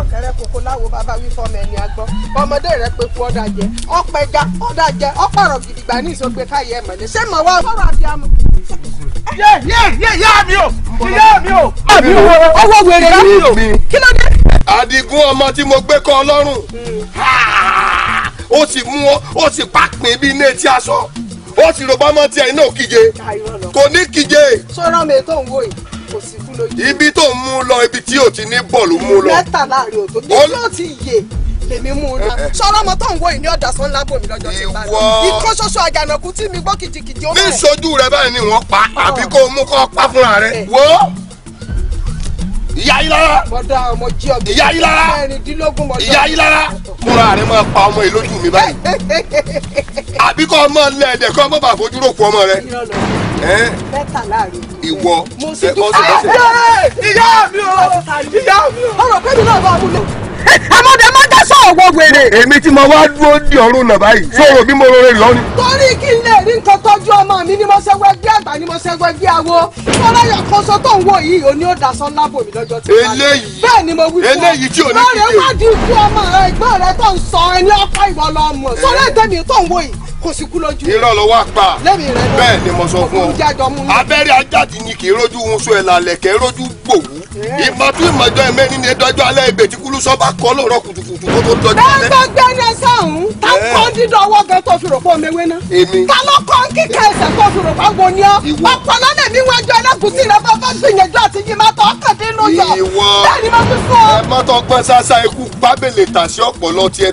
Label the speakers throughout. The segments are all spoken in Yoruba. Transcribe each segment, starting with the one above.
Speaker 1: ọ̀kẹ́rẹ́ koko láwo bàbá wí fọmọ ẹni agbọ́ ọmọdé rẹ pé kú ọ̀dà jẹ ọ̀pẹja ọ̀dà jẹ ọ̀pọ̀rọ̀ gidigba ní ìsọgbẹ káyé ẹ̀mọ̀ ní ṣé mọ̀ wá ọ̀rọ̀ àbíamọ. yé yé yé yá mi o yá mi o. àbí wo owó wèrè mi kí ló dé. àdìgún ọmọ tí mo gbé kọ́ ọlọ́run ó sì mú ó sì pápín bíi ilé tí a sọ ó sì rògbọ́mọ́ tiẹ̀ iná òkìje kò ní kíje. sọ́ra mi tó ń wò yìí ibi tó ń mú lọ ibi tí ò ti ní bọ́ọ̀lù mú lọ. mẹ́ta láàrin òtó bí yóò ti yè lèmi mú un náà sọ̀rọ̀ ọmọ tó ń wo ìní ọ̀dà sọ ńlá bòmí lọ́jọ́ ti bá mi ikọ́ ṣoṣo àjànàkú tí mi gbọ́ kìjìkìjì ó bẹ̀. ní ìṣojú
Speaker 2: rẹ báyìí ni wọ́n pa ah. àbí kó o mú kó o pa fúnra rẹ eh. wo ìyá yìí lára ìyá yìí lára
Speaker 1: ìyá yìí lára
Speaker 2: múra rẹ máa pa ọmọ yìí lójú
Speaker 1: mi báyìí àbí kó o mọ ilé ẹ̀dẹ̀ kó o mọ ọmọ rẹ bẹ́tà láàrin ìwọ
Speaker 2: ẹ kọ́ sí bẹ́tà.
Speaker 1: ìyá mi o ìyá mi o ọ̀rọ̀ pẹ́ẹ́ni náà bá a mú lò.
Speaker 2: ẹ mọ̀ dé mọ̀ dé sọ wọ́ wèrè. èmi tí mo wá dúró
Speaker 1: di ọ̀run nà báyìí sọ̀rọ̀ bí mo rọrẹ lọ torí kí n rí nǹkan tọ́jú ọmọ mi ni mo ṣe wẹgbẹ́
Speaker 2: àgbà ni mo ṣe wẹgbẹ́ awo fọlá yọ kọ́sọ́ tó ń wò yìí òní ó dasọ́ lábò mi lọ́jọ́ tí wọ́n
Speaker 1: bẹ́ẹ̀ ni mo wí fún ọ eléyìí tí ò ní kíkẹ́ lọ́rẹ̀ wá di ikú ọmọ
Speaker 2: rẹ ẹgbẹ́ rẹ tó ń sọ ẹni ọkọ ìwọ
Speaker 1: lọ mọ̀ eh. sọ́rẹ́ tẹ̀mí tó ń wò yìí kò sì kú lójú. irọ́ ló bẹ́ẹ̀ ni mo sọ fún ọ abẹ́rẹ́ ajáde ni kì í rojú wọn sọ ẹ̀ lálẹ́ kẹ́ rojú gbòwú ìmọ̀tún eh. ìmọ̀jọ ẹ̀mẹ́rin ni ẹ̀dọ́jọ́ alẹ́ ìbètíkúlù sọ́ba kọ́ lóòrọ̀ kùtùkùtù kó tó tọ́jú alẹ́. bẹ́ẹ̀ gbẹgbẹ́ ní ẹsẹ̀ ọ̀hún ta kọ́ dídọ̀ ọwọ́ gẹ tó fi rò mewé ná. èmi ta ló kọ́ kíkẹ́ ẹsẹ̀ tó fi rò wo ni ọ́. ọpọlọ náà mi wájú ẹlẹ́gùsí rẹ bá fẹ́ gbìyànjú àti yìí máa tọ́ ọkàn dínú yọ. ìwọ bẹ́ẹ̀ ni mo fi fún ọ. ẹ má tọ́ gbọ́n sásá ikú pábẹ́lẹ̀ tàṣí ọpọlọ tiẹ̀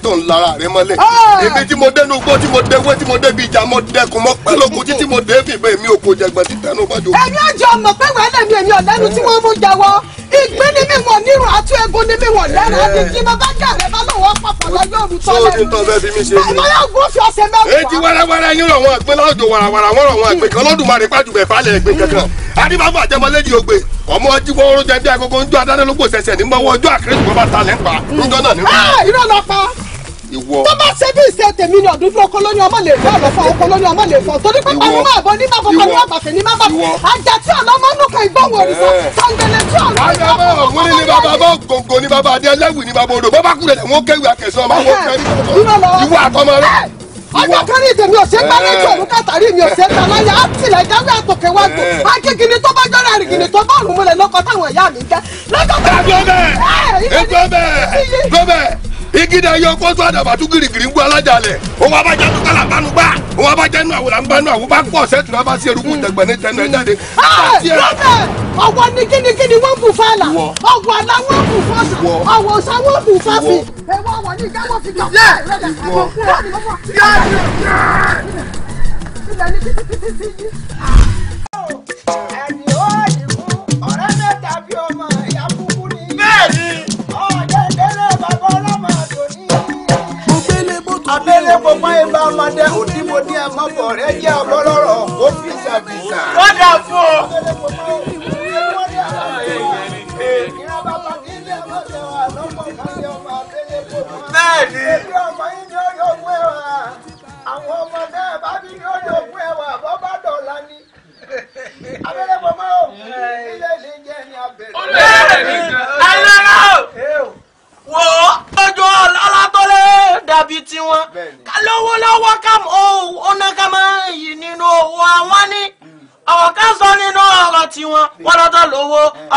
Speaker 1: ìgbín ni mi wọ̀
Speaker 2: nírun àti ẹ̀gún ni mi wọ̀ lẹ́rẹ̀ ẹ̀dì kí mo bá jà rẹ̀ bá lọ́wọ́ papọ̀ lọ́jọ́ òru tọ́lẹ̀ mi. sọ́ọ́ bẹ́ẹ̀ bí mi ṣe ni. báyọ̀ gún fi ọ̀sẹ̀ mẹ́wàá. èjì warawara yín rọ̀ wọn àgbẹ̀ lọ́jọ́ warawara wọn rọ̀ wọn àgbẹ̀ kan lọ́dúnmarè
Speaker 1: pàjù bẹ̀ falẹ̀ ẹ̀gbẹ̀ kankan. adébáfọ̀ àjẹmọ́lẹ́dì ògbè ọmọ jíwọ́ oró bí agogo ń jó adánilógbò sẹ̀sẹ̀ ní mọ́wọ́ ọjọ́ àkérésìmọ́ bá ta lẹ́ńpà ń hmm. jọ́nà nínú. Ah, irọ́ lọ ìwọ. tó bá ṣe bí
Speaker 2: ìṣe tèmi ni ọdún fún ọkọ lóyún ọmọ lè fọ ọlọfọ ọkọ lóyún ọmọ lè fọ torí pé pàmò máa bọ nígbà kọkọ ní àgbàfẹ ní bàbá ajá tí ọlọmọ nùkọ ìgbọwọ òrìṣà sàǹdẹlẹ tí ọlọmọ. ajá bá ògùn ní bàbá bá gògò ní bàbá adé ẹlẹ́wì ní bàbá odò bàbá kúrẹ̀ ọjọ́ kan ní tèmi ọ̀sẹ̀ bá ní tòun kàtàrí mi ọ̀sẹ̀ ta láyà á tilẹ̀ àtòkè wá tó akíkiri tó bá jọra àrìkiri tó bá òrùn múlẹ̀ lọ́kọ̀ táwọn ẹ̀yà mi jẹ́ lọ́kọ̀ ẹ gbọ́ bẹ́ẹ̀ ẹ gbọ́ bẹ́ẹ̀ gbọ́ bẹ́ẹ̀ igi náà yọ kó tó àdàbà tún girigiri ń gbọ́
Speaker 1: alájàlẹ̀ òun abájá tó kálá bánu bá òun abájá inú àwòrán bánu àwọn bá pọ̀ sẹ́tù náà bá sí eruku hmm. tẹ̀gbẹ̀ ní tẹnu ẹ̀ jáde. ọwọ́ ni kínníkínní wọ́n bù fàlà ọwọ́ aláwọ̀ bù fọ́sà ọwọ́ sáwọ́ bù fáfì ẹ̀wọ́ wọ̀ ní gáwọ́ fi kàn fún ẹ̀ abẹ́lẹ́ pọpọ́ ibà ọmọdé òdìbòdì àmọ́bọ̀ rẹ jẹ́ ọlọ́rọ̀ ó fi ṣàfihàn. kódà fún ọ.
Speaker 2: bẹ́ẹ̀ ni.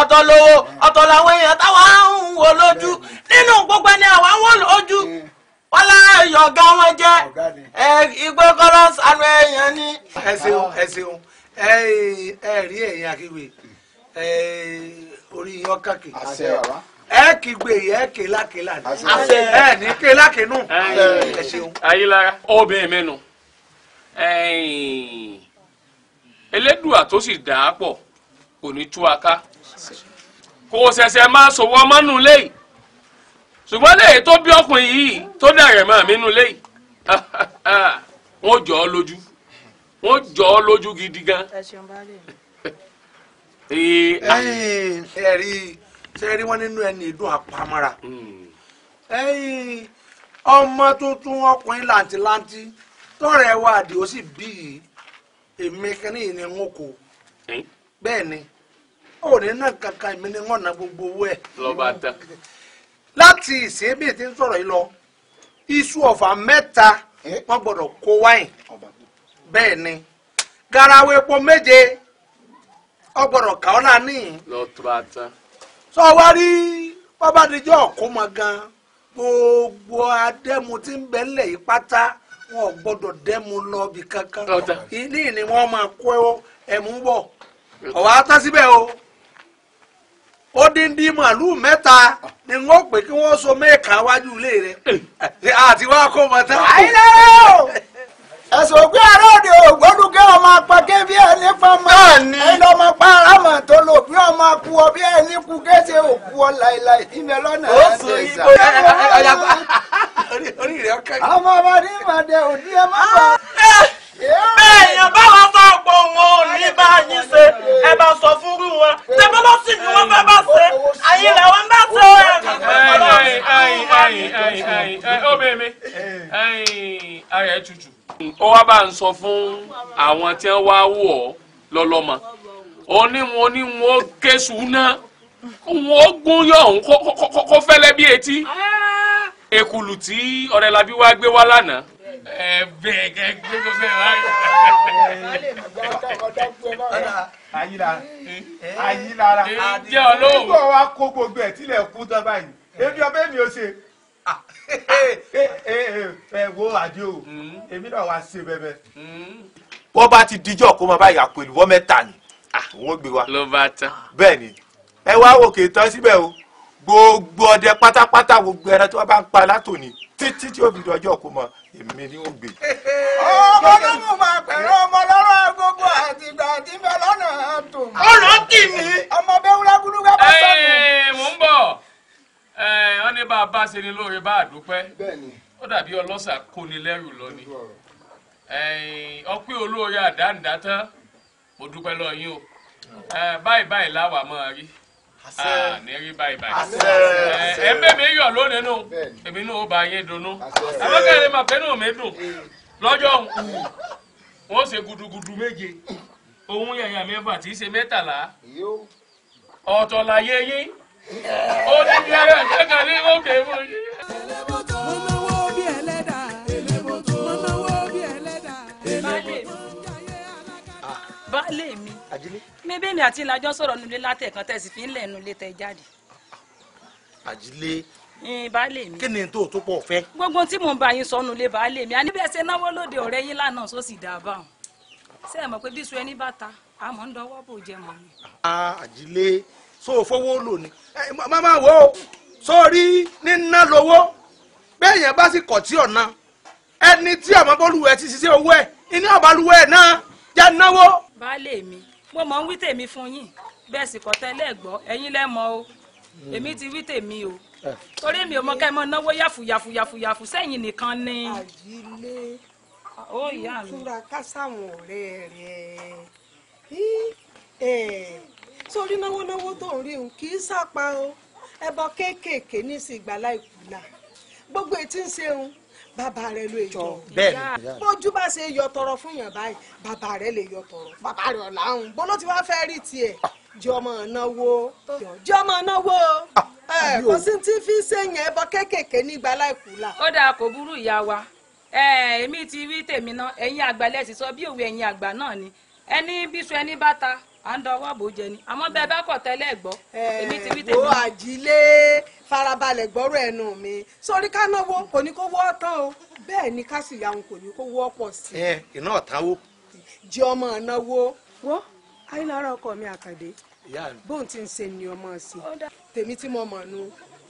Speaker 1: ọ̀tọ̀ lówó ọ̀tọ̀ làwọn èèyàn táwa ń wò lójú nínú gbogbo ẹni àwa ń wò lójú wọ́n láàyò ọ̀gá wọn jẹ́ igbó kọ́lọ́ sanu èèyàn ní. ẹ ṣeun ẹ ṣeun ẹ ẹ rí ẹ̀yin akíwe ẹ orí yín ọkàkì ẹ kígbe ẹ kélákélá ni ẹ ní kélákénú ẹ ṣeun. ayélujára ọbẹ̀ mẹ́nu elédùà tó sì dà á pọ̀ kò ní tú aká kò ṣẹ̀ṣẹ̀ máa ṣòwò ọmọ nù léyìí ṣùgbọ́n léyìí tó bí ọkùnrin yìí tó dàrẹ̀ mọ́ mi nù léyìí wọ́n jọ ọ́ lójú wọ́n jọ ọ́ lójú gidi gan. wọn nínú ẹni ìdún àpamọ́ra hmm. ọmọ tuntun ọkùnrin làǹtìlanti tọrọ ẹ àdìo sì bí èmi ni ni. o náà kankan èmi ni na gbogbo owó e lọ́ba tán. láti ìsèébì tí ń sọ̀rọ̀ yìí lọ iṣu ọ̀fà mẹ́ta eh? wọ́n gbọ́dọ̀ kó wáìn bẹ́ẹ̀ ni garawo epo méje wọ́n gbọ́dọ̀ kà ọ́ láàánì. tán. sọ wá rí gbogbo adẹ́mu tí ń bẹ ńlẹ̀ yìí pátá wọn gbọ́dọ̀ dẹ́mu lọ bí kankan ilé ni wọ́n máa kó ẹmu o. ó dín dín màálùú mẹ́ta ni wọ́n pè kí wọ́n so mẹ́ẹ̀ka wájú ilé rẹ̀ àti wá kó mọ tán.
Speaker 2: o ẹ̀sùn ògbé ara
Speaker 1: òde ògbódù ọmọ apá ké bí ẹni pa mọ́ ẹni ọmọ pa arámọ̀ tó lò bí ọmọ ọ bí ẹni kú kése òkú ọ láìláì
Speaker 2: ìbẹ̀ lọ́nà ọmọ ọmọdé èèyàn báwa sọ ọgbọ wọn ò ní
Speaker 1: bá yín ṣe ẹ bá sọ fúru wọn ṣe bó ló sì ní wọn fẹ́ bá ṣe àyè làwọn bá ṣe ọ ẹ. obìnrin mi ara ẹ tutù. ó wá bá ń sọ fún àwọn tí wọ́n wá wò ọ́ lọ́lọ́mọ oníwọn oníwọn ó ké sùúná wọn ó gún yọ òun kó fẹ́lẹ́ bí etí èkùlù ah. tí ọ̀rẹ́lábí wá gbé wá lánàá
Speaker 2: ẹ̀bẹ̀ kẹgbẹ tó ṣe láyé.
Speaker 1: ayilara eh? ayilara eh, nígbà wa kó gbogbo ẹ tilẹ̀ kú tán báyìí ebi ọbẹ̀ mi ò ṣe ẹ ah, eh, wo àdé o hmm. èmi náà wá ṣe bẹbẹ. wọ́n hmm. bá ti dijọ́ kó máa bá yà pẹ̀lú wọ́n mẹ́ta ni ah, wọ́n gbé wa. ló bá tán. bẹ́ẹ̀ ni ẹ wá òkè tán síbẹ̀ o.
Speaker 3: gbogbo ọdẹ pátápátá gbogbo ẹran tí wọn bá ń pa látòní títí tí ó fi kó mọ èmi ni ó
Speaker 1: ọmọ lọ́mú máa pẹ̀lú ọmọ lọ́rọ̀ gbogbo àtìgbà àti bẹ́ẹ̀ lọ́nà tó. ọmọ bá mò ń bọ̀ wọ́n ní bá a bá ṣe ni lóore bá a dúpẹ́ ó dàbí lẹ́rù ọpẹ́ olóore àdáǹdá tán o báyìí báyìí láwàá máa rí. Ah, nẹ́rí báyìí báyìí ẹ ń bẹ̀ mí yọ̀ lónìí nù èmi náà ó bá yín dunnú abẹ́kẹ́rẹ́ máa fẹ́ náà mi dùn eh. lọ́jọ́ mm, wọn ṣe gudugudu méje ohun yẹ̀yà mẹ́fà tí í ṣe mẹ́tàlá ọ̀tọ̀ láyé yín ó ní bí ẹ̀rọ ìjẹ́ka ní òkè
Speaker 4: fún yín. baálé mi. Ah. mi àti ìlàjọ sọ̀rọ̀ nulẹ̀ látẹ̀kan tẹ̀sí fi ń lẹ̀ nulẹ̀ tẹ̀ jáde. àjílé. baálé mi. kí
Speaker 1: ni tó tó pọ̀ fẹ́.
Speaker 4: gbogbo tí mò ń bá yín sọ nulẹ̀ baálé mi àníbẹ̀ ṣe náwó lóde ọ̀rẹ́ yín lánàá sọ sì dà bá wọn. ṣé ẹ mọ̀ pé bí ẹni bá ta àmọ́ ń dọwọ́ bò jẹ mọ́ mi.
Speaker 1: àjílé so fowó lò ní. wo sórí níná lówó bẹ́ẹ̀ yẹn bá sì kọ̀ tí ọ̀nà ẹni tí àmọ́ bọ́lùwẹ̀ ti ṣiṣẹ́ owó ẹ̀ iná ọ̀bálùwẹ̀ náà já náwó.
Speaker 4: baálé mi mo mọ̀ ń wí tèmi fún yín bẹ́ẹ̀ sì kọ́ tẹ́lẹ̀ gbọ́ ẹ̀yin lẹ́ mọ̀ o èmi ti wí tèmi o eh. torí mi ò mọ kẹ́ mọ náwó yàfù yàfù yàfù yàfù sẹ́yìn nìkan ni.
Speaker 1: àjílé
Speaker 4: ó ìyá mi. túra ká sáwọn ọ̀rẹ́ rẹ̀ sórí náwó náwó tó ń rí òun kì í sápa o ẹbọ kéékèèké ní sí ìgbàlá ìkùlà gbogbo ètí ń ṣe òun bàbá rẹ ló
Speaker 1: yọ
Speaker 3: bẹ́ẹ̀
Speaker 1: bójú bá ṣe yọ tọrọ fún yàn báyìí bàbá rẹ lè yọ tọrọ bàbá rẹ ọ̀làhùn
Speaker 4: bó ló ti wá fẹ́ rí tiẹ̀ jẹ náwó jẹ náwó ah, kò sí tí fi ṣe yẹn bọ kéékèèké nígbà láìkú là. ó dáa kò burú ìyá wa èmi ti wí tèmi náà ẹ̀yin àgbà lẹ́sìn sọ bí òwe ẹ̀yin àgbà náà ni ẹni bíṣu ẹni bàtà à ń dọwọ́ bò jẹ ni àmọ́ bẹ́ẹ̀ bá kọ̀ tẹ́lẹ̀ gbọ́ èmi ti wí tèmi. wo àjílé farabalẹ̀ gbọ́rọ̀ ẹnu mi sórí ká náwó kò ní kó wọ́ tán o bẹ́ẹ̀ ni ká sì yahun kò ní kó wọ́ pọ̀ sí i.
Speaker 1: ẹ iná ọ̀tánwó.
Speaker 4: jẹ ọmọ náwó wo ayélujára ọkọ mi àkàdé bóun ti ń ṣe ni ọmọ sí tèmi tí mo mọ̀ nu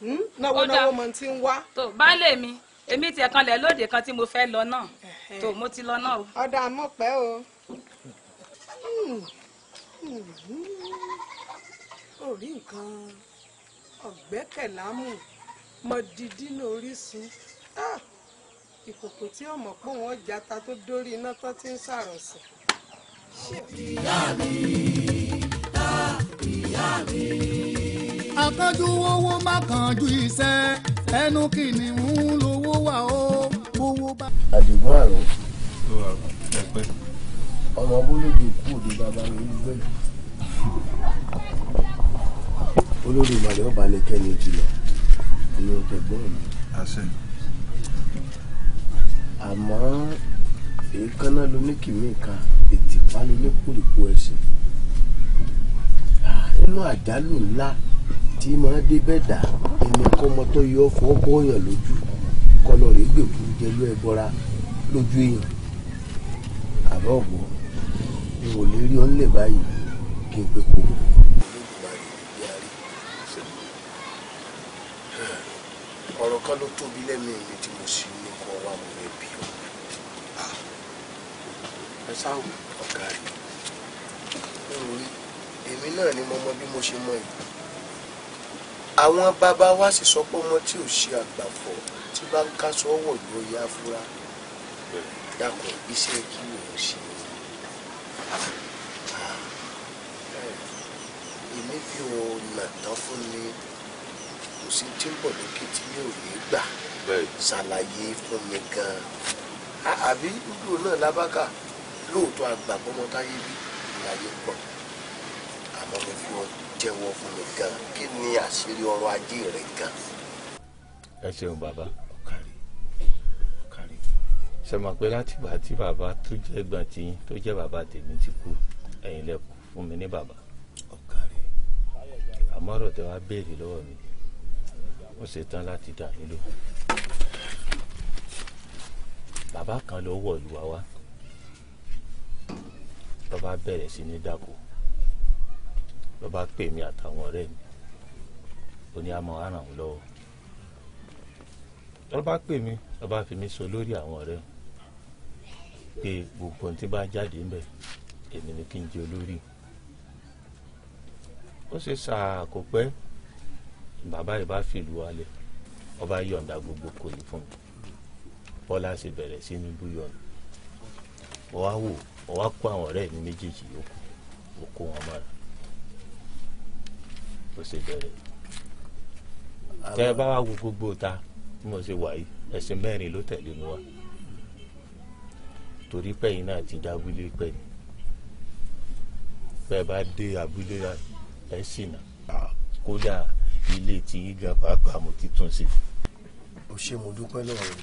Speaker 4: hm? náwó náwó mo ti ń wá. tó baálé mi èmi tiẹ̀ kan lẹ̀ lóde kan tí mo fẹ́ lọ náà tó mo ti lọ náà o. ọ̀dà mọ̀ pẹ́ o. Hm. Hmm. orí nǹkan
Speaker 1: ọ̀gbẹ́kẹ̀lámù mọ̀dídí ní orísun ah! ìkòkò tí ó mọ̀ pé wọ́n jata tó dórí iná tó ti ń sàrọ̀sọ̀. ìyá mi ta ìyá mi.
Speaker 2: akánjú owó má kánjú iṣẹ́ ẹnu kìnìún lówó wà ó
Speaker 1: àdìgún àrùn. ló wà pẹ́pẹ́ ọmọ bólódò kú òde bàbá rẹ
Speaker 3: olùgbẹ́lẹ̀ olórí ìmàlẹ̀ ọba ní kẹ́ni jùlọ ní ọ̀tẹ̀gbọ́n mi.
Speaker 1: àmọ́ èékánná ló ní kìmíkà ètìpá ló ní kúrìkú ẹsẹ̀ ah, inú àjálù ńlá tí máa dé bẹ́ẹ̀ dà ẹni kọ́mọ tó yọ fọ́ bọ́ọ̀yàn lójú kọlọ̀ rẹ̀ gbèkú jẹ́lú ẹ̀bọra lójú èèyàn àbọ̀ ọ̀gbọ́n n ò lè rí ọ nílẹ̀ báyìí kí n pé kó.
Speaker 2: ọ̀rọ̀ kan ló tóbi lẹ́mìí mi tí mo sì ní kọ́ wa mo lè bí ọ.
Speaker 1: ẹ sáwọn ọ̀gá rí lórí èmi náà ni mo mọ bí mo ṣe mọ ìlú. àwọn bàbá wa sì sọ pé ọmọ tí ò ṣe àgbàfọ̀ tí bá ń ká sọ́wọ́ ló yá fúra.
Speaker 3: yàtọ̀ iṣẹ́ kí ló ń ṣe èmi fi o nàtán fún mi kò sí tí ń bọ̀ lókè tí yóò ní gbà ṣàlàyé fún mi gan-an
Speaker 1: àbí dúdú náà lábákà lóòótọ́ àgbà pọ́mọ́táyé bí ìlàyé pọ̀
Speaker 2: àmọ́ mi fi wọ́n jẹ́wọ́ fún mi gan-an kí ni àṣírí ọrọ̀ ajé
Speaker 3: rẹ̀ gan ẹ ṣeun bàbá ṣe mọ̀ pé látìgbà tí bàbá tó jẹ́ ẹ̀gbọ́n tí tó jẹ́ bàbá tèmi ti kú ẹ̀yin lẹ kú fún mi ní bàbá ọ̀gá rẹ̀ àmọ́ ọ̀rọ̀ tẹ wá béèrè lọ́wọ́ mi mo ṣetán láti dà nílò bàbá kan ló wọ̀ lù wá wá bàbá bẹ̀rẹ̀ sí ní dáko bàbá pè mí àtàwọn ọ̀rẹ́ mi ó ní àmọ́ àràn lọ́wọ́ bàbá pè mí bàbá fi mí so lórí àwọn ọ̀rẹ́ mi pé gbogbo ohun tí bá jáde ńbẹ èmi ni kí n jẹ olórí ó ṣe ṣáà kó pẹ́ bàbá yìí bá fìlú wálẹ̀ ọba yọ̀ǹda gbogbo kò ní fún mi bọ́lá sì bẹ̀rẹ̀ sí ní búyọ̀nù wọ́n wá wò wọ́n wá kó àwọn ọ̀rẹ́ mi méjèèjì yòókù ó kó wọn mọ́ra ó ṣe bẹ̀rẹ̀ tẹ́ ẹ bá wá gbogbo ta bí mo ṣe wà yìí ẹ̀sìn mẹ́rin ló tẹ̀lé mi wá torí pẹ̀yìn náà ti jábúlé pẹ̀yìn bẹ́ẹ̀ bá dé abúlé ẹ̀ sì nà kódà ilé tí yíga pàápàá mo ti tún sí. ó ṣe mo dúpẹ́ lọ́wọ́ rẹ̀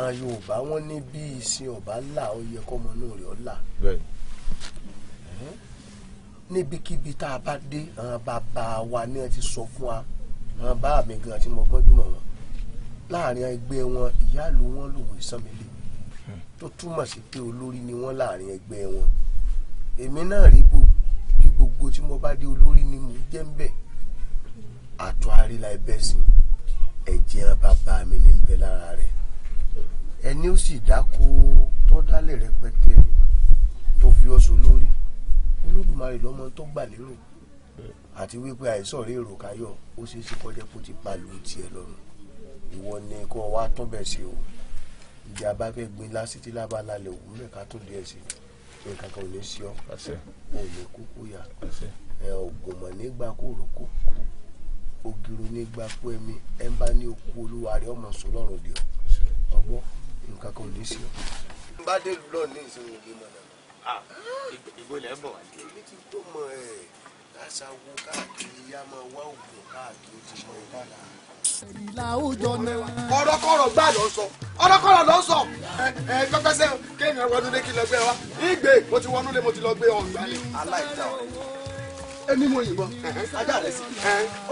Speaker 3: àwọn Yorùbá wọn
Speaker 1: ní bí ìsìn ọba là ó yẹ kọ́mọ inú rẹ̀ ọ̀la. bẹ́ẹ̀ níbikíbi tá a bá dé àwọn bàbá wa ni wọ́n ti sọ fún wa àwọn bá mi gan tí mo gbọ́n jùmọ̀ wọn láàrin ẹgbẹ́ wọn ìyá ìlú wọn lòun ìsànmílẹ̀ tó túmọ̀ sí pé olórí ni wọ́n láàrin ẹgbẹ́ wọn èmi náà rí bí gbogbo tí mo bá dé olórí ni mo jẹ́ ń bẹ̀ àtọ́ àríla ẹbẹ̀
Speaker 2: sí ẹ̀jẹ̀ bàbá mi ní bẹ lára rẹ̀ ẹni ó sì dákó tó dálé rẹpẹtẹ tó fi ọ̀ṣọ́ lórí
Speaker 1: olódùmarè lọ́mọ tó gbà lérò àti wípé àìsàn rí èrò káyọ̀ ó ṣeé ṣe kọjá kó ti pa lóun tiẹ̀ lọ́rùn ìwọ ni kó wá tún bẹ̀ sí o ìdí abáfẹ́ gbé lásìtì lábala lè wú mẹ́ ká tó díẹ̀ sí ṣe kankan ò ní sí ọ ò ní kúkú yá ẹ ògùnmọ̀ nígbà kúrúkú ògìrò nígbà kú ẹ̀mí ẹ̀ ń bá ní okú olúwa rẹ̀ ọmọ sùn lọ́rùn dì ọ ọgbọ́ nǹkan kan ò ní sí ọ. bá dé lọ ní ìsinmi òbí mọ̀ náà. ìgbó lẹ́ bọ̀ wá. èmi ti kó mọ ẹ̀
Speaker 2: láṣà wo káàkiri yá máa wá ògùn káàkiri ti mọ ìdára ọ̀rọ̀kọ̀rọ̀ gbà lọ sọ ọ̀rọ̀kọ̀rọ̀ lọ sọ
Speaker 1: ẹ pẹpẹsẹ kéèyàn wọnú lé kí lọ gbé wa ìgbé mo ti wọnú lé mo ti lọ gbé ọgbà ni. aláìta ọ̀rẹ́ èmi mo yìnbọn ajá rẹ sí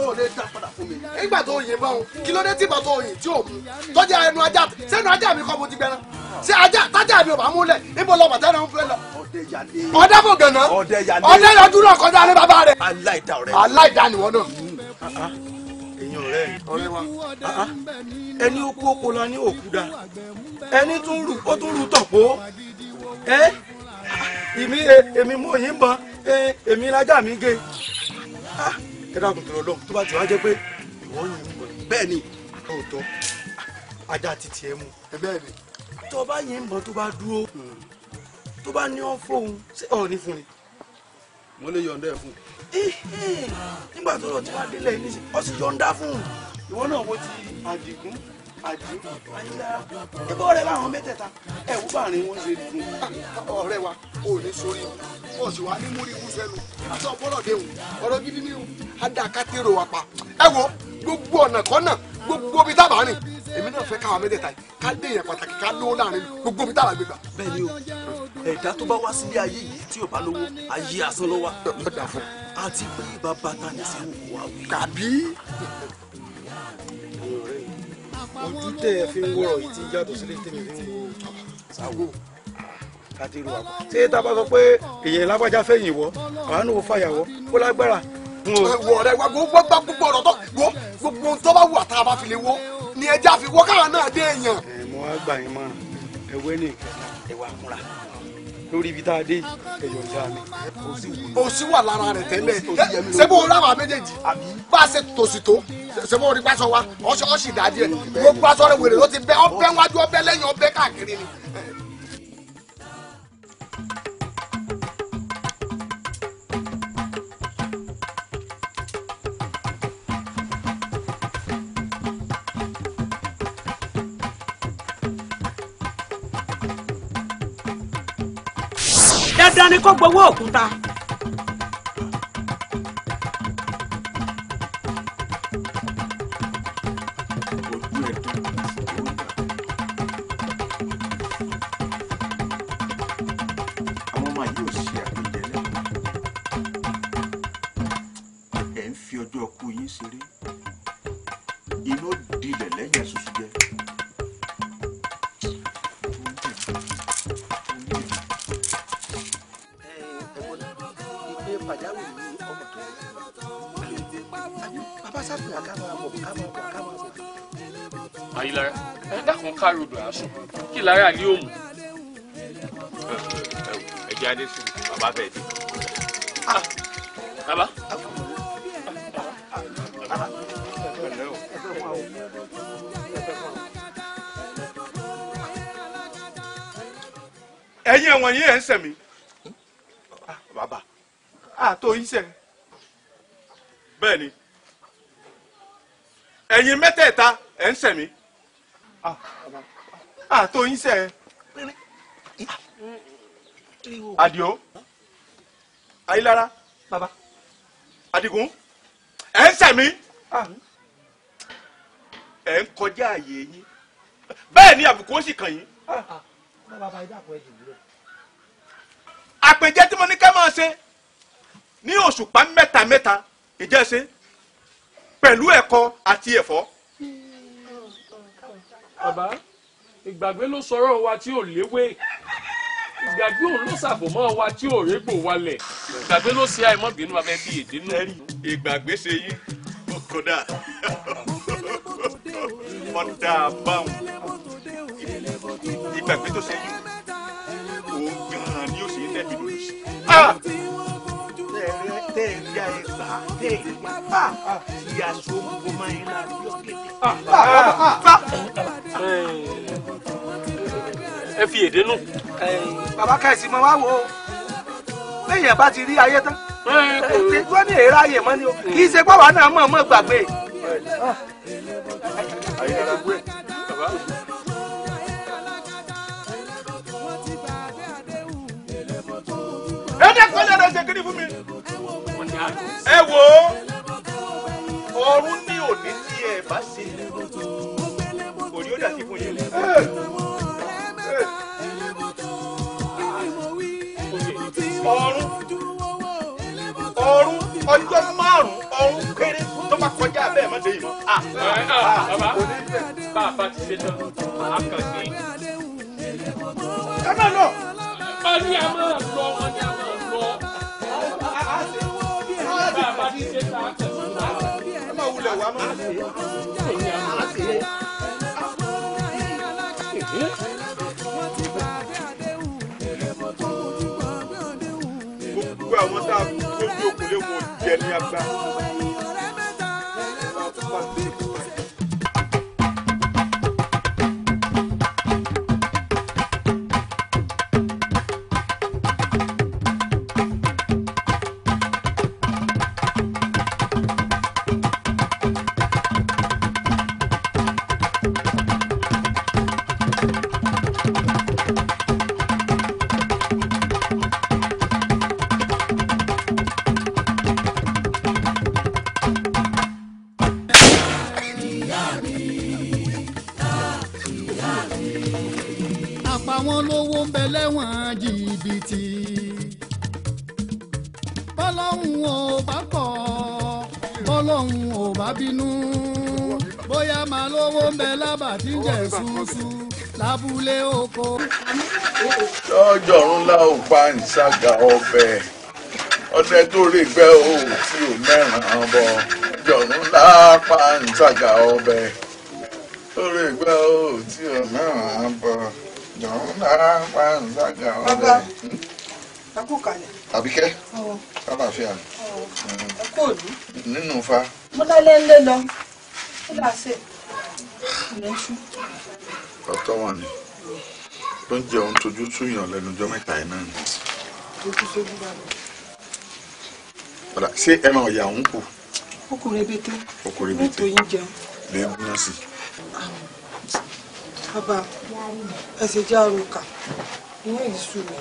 Speaker 1: ọ lè dá padà fún mi. nígbà
Speaker 2: tó yìnbọn o kí ló dé tí bàtọ òyìn tí ò mú tọjá ẹnu ajá sẹnu ajá mi kọ mo ti gbẹran ṣé ajá tájà mi ò bá múlẹ̀ níbo lọ bàtà náà ń fẹ́ lọ. ọdẹ fò gànà ọdẹ yọjú náà
Speaker 1: kọjá ní bàbá rẹ. aláìdá rẹ aláìdá ni wọn náà. Mm. Ah, ah ọ̀rẹ́ mi ọ̀rẹ́ wa ah, ah. ẹni ó kó kola ní òkúda ẹni tún rù ó tún rù tọ̀pọ̀ ẹ e, èmi èmi mọ yín mọ èmi lájà mi gé ah, ẹ dákun tó lọ tó bá ti wá jẹ pé ìwọ yìí bẹ́ẹ̀ ni lóòótọ́ ajá ti tiẹ̀ mu ẹ bẹ́ẹ̀ ni tó bá yín mọ tó bá dúró hmm. tó bá ní ọ fóun ọ ní fún ni. mo lè yọ̀ǹda ẹ̀ fún un.
Speaker 5: nígbà
Speaker 1: tó lọ tí wọ́n délẹ̀ yìí níṣẹ́ ọ sì yọ̀ǹda fún ìwọ náà wo ti àdìgún àdìgún ayélujára nígbà ọ̀rẹ́ láwọn mẹ́tẹ̀ẹ̀ta ẹ̀ wú bàárín wọn ṣe dùn. Ah, ọ̀rẹ́ wa ò ní sórí ọ̀ sì wá ní múrí ikú sẹ́nu àti déhùn ọ̀rọ̀ gidi ni ó á dá kátírò wa pa ẹ wo gbogbo ọ̀nà kọ́nà gbogbo ibi tábà èmi náà fẹ́ káwa mẹ́tẹ̀ẹ̀ta yìí ká lé èèyàn pàtàkì ká lówó láàrin gbogbo mi tààrà gbégbà. bẹ́ẹ̀ni o ẹ̀dá tó bá wá sílé ayé yìí tí ò bá lówó ayé asán ló wá. ó dà fún. àti pé bàbá ta ni sí òkú wa wí. kàbí.
Speaker 5: ojú tẹ ẹ fi ń wọrọ yìí
Speaker 1: ti yàtọ̀ sílé tèmi fi ń wo sáwó àti ìrù àpò. ṣé tá a bá sọ pé èèyàn lágbájá fẹ̀yìn wọ́ àánú fàyàwọ́ ó lágbára. wọ ọ̀rẹ́ wa gbogbo ọ̀rọ̀ tó gbogbo
Speaker 2: tó bá wù àtàwọn bá fi lè wọ́ ni ẹja fi wọ́ káwọn náà dé èèyàn. ẹ
Speaker 1: mọ wá gbà yín mọ̀ràn ẹ ní ìkẹta ẹ wà lórí ibi tá a dé ẹ yọ̀ǹda mi.
Speaker 2: òsì wà lára rẹ̀ tẹ́lẹ̀ ṣé bó méjèèjì bá a ṣe tòsí tó ṣe bó o rí pásọ ọṣì dá díẹ̀ gbogbo pásọ rẹ̀ wèrè ló ti bẹ́ ọ wájú ọ bẹ́ lẹ́yìn káàkiri ni.
Speaker 1: dandan ni kó gbowó òkúta. láyà ní
Speaker 3: òmù. ẹ jẹ́ adé sùn bàbá fẹ́ dé. bàbá.
Speaker 1: ẹ̀yin ẹ̀wọ̀n yìí ẹ̀ ń sẹ̀mí. bàbá àtò yín sẹ̀. bẹ́ẹ̀ ni ẹ̀yin mẹ́tẹ̀ẹ̀ta ẹ̀ ń sẹ̀mí. Ah, bàbá àtọyín sẹ. Àdìó Ayílára bàbá Àdìgún ẹ ń sẹ̀mí ẹ ń kọjá àyè yín bẹ́ẹ̀ ni àbùkù ó sì kàn yín. Ah, ah. àpèjẹ tí mo ní ká máa ṣe ní òṣùpá mẹ́ta mẹ́ta ìjẹ́ ṣe pẹ̀lú ẹ̀kọ àti ẹ̀fọ́. bàbá ìgbàgbé ló sọ̀rọ̀ wa tí ò léwé ìgbàgbé òun ló ṣàbòmọ́ wa tí ò régbò walẹ̀ ìgbàgbé ló ṣe àìmọ́bìnú abẹ́ bí èdè nù. ìgbàgbé ṣe yí kódà ọ̀dà báwọn ìgbàgbé tó ṣe yí òun gan-an ni ó ṣe ń dẹ́bi lòdì tẹ́ ẹ ya ẹ gbà tẹ́ ẹ gbà ìyá sọ́mu kò máa ń ra yọ kété. ẹ fi èdè nù. bàbá káyìsì máa wá wò ó lẹ́yìn ẹ̀ bá ti rí ayé tán wọ́n ní èrè ayé mọ́ ni o kì í ṣe pàwọn náà mọ̀ mọ́ gbàgbé. ẹ̀ẹ́dẹ́gbẹ́lẹ́ ló ṣe kiri fún mi ẹ wo ọrún ní òní tí ẹ bá ṣe kò ní ó dàbí fún yín. ọrún ọrún ọjọ́ márùn-ún ọrún péré tó bá kọjá bẹ́ẹ̀ má dé yìí mọ́. bàbá bàbá ti ṣe tán a kàn sí. ẹ náà ọdún yà máa lọ ọdún yà máa. gbogbo àwọn tá a gbogbo òkúlé wọn jẹ ní agbá. lọ́jọ́ ńlá ò pa ìṣàgà ọbẹ̀ ọdẹ tó rí gbẹ́ o tí ò mẹ́ràn bọ̀ ọjọ́ ńlá pa ìṣàgà
Speaker 2: ọbẹ̀ tó rí gbẹ́ o tí ò mẹ́ràn bọ̀ ọjọ́ ńlá pa ìṣàgà ọbẹ̀. àbíkẹ́ sábàfíà nínú fa. mo lálẹ́ ńlẹ́ lọ kí láṣẹ.
Speaker 1: ọ̀tọ̀ wọn ni ló ń jẹ òun tójú túyàn lẹ́nu ọjọ́ mẹ́ta yìí náà ni.
Speaker 2: tójú sójú bá lọ.
Speaker 1: padà ṣé ẹran ọ̀yà òun kù. ọkùnrin ebete ọkùnrin ebete nítorí jẹun. lè gúná sí bàbá ẹsẹ̀ já roka inú ìṣù mi.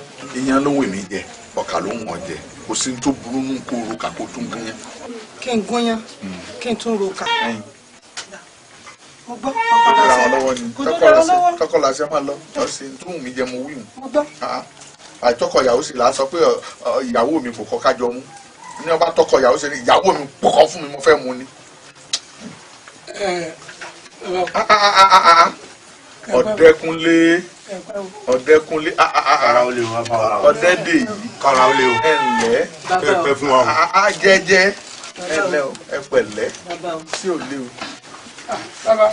Speaker 1: iyán ló wè mí jẹ ọkà ló ń wọ̀n jẹ kò sí ní tó burú nù kó roka kó tún gúnyán. kí n gúnyán hmm. kí n tún roka mo gbọ́ tọkọlá ṣe máa lọ ṣe tún mi jẹ mo wíwù àìtọkọ ìyàwó sì là á sọ pé ìyàwó mi kò kọ kájọ mú ní ọba tọkọ ìyàwó sì ni ìyàwó mi pọkọ fún mi mo fẹ́ mu ni. ọ̀dẹ́kunlé ọ̀dẹ́kunlé ọ̀dẹ́dè
Speaker 2: yìí kọ́ra ó lè o ẹ ǹlẹ́ ẹ pẹ́
Speaker 1: fún wa o jẹ́jẹ́ ẹ lẹ́ o ẹ pẹ̀lẹ́ sí ò lé o bàbá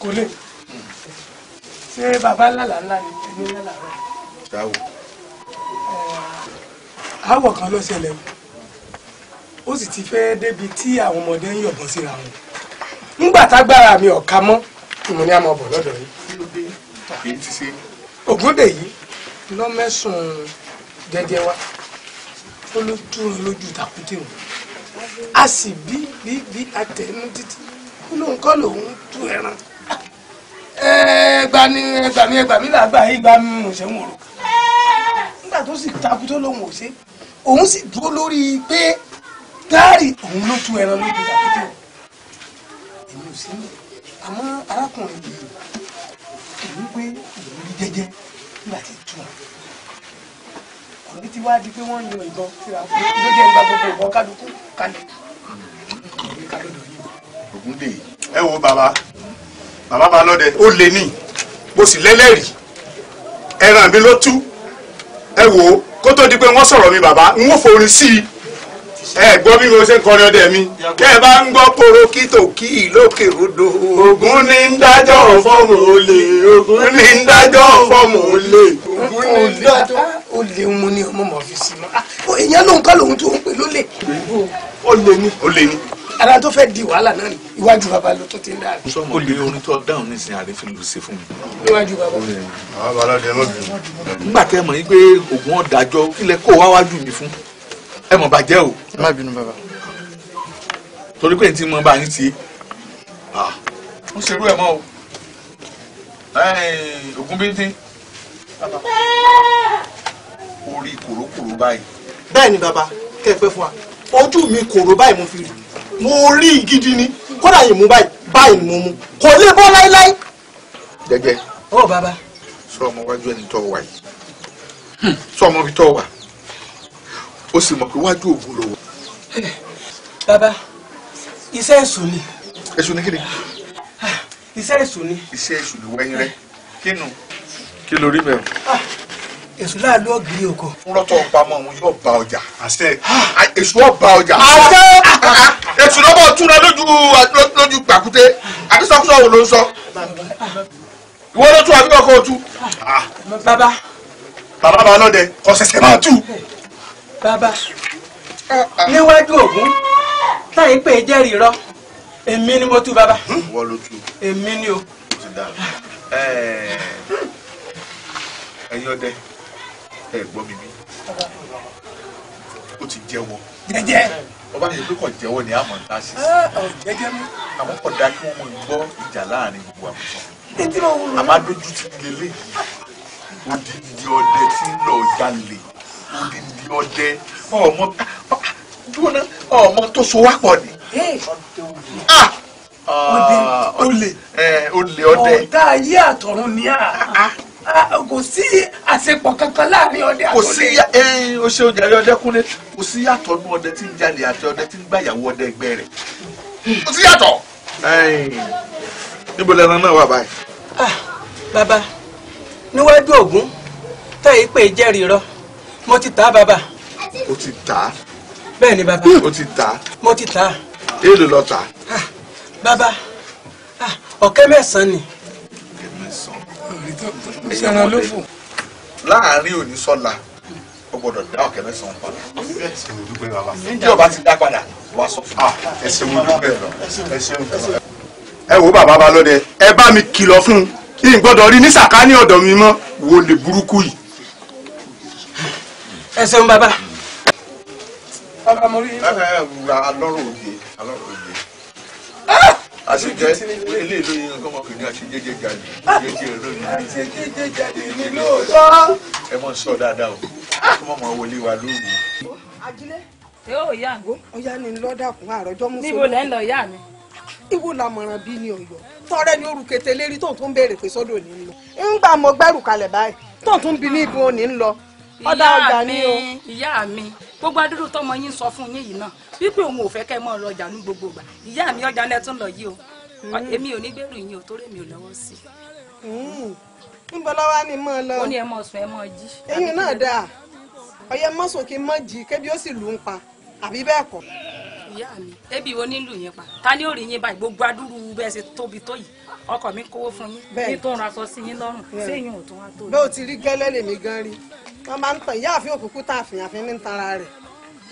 Speaker 1: kò lè ṣé bàbá ńlá ńlá ni ẹni ńlá rẹ. ṣáwò. àwọ̀ kan ló ṣẹlẹ̀ o ó sì ti fẹ́ débi tí àwọn ọmọdé ń yọ̀bọ̀n síra wọn nígbà tágbára mi ọ̀ka mọ́ ìmọ̀ ni a máa bọ̀ lọ́dọ̀ yìí. èyí ti ṣe. ògúndè yìí lọ́mẹ́sùn-ún jẹ́jẹ́ wa ó ló dúró lójú ìtàkùn tí wọn a sì bí bí bí atẹnu títí lóun kọ́ lòun tú ẹran ẹgbà ni ẹgbà mi ẹgbà mi làgbà yìí gbà mí mo ṣe ń wòrò nígbà tó sì takú tó lòun ò ṣe òun sì dúró lórí pé gáárì òun ló tú ẹran lójú àkókò èmi ò sí nílẹ̀ àmọ́ arákùnrin yìí èmi pé èmi rí jẹ́jẹ́ nígbà tí tú ọ ọ̀rẹ́ ti wá di pé wọ́n yan ìbọn síra fún ìdójẹ́ ìgbà gbogbo ìbọn kálukú kalẹ̀ ìbí kálọ̀ Ògúndè ẹ wo bàbá bàbá Balódé ó lè ní mo sì lẹ́lẹ́rìí ẹran mi ló tú ẹ wo kó tó di pé wọ́n sọ̀rọ̀ mi bàbá n ó forin sí i ẹ gbọ́ bí mo ṣe ń kọrin ọdẹ mi kẹ́ ẹ bá ń gbọ́ poro kító kí ìlókè odò. Ògún ni ń dájọ́ fọ́ọ̀mù olè Ògún ni ń dájọ́ fọ́ọ̀mù olè Ògún ni ń dájọ́. ó lè mú ní ọmọ mọ̀ mọ́ ah, èèyàn ló ń kọ́ tó ń pè lólè. ó lè ní ara tó fẹ́ di wàhálà náà ni iwájú bàbá ló tó ti ń dà bí. sọmọ bí orin tó dáhùn nísìnyí àrífín ló ṣe fún mi. iwájú bàbá. bàbá aládé ló dùn. nígbà tẹ́ mọ̀ yín pé oògùn ọ̀dàjọ́ kílẹ̀ kó wá wájú mi fún ẹ mọ̀ bàjẹ́ o. ẹ má bínú bàbá. torí pé n ti mọ bá yín ti ń ṣerú ẹ̀ mọ́ o oògùn bíntín orí kòrókòró báyìí. bẹ́ẹ̀ ni bàbá kẹ́ ẹ pẹ́ fún wa ojú mi kòró báyìí mo fi rí mo rí gidi ni kódà yìí mú báyìí báyìí mú mú kò lè bọ́ láíláí. jẹjẹ. ọ bàbá. sọ ọmọ wájú ẹni tọ́ wà yìí sọ ọmọ fi tọ́ wà ó sì mọ̀ pé wájú ògùn ló wà. bàbá iṣẹ́ èṣù ni. èṣù ni kí ni. Ah, iṣẹ́ èṣù ni. iṣẹ́ èṣù ni wẹ́yìn rẹ kí nu kí lórí bẹ́ẹ̀. Ah èṣù láàlú ọ̀gìrì òkò. fúnrọ́tọ̀ pamọ́ òun yóò ba ọjà. àṣẹ èṣù ọba ọjà. àṣẹ èṣù lọ́bọ̀ túnra lójú lójú gbàkúté àbísọ́kúsọ wo ló ń sọ. ìwọ ló tún àbíkọ́ kó o tú. bàbá. bàbá bá lọ́dẹ kò ṣẹ̀ṣẹ̀ máa tú. bàbá níwájú ògún táyì pé jẹ́rìí rọ èmi ni mo tú bàbá. Hm? ìwọ ló tú. èmi ni o. ẹ̀yin ọdẹ ẹ gbọ́ mi bí ó ti jẹ́wọ́. jẹ́jẹ́. ọba yẹn pé kò jẹ́wọ́ ni àmọ́ ńlá ṣe. jẹ́jẹ́ mi. àmọ́ kò dáa kí wọ́n mọ gbọ́ ìjà láàrin gbogbo àmọ́. ètí mo wù ú. àmọ́ adójú ti lélẹ̀ odindi ọdẹ tí ń lọ jalè odindi ọdẹ ọmọ dúnà ọmọ tó so wá pọ̀ ni.
Speaker 4: Ah! ọdẹ
Speaker 1: ah, olè ọdẹ eh, ọdẹ ayé àtọ̀run ni a. Ah, kò sí àṣepọ̀ kankan láàrin ọdẹ àtọdẹ. kò sí o ṣe o jàre Ọdẹkúnlé kò sí yàtọ̀ nù ọdẹ tí ń jalè àti ọdẹ tí ń gbàyàwó ọdẹ ẹgbẹ́ rẹ̀ kò sí yàtọ̀. níbo lẹran náà wà báyìí. Ah, bàbá níwájú ògún tẹ ìpè jẹ́rìí rọ mo ti tà bàbá. o ti tà bẹ́ẹ̀ ni bàbá. o ti tà mo ti tà èèlò lọ tà ah, bàbá ah, ọ̀kẹ́ mẹ́sàn-án ni. ọ̀kẹ́ mẹ́sàn-án ìṣẹ̀ràn ló fò. láàárín òní sọ́la o gbọ́dọ̀ dá ọ̀kẹ́ mẹ́sàn-án padà. ẹsẹ̀ mo dúpẹ́ bàbá. bí ọba ti dá padà wá sọ fún mi. ẹsẹ̀ mo dúpẹ́ lọ ẹsẹ̀ mo dúpẹ́. ẹ wo bàbá bá lọ́dẹ ẹ bá mi kìlọ̀ fún un ìgbọ́dọ̀ rí ní sàkání ọ̀dọ̀ mi mọ́ wo lè burúkú yìí. ẹ ṣeun bàbá. bàbá mo rí. ẹ ẹ wura alọ́rùn òye alọ́rùn òye àṣejẹ ilé ìlú yìí nǹkan ọmọkùnrin àṣejẹjẹ jáde jẹjẹ lónìí. àṣejẹjẹ jáde ní lóòótọ́. ẹ mọ̀ sọ dáadáa o kí wọ́n máa wọlé wa lóru.
Speaker 4: ajílẹ̀. ṣé ó yá mi. ọ̀yá ni lọ́dàkùn àròjọ́ mú sórí. níbo lẹ́ ń lọ yá mi. ìwọ làmọ̀ràn bí ni ọ̀yọ́ tọ́rẹ́ ni orùkètè lérí tó tún béèrè pé sọ́dọ̀ ní lọ. ńgbà mo gbẹ́rù kalẹ̀ báyìí tó tún bi ní ibo ní lọ.
Speaker 1: ọ̀dà ọ̀gá ni o. ìyá
Speaker 4: mi ìyá mi gbogbo adúrú tọmọ yín sọ fún yín yìí náà wípé òun ò fẹ́ kẹ́ mọ́ ọlọ́jà ní gbogbo ìgbà ìyá mi ọjà lẹ́tún lọ yìí o mm. èmi ò ní gbèrú yín o torí mi ò lọ́wọ́ sí i. Mm. níbo lọ́wọ́ ni mọ́ ọ lọ. ó ní ẹ mọ̀ sùn ẹ mọ̀ jí. eyín náà dáa ọyẹ mọ́sọ̀kì mọ́ jí kébi ó sì lù ń pa àbí bẹ́ẹ̀ kọ́. ìyá mi ebi wo ní lù yín pa ta ni ó rí yín báyìí gbogbo adúrú bẹ́ẹ̀ ṣe tóbi tó yìí ọkọ mi kówó fún yín ní tó ń ra aṣọ sí yín lọ́rùn sí èyí ò tó wá tó. bẹ́ẹ̀ o ti rí gẹ́lẹ́ lèmi gan rí wọ́n máa ń tàn ìyáàfin òkùnkùn tààfin àfin ní ń tanra rẹ̀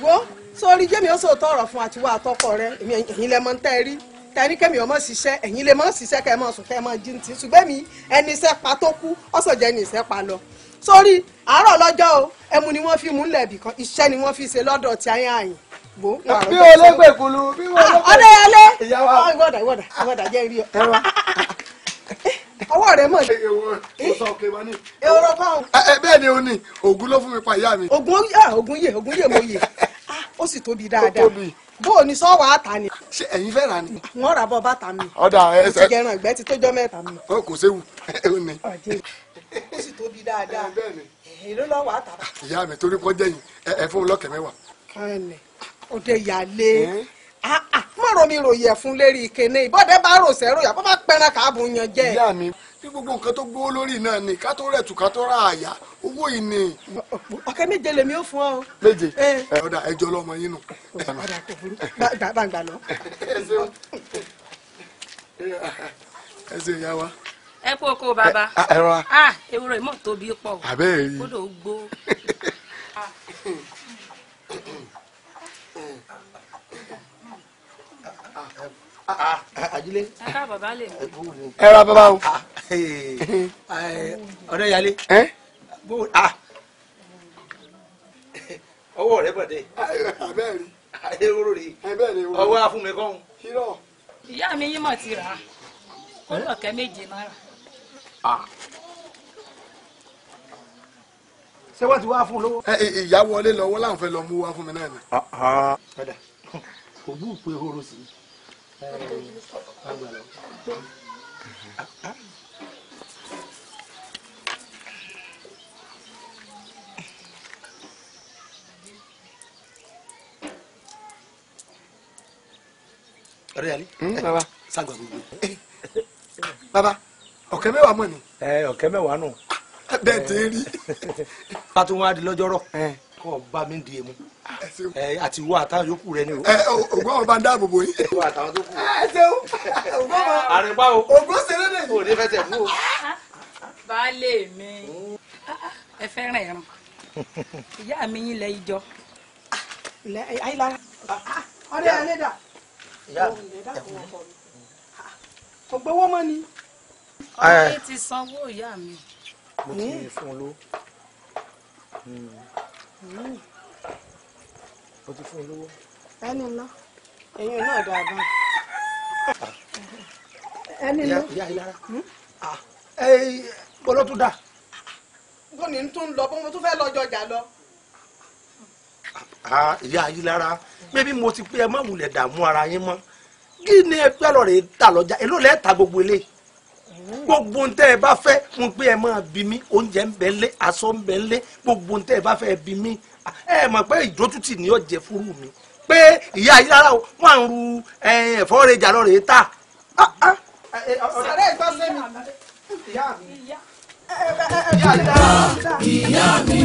Speaker 4: wo sórí jẹ́mi ó sọ tọrọ fún àtiwá àtọkọ rẹ ẹ̀yin lẹ mọ ń tẹ́ ẹ rí tẹ́rí kẹ́mi ọmọ ṣiṣẹ́ ẹ̀yin
Speaker 1: lè mọ̀ ṣiṣẹ́ kẹ́ sùn kẹ́ jí ntì ṣùgbọ́n mi ẹni iṣẹ́ pa tó kú ọ̀sọ̀ jẹ́ ẹni iṣẹ́ pa lọ. sórí àárọ̀ lọ́jọ́ o ẹmu ni wọ́n fi mú lẹ̀bì kan iṣẹ́ ni wọ́n fi ṣe lọ́dọ̀ tí ayé àyìn
Speaker 2: o bí olóògbé kulu bí ah, olóògbé. ọlẹ́yẹlé ah, ìwọ́dà ìwọ́dà ìwọ́dà jẹ́ rí ọ. ọwọ́ rẹ mọ̀ ní. èrò báwo. bẹ́ẹ̀ ni o ní ògùn ló fún mi pa ìyá mi. ògùn ah, yẹ ògùn yẹ mo yẹ ó sì
Speaker 1: tóbi dáadáa bó o ní sọ wàá tà ni. ṣé ẹ̀yin fẹ́ rà ni. wọ́n rà bọ́ bàtà mi. ọ̀dà ẹsẹ̀. mo ti gẹran
Speaker 2: ìgbẹ́ ti tójọ́ mẹ́ta mi. ó kò séwu ẹ̀hún ni. ọ̀jẹ̀ ó
Speaker 1: sì tóbi dáadáa èló lọ wàá tà.
Speaker 2: ìyá mi torí kọjá yìí ẹ fún un lọ́kẹ̀ mẹ́wàá.
Speaker 1: kánlẹ̀ òde ìyáálé mọ̀rọ̀ mi ròyìn ẹ̀fun lérí ìkéne ìbọ̀dẹ̀ bá rò sẹ́rò yà bó bá pẹ́ran kàábù yan jẹ́. ìyá mi bí gbogbo nǹkan tó gbówó lórí náà ni ká tó rẹ̀ tù ká tó ra àyà owó yìí ni. ọ̀kẹ́ méje lèmi ó fún ọ.
Speaker 2: méje ọ̀dà ẹjọ́ lọ́mọ yín nù. ọ̀dà kò
Speaker 1: burú gbàgbà lọ.
Speaker 2: ẹ ṣe ìyá wa.
Speaker 4: ẹ kú O bàbá. ẹ rọra. a ah, ewúro ìmọ̀ tóbi pọ̀. àbẹ́ yìí. kódò gbó. Ah, ah, ajílẹ̀. ẹ ká bàbá lè. ẹ ra bàbá o.
Speaker 1: Eh, eh, ọ̀rẹ́ yálé eh? ah. ọwọ́ rẹ bọ̀dé ayéwòrò rè ọwọ́ afúnmẹ́kọ́hún.
Speaker 4: ìyá mi yín mọ̀ ti rà á kó lọ́ọ̀kẹ́ méje má rà. Ah.
Speaker 1: ṣé wọ́n ti wá fún un lówó. ìyá wọlé lọ́wọ́ láwọn fẹ́ lọ mú wá fún mi náà ni. Ah, òbú pé horo sí i. ọ̀rẹ́ yàrá hmm, bàbá sàgbà gbogbo bàbá ọ̀kẹ́ mẹ́wàá mọ̀ ni. ẹ ọ̀kẹ́ mẹ́wàá nù. bẹ́ẹ̀ tẹ́ rí. pátó wọn á di lọ́jọ́rọ́ kọ́ bá mi di ah, emu àti wọ àtàwọn yòókù rẹ ni o. ògbọ́n ọba ń dáàbò bo yín. wọ àtàwọn tó
Speaker 4: kù. Ah, ẹ ṣeun ògbọ́n ma.
Speaker 1: àrùbá o. ògbọ́n ṣe lédè. o ní fẹsẹ̀ mú o.
Speaker 4: baálé mi ẹ fẹ́ràn ẹran ìyá mi yín lẹ ìjọ. ayélujára. Ah, ọ̀rẹ́ ẹ̀ lé dà kò gbowó mọ́ ni. ọ̀rẹ́ ti sanwó ìyá mi.
Speaker 1: mo ti hmm. fún un ló hmm. mo ti fún un lówó.
Speaker 4: ẹni ná ẹyin náà dáa bá
Speaker 1: ẹni ná. ìyá ìyá hmm. ah, ẹ bọ́lọ́ tó dà. bọ́ni tó ń lọ bọ́n mo tún fẹ́ lọ́jọ́ ọjà lọ ìyá yìí lára bébí mo ti pé ẹ má wulẹ̀ dààmú ara yín mọ́ kí ni ẹ fẹ́ lọ rè é tà lọ́jà èló lẹ́ẹ̀ ta gbogbo ilé gbogbo ntẹ ẹ bá fẹ́ mo pé ẹ máa bí mi oúnjẹ ń bẹ lé aṣọ ń bẹ lé gbogbo ntẹ ẹ bá fẹ́ bí mi ẹ mọ̀ pé ìdótútì ni yóò jẹ fúrú mi pé ìyá yìí lára wọn ń ru ẹ̀fọ́ rẹ̀ jà lọ rè é sọ̀rọ̀ ah, ah. ẹ̀ gbọ́ sẹ́mi ìyá mi. Ìyá ìyá
Speaker 2: mi,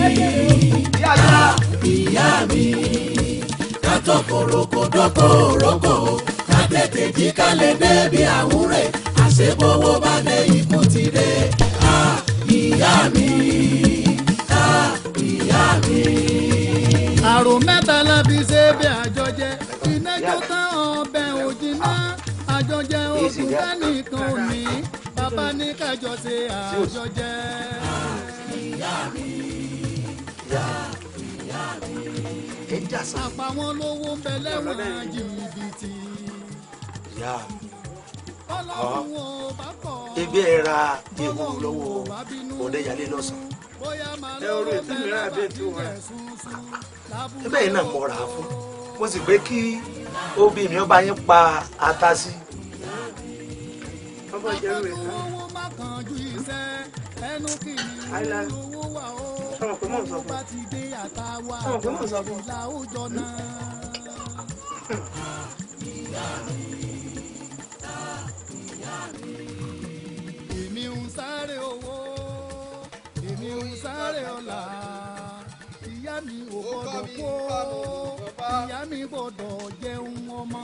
Speaker 2: ìyá mi, ká tó koroko dọ́kọ̀ òrókò, ká tètè jí ká lè débi àwúrẹ̀, àṣebówó bá dé ikú ti dé. Ìyá mi, ìyá mi. Àrò mẹ́ta lábí ṣe bí àjọjẹ, iná jó tán ọbẹ̀ òjì náà, àjọjẹ ògùn dánìkan ò ní bá ní kájọ ṣe àjọ jẹ. ìyá mi ìyá ìyá mi. àpá wọn lówó ń bẹ lẹ́wọ̀n jìbìtì. ìyá mi
Speaker 1: kọ́ ebi ẹ ra ewu lọ́wọ́ òdeyàlé lọ́sàn. ẹ o rò tí mi rà bẹ́ẹ̀ tó ẹ bẹ́ẹ̀ náà mo fún mo sì pé kí òbí mi ọba yín pa ata sí i
Speaker 3: bọ̀ jẹ́ rẹ̀
Speaker 2: àìlà sọ̀rọ̀ pé mò ń sọ fún ọ sọ̀rọ̀ pé mò ń sọ fún ọ. èmi ń sáré owó èmi ń sáré ọlá ìyá mi ò gbọdọ̀ kó ìyá mi gbọdọ̀ jẹun ọmọ.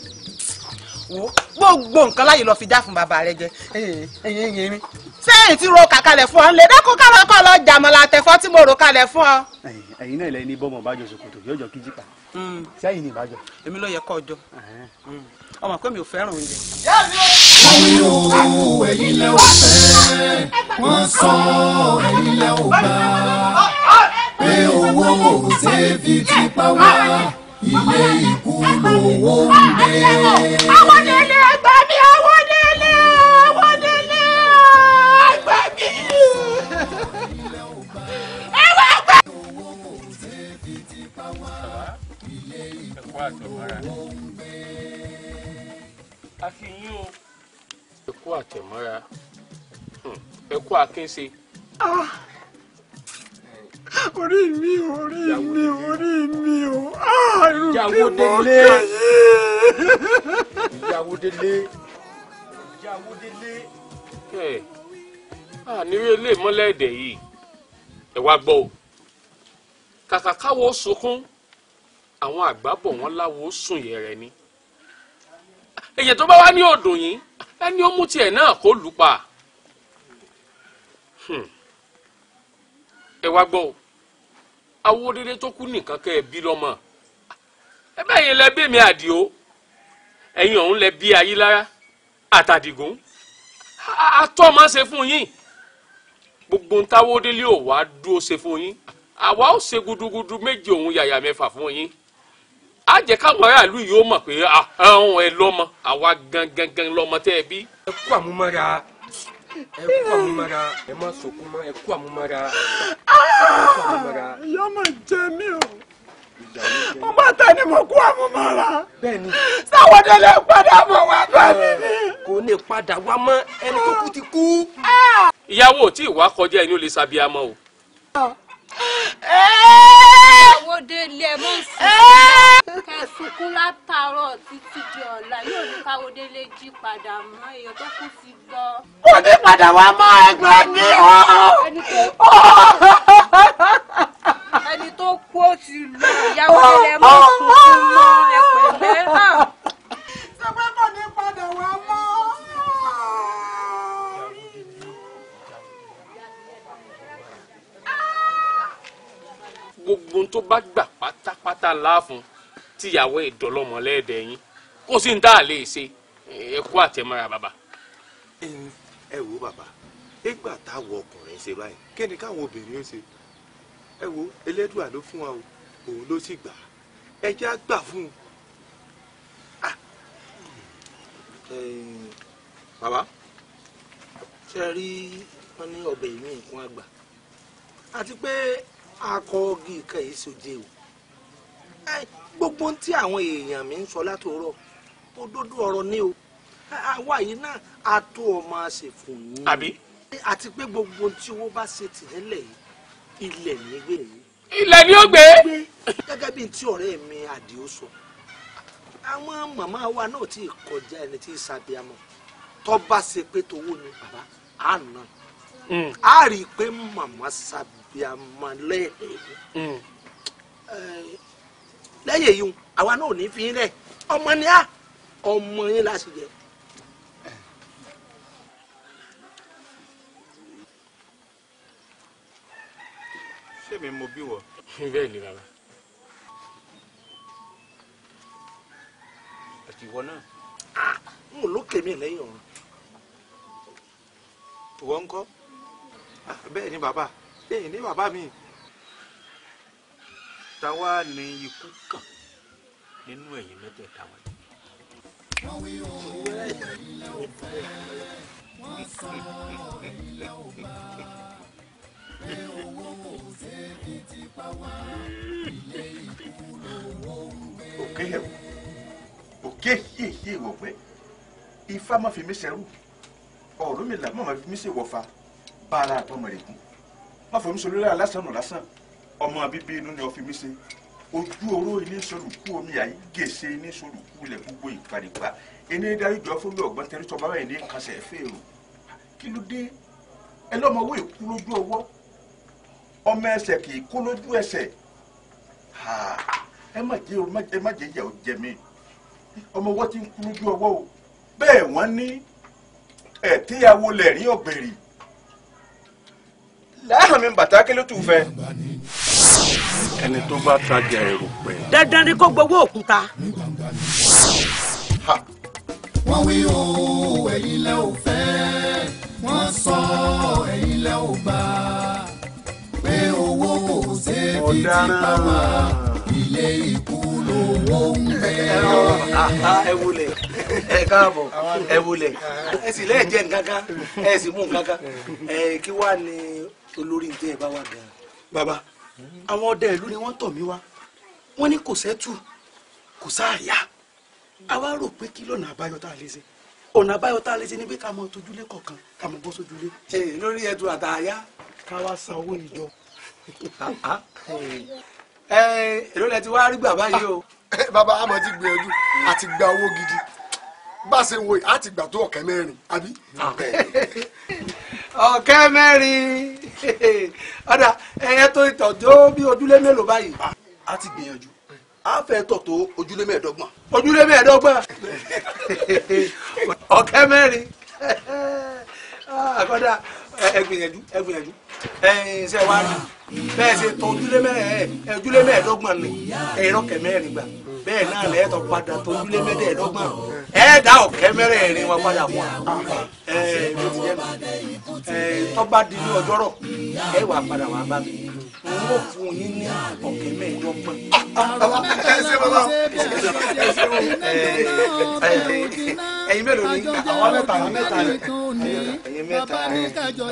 Speaker 1: wo gbogbo nǹkan láyè lọ fi já fún bàbá rẹ jẹ ẹyìn ẹyìn mi. sẹ́yìn tí ro
Speaker 4: kàkalẹ̀ fún ọ ń lè dákun káwọn kọ́ lọ jàmọ̀ làtẹ̀fọ́ tí mo rò kalẹ̀ fún ọ.
Speaker 1: ẹ̀yin náà ilẹ̀ ní bọ́mọ̀ bájọ ṣòkòtò yọjọ kíjì pa sẹ́yìn hmm. ní ìbájọ. èmi ló yẹ kọ́ ọjọ́ hmm. ọmọ pé mi ò fẹ́ràn oúnjẹ.
Speaker 2: ẹ̀yin o ẹ̀yin lẹ fẹ́ wọ́n sọ ẹ̀yin lẹ gbà pé owó
Speaker 5: kò ilé ikú lówó ń àwọn délé ẹgbẹ́ mi àwọn délé àwọn délé ẹgbẹ́ mi. ẹ wá gbẹ.
Speaker 1: a fi yín o. ẹ àtẹ̀mọ́ra hm. ẹ kú
Speaker 5: orí mi orí mi orí mi o ah, irú kí mo kà yé.
Speaker 1: ìyàwó délé ìyàwó délé. àníwé ilé mọ́lẹ̀ èdè yìí ẹ wá gbọ́ o kàkà káwọ́ sunkún àwọn àgbà bọ̀ wọ́n láwo sùn yẹrẹ ni èyàn tó bá wá ní ọdún yìí ẹni ó mú tiẹ̀ náà kó lù pa hmm. ẹ wá gbọ́ o awódédé tó kú nìkan kẹ́ ẹ bí lọ́mọ ẹ bẹ́ẹ̀ yẹn lẹ bí mi àdìo ẹ̀yin ọ̀hún lẹ bí Ayílára àtàdìgún àtọ́ máa ṣe fún yín gbogbo ń táwódélé ò wá dúró ṣe fún yín àwa ó ṣe gudugudu méje òun yàyà mẹ́fà fún yín á jẹ́ káwọn aráàlú yìí ó mọ̀ pé àwọn ah, ẹ lọ́mọ àwa gangan lọ́mọ tẹ́ ẹ bí. ẹ kú àmúmọ́ra ẹ kú àmúmọ́ra ẹ má sọkún mọ́ ẹ kú àmúmọ́ra ẹ kú àmúmọ́ra. Ah! ìyá ọmọ jẹ mí o mo bá tẹ ni mo kú àmúmọ́ra sáwọ́dẹ lè padà bọ̀ wá bá mi ah! ni. kò ní padà wá mọ́ ẹni tó kú
Speaker 5: ti kú. Ah!
Speaker 1: ìyàwó tí ìwà kọjá ẹni ó lè ṣàbíamọ o.
Speaker 4: Eh! ẹ ẹ wo de ilé ẹ mọ sí kẹ sunkún látàárọ̀ títí di ọ̀la yóò ní káwọdélé jí padà mọ́ èèyàn tó kù sí gbọ́. ó ní padà wá mọ ẹgbẹ́ mi o. ẹni tó kú ó ti lọ ìyàwó rẹ mọ sunkún mọ ẹpẹ̀lẹ́
Speaker 1: gbogbo tó bá gbà pátápátá láàfún tíyàwó ìdọ́lọ́mọ lẹ́ẹ̀dẹ̀ yín kó sì ń tà lè ṣe ẹ kú
Speaker 3: àtẹmọ́ra bàbá. ẹ wo bàbá nígbà táwọn ọkùnrin ṣe báyìí kí ni káwọn obìnrin ó ṣe ẹ wo Elédùà ló fún wa o
Speaker 1: òun ló sì gbà ẹ jẹ́ á gbà fún un. bàbá ṣe rí wọn ní ọbẹ̀ ìmí nǹkan àgbà àti pé akọ ọgì ìkẹyìí sòjé o gbogbo tí àwọn èèyàn mi ń sọ látòrọ òdodo ọ̀rọ̀ ni o àwa yìí náà a tó ọmọ àṣẹ fún yín. àbí. àti pé gbogbo tí owó bá ṣe tì nílẹ̀ yìí ilẹ̀ ní gbé yìí. ilẹ̀ ni ó gbé. gẹ́gẹ́ bí ti ọ̀rẹ́ mi àdìo sọ àwọn màmá wa náà ti kọjá ẹni tí sàbíàmọ tó bá ṣe pé towó ni bàbá á nà á rí i pé màmá sàbíàmọ lẹ́ẹ̀ẹ́ lẹ́yìn èyí àwa náà ò ní fi rẹ̀ ọmọ ni á ọmọ yín la sì jẹ́. ṣé mi mo bí wọ. bẹ́ẹ̀ ni bàbá. àti ìwọ náà. n ò lókè mi lẹ́yìn ọ̀run. ìwọ ń kọ́
Speaker 3: bẹ́ẹ̀ ni bàbá bẹ́ẹ̀ ni bàbá mi táwa ní ikú kàn nínú ẹ̀yìn mẹ́tẹ̀ẹ̀ta wa.
Speaker 1: òkè yẹ òkè yẹ yẹ wọ pé ifá má fi mí ṣẹrú ọ̀rọ̀ mi là má má fi mí ṣe wọ̀fà bá ara àtọmọ rẹ má fọ mi sọ lórí alásán nù lásán ọmọ bíbí inú ni ọfi mi ṣe ojú oró ilé sọlùkú omi àyè gèsè ilé sọlùkú ilẹ̀ gbogbo ìgbàdìgbà ẹni dáríjọ fún mi ọ̀gbọ́n tẹ́lẹ̀ tọ́ba báyìí ní kànṣẹ́ fèrò kí ló dé ẹ lọ́mọwé kú lójú ọwọ́ ọmọ ẹsẹ̀ kì í kú lójú ẹsẹ̀ ẹ má jẹ́ ẹ má jẹ́ ìyà ó jẹ mí ọmọ ọwọ́ ti ń kú lójú ọwọ́ o bẹ́ẹ̀ wọ́n ní ẹ̀tíyàwó lẹ̀rín ọ̀gbẹ̀rì láàmì bàtà kílẹ̀ tù fẹ́.
Speaker 3: ẹni tó bá tajà ẹrù pẹ́.
Speaker 1: dandan ni kó gbowó òkúta. wọ́n wí o ẹ̀yin lẹ́ ò fẹ́ wọ́n sọ
Speaker 2: ẹ̀yin lẹ́ ò gbà pé owó kò ṣe fi ti pa ilé ikú lówó ń bẹ. ẹ wulẹ̀
Speaker 1: ẹ káàbọ̀ ẹ wulẹ̀ ẹ sì lẹ́ẹ̀jẹ̀ nǹkan kan ẹ sì mú nǹkan kan kí wàá ní olórí ní tẹ́ ẹ bá wà gan. bàbá àwọn ọdẹ ìlú ni wọ́n tọ̀ mí wá wọ́n ní kò sẹ́tù kò sáàyà a wá rò pé kí lọ́nà àbáyọ tá a lè ṣe ọ̀nà àbáyọ tá a lè ṣe ni pé ká mọ tójúlé kọ̀ọ̀kan ká mọ bọ́ sójúlé. lórí ẹtù àtàyà. ká wá san owó ìjọ. èrò lẹ ti wá rí gbà báyìí o. Ah, bàbá àmọ́ ti gbìyànjú àti gba owó gidi bá a ṣe ń wo yìí á ti gbà tó ọ̀kẹ́ mẹ́rin àbí. Ah, ọ̀kẹ́ mẹ́rin ọ̀dà ẹ̀yẹ tó ìtọ̀ tó bí ojúlé mélòó báyìí. a ti gbìyànjú a fẹ́ tọ̀ tó ojúlé mẹ́ẹ̀ẹ́dọ́gbọ̀n. ojúlé mẹ́ẹ̀ẹ́dọ́gbọ̀n ọ̀kẹ́ mẹ́rin ọ̀dà ẹ gbìyànjú ẹ gbìyànjú ẹyin ṣe wá rí bẹ́ẹ̀ ṣe tọ ojúlé mẹ́ẹ̀ẹ́ ojúlé mẹ́ẹ̀ẹ́dọ́gbọ̀n ni ẹ̀rọ̀kẹ́ mẹ́rin gbà bẹ́ẹ̀ náà lẹ́ẹ̀tọ́ padà tó ojúlé mẹ́ẹ̀ẹ́dọ́gbọ̀n ẹ̀ẹ́dá ọ̀kẹ́ mẹ́rẹ̀ẹ̀rin wa padà fún wa ẹ̀ẹ́ ló ti jẹ́ mi ẹ̀ẹ́ tọ́gbà dín ní ọjọ́rọ̀ ẹ̀ wà padà wà bá mi
Speaker 2: n ó fún yín ní ọ̀kẹ́ mẹ́ẹ̀ẹ́dọ́gbọ̀n. ẹ ṣe bàbá ẹ ṣe o ẹyin mélòó ni àwọn mẹ́ta àwọn mẹ́ta rẹ ẹyin mẹ́ta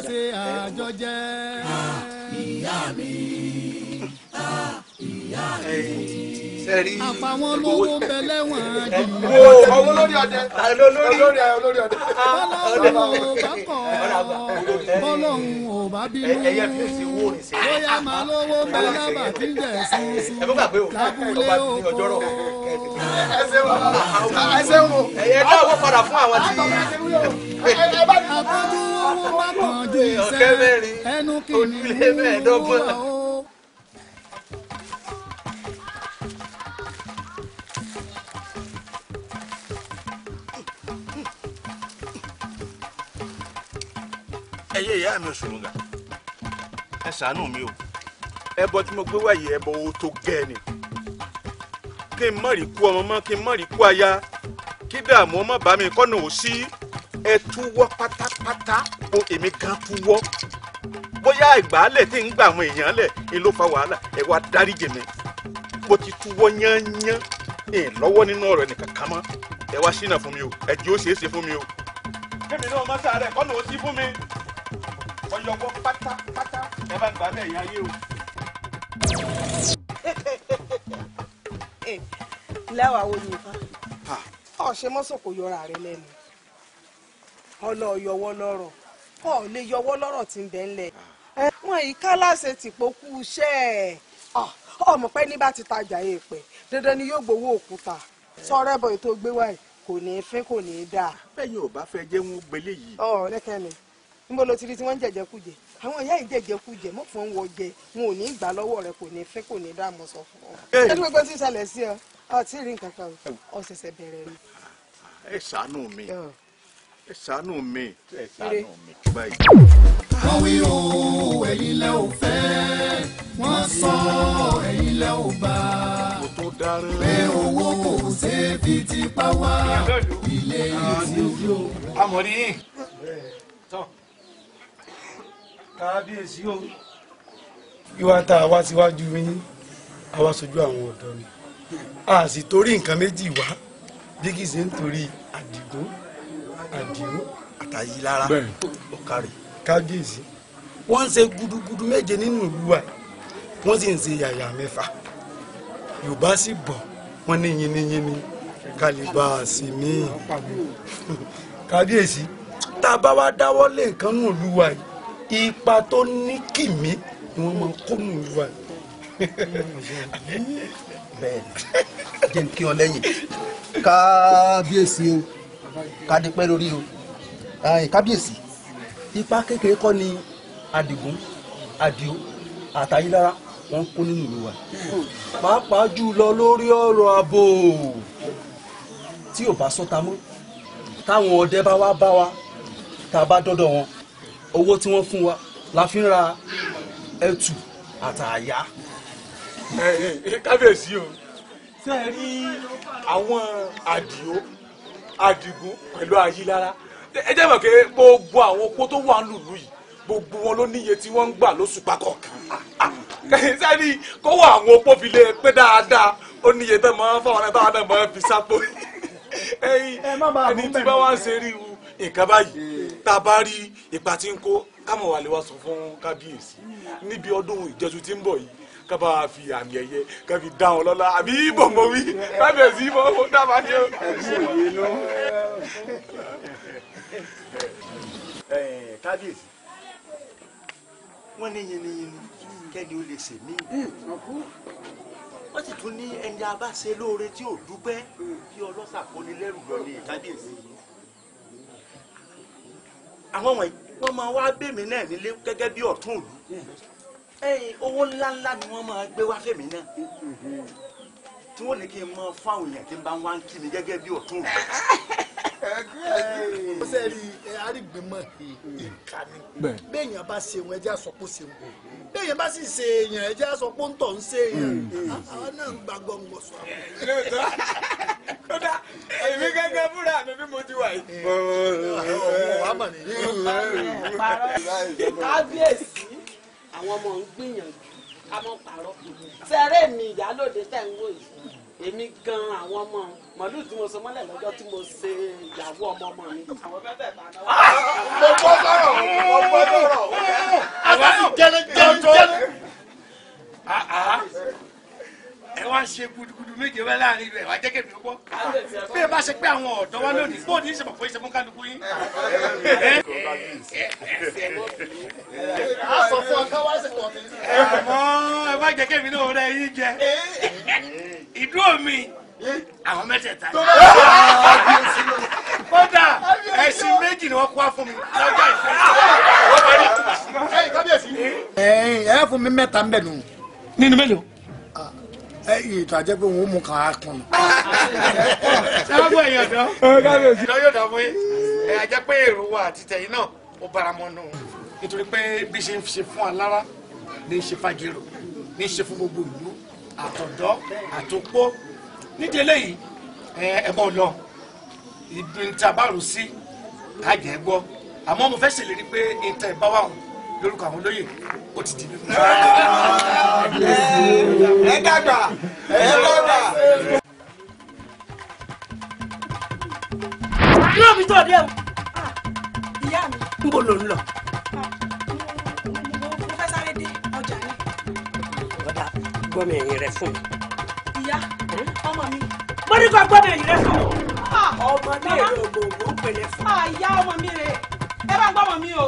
Speaker 2: rẹ ẹ̀rí àpàwọn ọmọ owó ń bẹ lẹ́wọ̀n àjò. ọmọ olórí ọdẹ olórí olórí ọdẹ. bọ́lọ́hún ò bá kọ̀ ọ́
Speaker 1: ò bá bínú bóyá
Speaker 2: màá lówó ń bẹ lábà tí ń jẹ̀ sunsun
Speaker 1: lábúlé òkú.
Speaker 2: ẹsẹ̀ wo ẹ̀yẹ dáwọ́ padà fún àwọn tí. àpọ̀jù owó má kàn ju ìṣẹ́ ẹnu kìíní wúwo.
Speaker 3: ẹ̀yẹ ìyá mi òṣòròǹgà
Speaker 1: ẹ ṣàánú mi o ẹbọ tí mo gbé wáyé ẹbọ owó tó gẹ́ ni kí n mọ̀rì kú ọmọ mọ́ kí n mọ̀rì kú aya kí dààmú ọmọ bá mi kọ́nà ò sí ẹ túwọ́ pátápátá o èmi gan túwọ́ bóyá ìgbàálẹ̀ tí ń gba àwọn èèyàn lẹ̀ ni ló fa wàhálà ẹ wá dáríjì mi mo ti túwọ́ yányán ẹ lọ́wọ́ nínú ọ̀rọ̀ ẹnìkan kan mọ́ ẹ wá ṣínà fún mi o ẹ jí ó ṣeé fún mi o. kí mi náà má sáré kọ́nà ó sí fún mi ọyọwọ pátápátá ẹ bá gbà bẹ́ẹ̀ yá yé o. lẹ́wàá wo ni ìfá ọ̀ṣẹ́ mọ́sọ̀kò yọra rẹ lẹ́nu ọlọ yọwọ́ lọ́rọ̀ kọ́ ọ lè yọwọ́ lọ́rọ̀ tí ń bẹ ńlẹ̀ wọn yìí kálàṣẹ tìpó kú iṣẹ́ ẹ̀ ọmọ pẹ́ ní bá ti tajà èèpẹ̀ dandan ni yóò gbowó òkúta sọ̀rọ̀ ẹ̀bọ̀ ètò gbé wáyé kò ní í fín kò ní í dáa. bẹ́ẹ̀ yóò bá fẹ́ jẹ́ wọn gbélé yìí. ọ̀ lẹ́kẹ̀ẹ́ níbo ló ti rí tí wọ́n ń jẹ̀jẹ̀kújẹ àwọn ìyá ìjẹ̀jẹ̀kújẹ mọ̀ fún wọn jẹ wọn ò ní gbà lọ́wọ́ rẹ kò ní fẹ́ kò ní dààmú sọ fún ọ. ẹ ní gbogbo tí ń ṣẹlẹ̀ sí ọ ọ tí ì rí nǹkan kan ọ ṣẹ̀ṣẹ̀ bẹ̀rẹ̀ ni. ẹ ṣàánú
Speaker 2: mi ẹ ṣàánú mi ẹ ṣàánú mi tó báyìí. wọ́n o ẹ̀yin lẹ́ ò fẹ́ wọ́n sọ ẹ̀yin lẹ́ ò bá pé owó kò ṣe é fi tipa wá ilé
Speaker 3: ìtìjú. amòrí tán kábíyèsí o
Speaker 1: ìwà tá a wá síwájú yín a wá sojú àwọn ọ̀dọ́ ni a sì torí nǹkan méjì wá bí kì í ṣe ń torí àdìgún àdìgún àtàyí lára ọ̀kàrẹ̀ kábíyèsí wọ́n ń ṣe gudugudu méje nínú ìlú wa wọ́n sì ń ṣe yàyà mẹ́fà yorùbá sì bọ̀ wọ́n ní yiniyini kàlíbà sí mi kábíyèsí tá a bá wá dáwọ́ lé nǹkan nù ìlú yìí ipa tó ní kìmí ni wọ́n máa kó nù wá. bẹ́ẹ̀ jẹ́ kí ọ lẹ́yìn kábíyèsí o kádìpẹ́ lórí o kábíyèsí ipa kékeré kọ́ ni Àdìgún Àdìó àtàyílára wọ́n kó nínú ìlú wa pàápàá jùlọ lórí ọ̀rọ̀ ààbò tí ò bá sọ́ta mọ́ táwọn ọdẹ bá wá bá wa tá a bá dọ́dọ̀ wọn owó tí wọ́n fún wa la fi ń ra ẹtù àtàyà. kábíyèsí o ṣe é rí àwọn àdìo àdìgún pẹ̀lú ayílára ẹ jẹ́ mọ̀ gbogbo àwọn opó tó wà lùlù yìí gbogbo wọn ló níye tí wọ́n ń gbà lóṣù pákọ̀ kan sẹ́ni kówó àwọn opó fi lè pé dáadáa ó níye tẹ́ mọ́ fáwọn ẹ̀ táwọn náà mọ́ fi sápò ẹ̀yìn ẹni tí bá wá ṣe rí o nǹkan báyìí tá a bá rí ipa tí ń kó kámọ̀ wà lè wá sọ fún kábíyèsí níbi ọdún ìjẹsùn tí ń bọ̀ yìí ká bá a fi àmì ẹ̀yẹ ká fi dá wọn lọ́lá àbí bọ̀mọ̀ wí kábíyèsí bọ̀mọ̀ dábàá ní
Speaker 2: o. kábíyèsí
Speaker 1: wọ́n ní yiniyini kẹ́ni ó lè ṣe mí wọ́n sì tún ní ẹni abáṣe lóore tí ò dúpẹ́ kí ọlọ́sàkóni lẹ́rù lọ ní kábíyèsí yìí àwọn wọ̀nyí wọ́n máa wá bèmí náà nílé gẹ́gẹ́ bí ọ̀tún òlu ẹ̀yìn owó ńláńlá ni wọ́n máa gbé wá fèmí náà tí wọ́n ní kí n mọ fáwọn èèyàn tí n bá wá ń kí mi gẹ́gẹ́ bí ọ̀tún òlu.
Speaker 2: ó sẹ́ẹ̀rì arígbìmọ̀ ìkànnì bẹ́ẹ̀ yẹn bá ṣe wọn ẹjẹ́ àsọpọ̀ ṣe wọn bẹ́ẹ̀ bá sì ṣe èèyàn ẹ jẹ́ àṣọ pọ́ńtọ̀ ń ṣe èèyàn àwọn náà ń gba gbọ̀ngàn sọ. lóòótọ́ kódà èmi gẹ́gẹ́ fúnra mi bí mo ti wà yìí. kábíyèsí
Speaker 1: àwọn ọmọ ń gbìyànjú ká mọ̀ pàrọ̀ mi ìyálòde
Speaker 4: tẹ̀ ń wò yìí
Speaker 1: èmi gan àwọn ọmọ màlúù tí mo sọ mọ́lẹ̀ lọ́jọ́ tí mo ṣe ìyàwó
Speaker 2: ọmọ ọmọ mi.
Speaker 4: Ah! mo gbọ́ sọ̀rọ̀ mo gbọ́ sọ̀rọ̀.
Speaker 2: àwa ti jẹ́rẹ́ ẹ
Speaker 1: wá ń ṣe gudugudu méje wá láàrin ìlú ẹ wá jẹ́ kébì gbọ́. bí ẹ bá ṣe pé àwọn ọ̀dọ́ wa lónìí bó ní ìṣẹ̀mọ̀ pé ìṣẹ̀mọ̀ kálukú yín. àmọ́ ẹ má
Speaker 2: jẹ́ kébì náà rẹ yín jẹ
Speaker 1: ìdúró mi àwọn mẹ́tẹ̀ẹ̀ta kódà ẹ̀sìn méjì ni wọ́n kó wá fún mi lọ́jọ́
Speaker 2: ìfẹ́. ẹ ẹ fún mi mẹ́ta ń bẹ̀ nù. nínú mélòó ẹyìn ètò àjẹ́ pé òun ó mú kàn á kùnà. sábàbù ẹ̀yìn ọ̀dọ́ ọ̀dọ́
Speaker 1: yóò dà fún yín ẹ̀ àjẹ́ pé èrò wa àti náà ó bára mọ́ nù. nítorí pé bí ṣe ń ṣe fún alára ní ṣe fagirò ní ṣe fún gbogbo ìlú àtọ̀dọ́ àtòpó nídìí eléyìí ẹ lọ ibi a bá rò sí àjẹ́ gbọ́ àmọ́ mo fẹ́ ṣèlérí pé ìtàn ìbáwá òun lórúkọ
Speaker 2: àwọn olóyè ó ti di mímú. ẹ dàgbà ẹ dàgbà.
Speaker 1: yóò fi tó ọdẹ o ìyá mi ń bò ló ń lọ.
Speaker 4: mo fẹ́ sáré dé ọjà ni. ọ̀dà gbọ́mọ ẹ̀yìn rẹ fún mi. ìyá ọmọ mi. mo gbọ́mọ ẹ̀yìn rẹ fún mi. Ah, ọmọ mi èrò gbòǹgbò
Speaker 1: ń fún mi. Ah, ìyá ọmọ mi rè é bá gbọ́mọ mi o.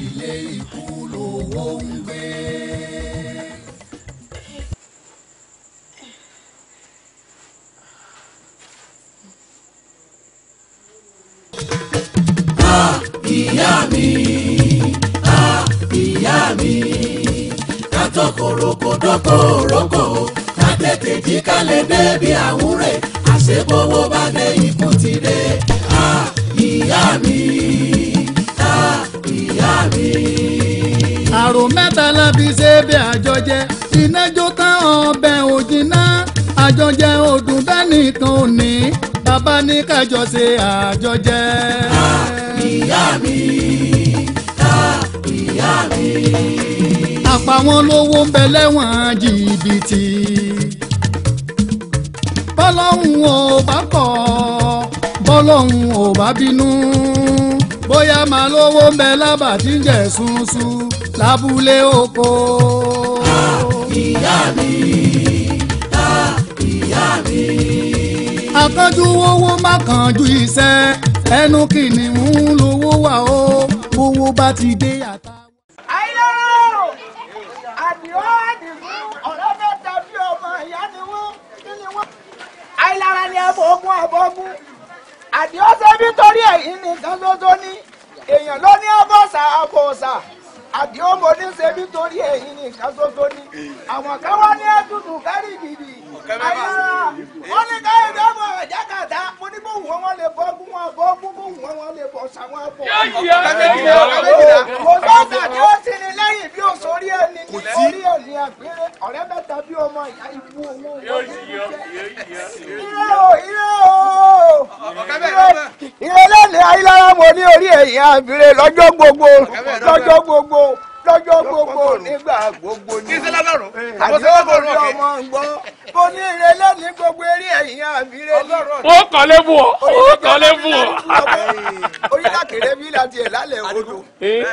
Speaker 3: ilé ikú lowó
Speaker 2: ń gbé.
Speaker 5: Ah, ìyá mi, ah, ìyá mi,
Speaker 2: ká tọkọ̀rọ̀kọ dọ́kọ̀rọ̀kọ̀ o, ká tètè débi àwúrẹ̀, àṣebọ̀wọ̀ bá dé ikú ti dé. Ah, ìyá mi ìyá mi. àrò mẹ́ta la fi ṣe bí àjọjẹ ìnájó tán ọbẹ̀ òjìnà àjọjẹ ọdún bẹ́ẹ̀ nìkan ò ní bàbá ní kájọ ṣe àjọjẹ. ta ìyá mi ta ìyá lówó ń bẹ lẹ́wọ̀n jìbìtì bọ́lọ́hún ò bá kọ̀ bọ́lọ́hún ò bá bínú bóyá máa lówó ń bẹ lábà tí ń jẹ sunsun lábúlé oko. ìyá mi ta ìyá mi. akánjú owó má kánjú iṣẹ́ ẹnu kìnìún lówó wà ó owó bá ti dé àtà. àìlọ́rọ̀ ni wọ́n kí ni wọ́n.
Speaker 1: àìlára àdìọ́sẹ́ nítorí ẹ̀yìn nìkan ṣoṣo ní èèyàn ló ní ọbọ̀sà àbọ̀sà àdìọ́mọ ní ṣe nítorí ẹ̀yìn nìkan ṣoṣo ní àwọn kan wá ní ẹ̀dùnú kárí gidi wọ́n ní ká ẹ̀dá mọ̀ ẹ̀dá kàdá mo ní kó wọ́n wọn lè bọ́ kó wọ́n bọ́ kó kó wọ́n wọn lè bọ́ sàwọn bọ́. kò sọ́ọ̀tà tí ó sì ní lẹ́yìn bí ó
Speaker 2: sórí ẹni ní orí ẹni àgbére ọ̀rẹ́ mẹ́ta bí ọmọ ìyá ibú owó wọn.
Speaker 5: ire o ire
Speaker 2: o ire lẹ́nu
Speaker 5: ayélujára mo ní orí ẹ̀yìn
Speaker 1: àgbére lọ́jọ́ gbogbo lọ́jọ́ gbogbo lọ́jọ́ gbogbo nígbà gbogbo ni. kí n sẹ́lá lọ́rùn àbọ̀sẹ̀ wọ́n kò rọ̀ kí mo ní ìrẹ̀lẹ̀ ní gbogbo eré ẹ̀yìn àbírẹ́ ní. ó kàn lé bù ọ́ ó kàn lé bù ọ́. orílẹ̀-èdè mi láti ẹ̀ lálẹ́ odò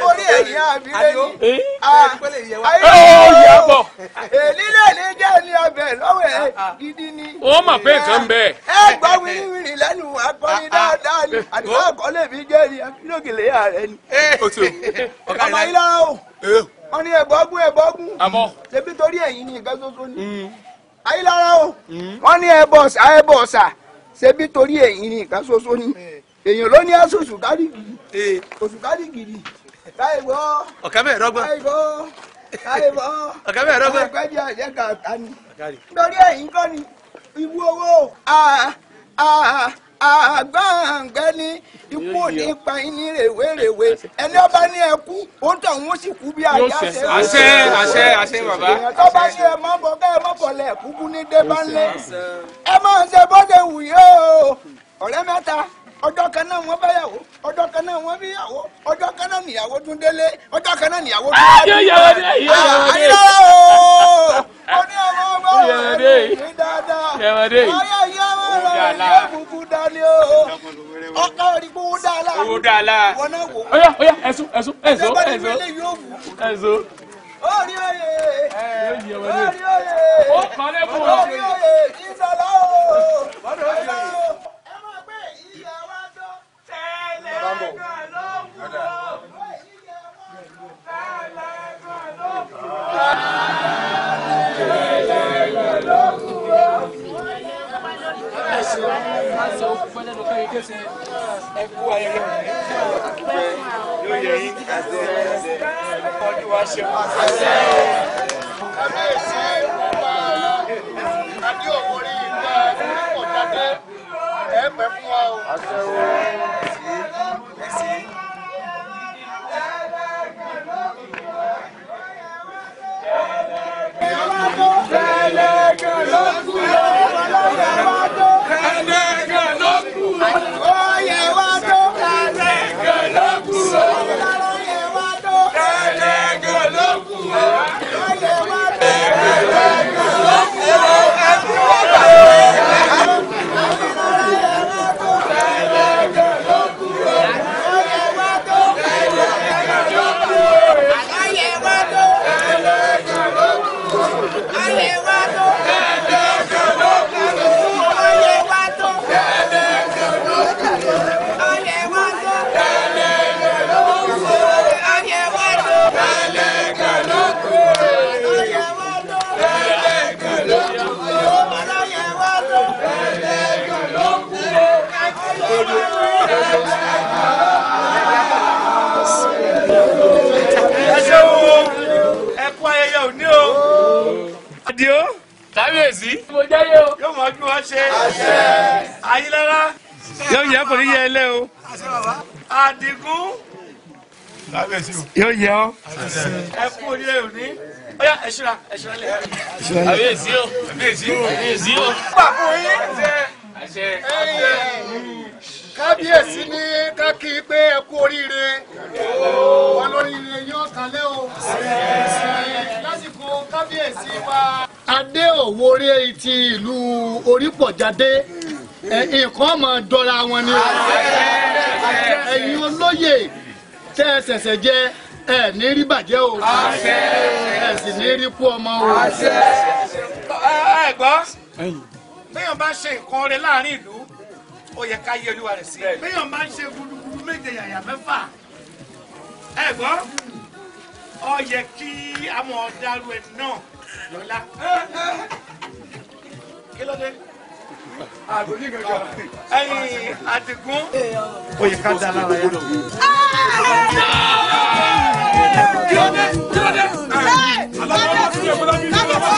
Speaker 1: orí ẹ̀yìn àbírẹ́ ní. ó yà bọ̀. èlí náà ní jẹ́ ní ọbẹ̀ lọ́wọ́ ẹ̀ ah, ah. gidi ni. wọ́n mà pé nǹkan bẹ́ẹ̀. ẹ gbọ́ wíríwírí lẹ́nu akọrin ah, dáadáa ni àdìgbò àkọlé mi jẹ́ ni akílógèlè ààrẹ ni. Eh, ọmọ ilé ọ̀hún eh. wọ́n ní ẹ̀bọ́gún ẹ̀bọ́gún. àmọ́. ṣebí torí ẹ̀yin ni nǹkan ṣoṣo ni. Mm ayélujára o wọ́n ní airbus airbus à ṣebí torí èyí ni nǹkan ṣoṣo ni eh. èyàn ló ní aṣọ òṣùkárì gidi òṣùkárì eh. gidi táyé gbọ́ ọ̀kẹ́ mẹ́rin rọ́gbọ́n táyé gbọ́ táyé gbọ́ ọ̀kẹ́ mẹ́rin rọ́gbọ́n ọ̀kẹ́ jẹ́ àjẹ́ kàtà ni torí èyí kọ́ ni ìwú owó ah, ah, ah, àgbàǹgbẹ́ni ikú òní pa iní rèwerèwe ẹni ọba ní ẹkú ó tọ̀ ń sì kú bí ajá ṣe wò. àṣẹ àṣẹ àṣẹ bàbá. èèyàn tó bá ní ẹ mọ bọ kẹ ẹ mọ bọlẹ ẹkú kú ní débánlé ẹ máa ń ṣe bó wù yé ọ̀rẹ́ mẹ́ta ọjọ́ kan náà wọ́n bẹ́yàwó ọjọ́ kan náà wọ́n bíyàwó ọjọ́ kan náà níyàwó tún délé ọjọ́ kan náà níyàwó ah, tún délé. ayé yàrá dé ayé yàrá ah, dé.
Speaker 2: ó ní ọmọ ọgbà wà ní dáadáa ayé yàrá rẹ ní òkùnkùn dání o ọkọ òdìgbò wò dáadáa wò dáadáa wọn náà wò. ọyá ọyá
Speaker 1: ẹsùn ẹsùn ẹsùn ẹsùn ẹsùn. Orí
Speaker 2: oyè! Orí oyè! Ó kàn lẹ́kùn! Orí oyè! Ìsàlá o! Ọ̀dọ̀ oyè!
Speaker 5: tẹlẹgàn ló kù ó tẹlẹgàn ló kù ó tẹlẹgàn ló kù ó. ẹ kú ayẹyẹ
Speaker 1: òní yóò yẹ yín ọdún wa ṣe wá. kábíyèsí ìlú
Speaker 2: wa adé òkúri ìlú wa kò jáde ẹ pẹ́ fún wa o. àṣẹwó. Tẹ̀lé kan di o. kábíyèsí. mo jẹ́ yé o. yóò máa bí wọ́n ṣe. ayílára. yóò yẹ kò ní yẹ ilé o. àdìgún.
Speaker 1: kábíyèsí o. yóò yẹ ọ.
Speaker 2: ẹ kú oríire òní. ó yá ẹ ṣíra ẹ ṣíra lẹ. kábíyèsí o. kábíyèsí o. kábíyèsí o. pàpọ̀ yín kábíyèsí ní kákí pé ẹ kú oríire wọn lóríire yóò kalẹ̀ o lásìkò kábíyèsí wa adé òwòrè ti ìlú orípọ̀jáde hmm. nǹkan ọmọ dọ́ra wọn ni ẹ̀yin olóyè tẹ́ ẹ ṣẹ̀ṣẹ̀ jẹ ẹ ní rí bàjẹ́ o ẹ sì ní rí kú ọmọ o. ẹ gbọ́ bẹ́ẹ̀ bá ṣe nǹkan rẹ láàrin ìlú ó yẹ ká yẹ olúwa rẹ̀ sí bẹ́ẹ̀ bá ṣe gbúdúgbúdú
Speaker 1: méje yàyà mẹ́fà ẹ gbọ́ ó yẹ kí àwọn ọ̀daràn náà lọ́lá kí ló dé
Speaker 2: àgòjì kankan ẹ̀yìn àtìkún oyè ká da
Speaker 1: lára yẹn. kí ló dé kí ló dé alábàáwá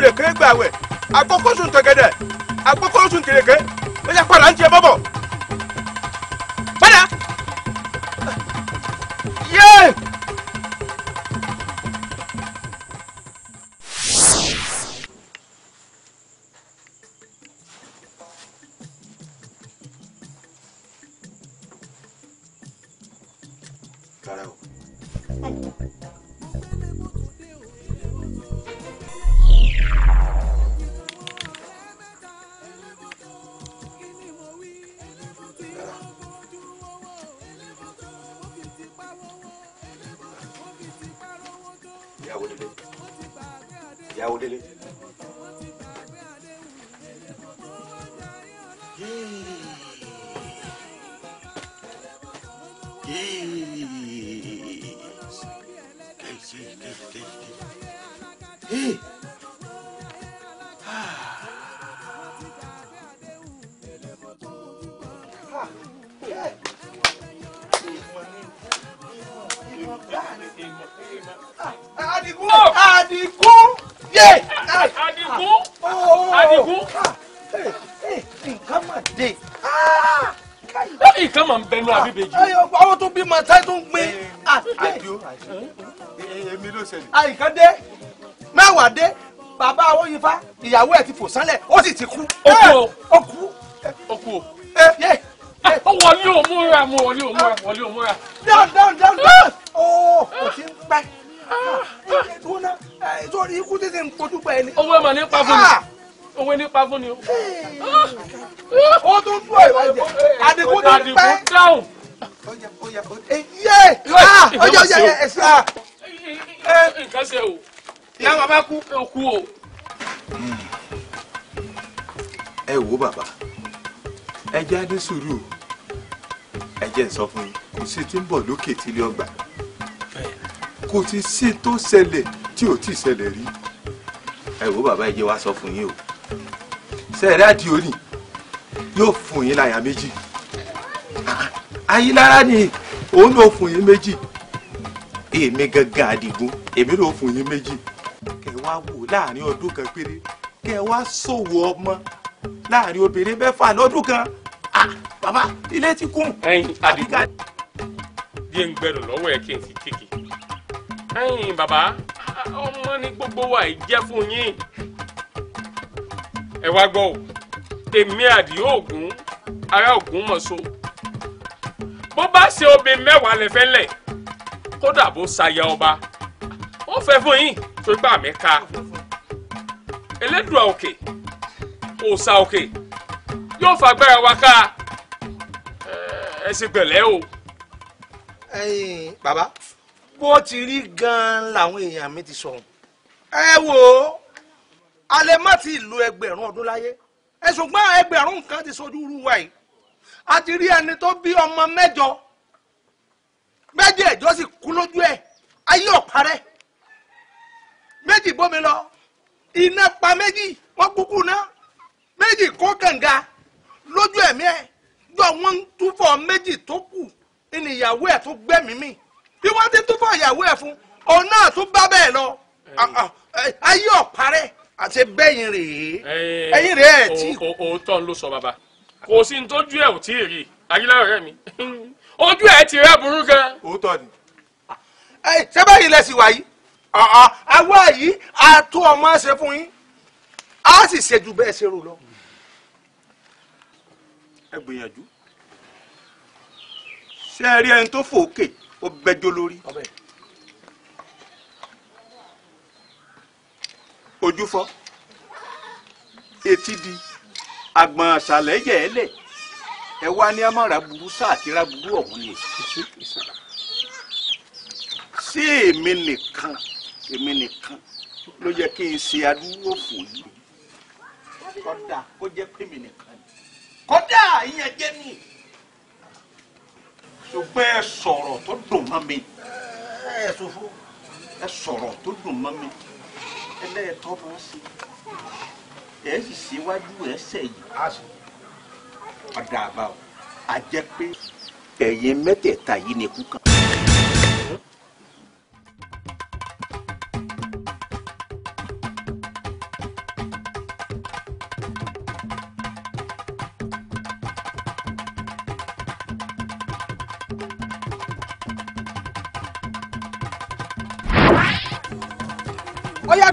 Speaker 1: rèké gbàwẹ̀ àkókò sùn tẹ̀gẹ̀dẹ̀ àkókò sùn kèrèké ó yẹ kó là ń tiẹ̀ bọ́bọ̀. wà dé bàbá awóyinfa ìyàwó ẹ̀ ti fò sánlẹ̀ ó sì ti kú. ó kú ó kú ó kú ó wọlé òmúra mo wọlé òmúra wọlé òmúra. down down down down ooo kò sí ń pẹ́ ìdúná sórí ikú tí ti ń kojú pẹ́ ni. owó ẹ̀ mà ní pa fún mi owó ní pa fún ni o. ó tún dún ẹ̀wá jẹ àdìgún tó ń pẹ́. àdìgún dáhùn. ó yẹ ó yẹ ó yẹ ẹ̀sìn. nǹkan ṣe o ìyá bàbá kú ẹ ò kú o.
Speaker 3: ẹ wo bàbá ẹ jẹ́ adé sùúrù ẹ jẹ́ sọ fún yín kò sí tí ń bọ̀ lókè tí ilé ọgbà kò ti sí tó ṣẹlẹ̀ tí ò tí ṣẹlẹ̀ rí ẹ wo bàbá ẹ jẹ́ wá sọ fún yín o sẹ́ẹ̀rẹ́ àdìo nì yóò fún yín láyà méjì ayílára ni òun ló fún yín méjì èmi gangan àdìgún èmi ló fún yín méjì wá wò láàrin ọdún kan péré
Speaker 1: kẹ wá ṣòwò ọmọ láàrin obìnrin mẹ́fà lọ́dún kan ah, bàbá ilé ti kún. ẹyin adigun díẹ̀ ń gbẹ̀rù lọ́wọ́ ẹ̀ kí n sì tìkì ẹyin bàbá ọmọ ní gbogbo wa yìí fún yín ẹ wá gbọ́ o èmi àdìo ògún ará ògún mọ̀ bó bá ṣe obìnrin mẹ́wàá lẹ́fẹ́lẹ̀ kódà bó ṣayá ọba ó fẹ́ fún yín tó gbà mí ká elédùà òkè òòṣà òkè yóò fagbára wa ká ẹ ṣe pẹ̀lẹ́ o. bàbá bó ti rí gan-an làwọn èèyàn mi ti sọ̀rọ̀ ẹ wò ó alẹ́ má ti lo ẹgbẹ̀rún ọdún láyé ẹ̀sùn gbọ́n ẹgbẹ̀rún nǹkan ti sojú rú wa yìí a ti rí ẹni tó bí ọmọ mẹ́jọ mẹ́jọ ẹ̀jọ́ sì kú lójú ẹ̀ ayé ọ̀parẹ́ méjì bómi lọ iná pa méjì wọ́n kúkú ná méjì kó kànga lójú ẹ̀mí ẹ̀ yọ wọ́n ń túfọ̀ méjì tó kù ni ìyàwó ẹ̀ tó gbẹ̀mí mi bí wọ́n ti túfọ̀ ìyàwó ẹ̀ fún òun náà tún bá bẹ́ẹ̀ lọ ah, ah, ayé ọ̀parẹ́ àti bẹ́yìn rèé ẹ̀yìn rèé ẹ̀ tí. òótọ́ ló sọ bàbá kò sí ní tójú ẹ̀ ò tí ì rí ayélujára rẹ̀ mi ojú ẹ̀ ti rẹ̀ burú gan. òótọ́ ni ah, ṣé báyìí lẹ sì wà yìí Ah, ah, àwa yìí a tó ọmọ ṣe fún yín a sì ṣe ju bẹ́ẹ̀ ṣe rò lọ. ẹ gbìyànjú ṣé ẹ rí ẹni tó fòókè ó bẹjọ lórí ojú fọ́ etí di àgbọ̀n àṣàlẹ̀ yẹ̀ ẹ́ lẹ̀ ẹ wá ní amára burú sáàkírá burú ọ̀hún ni sí èmi nìkan èmi nìkan ló yẹ kí n ṣe adúró fún yìí kódà kó jẹ́ pé èmi nìkan ni kódà ìyẹn jẹ́ mi ṣùgbọ́n ẹ sọ̀rọ̀ tó dùn mọ́ mi ẹ ṣòfò ẹ sọ̀rọ̀ tó dùn mọ́ mi ẹlẹ́ẹ̀tọ́ máa ṣe ẹ sì ṣíwájú ẹsẹ̀ yìí ọ̀dà àbá o a jẹ́ pé ẹ̀yin mẹ́tẹ̀ẹ̀ta yìí ni ikú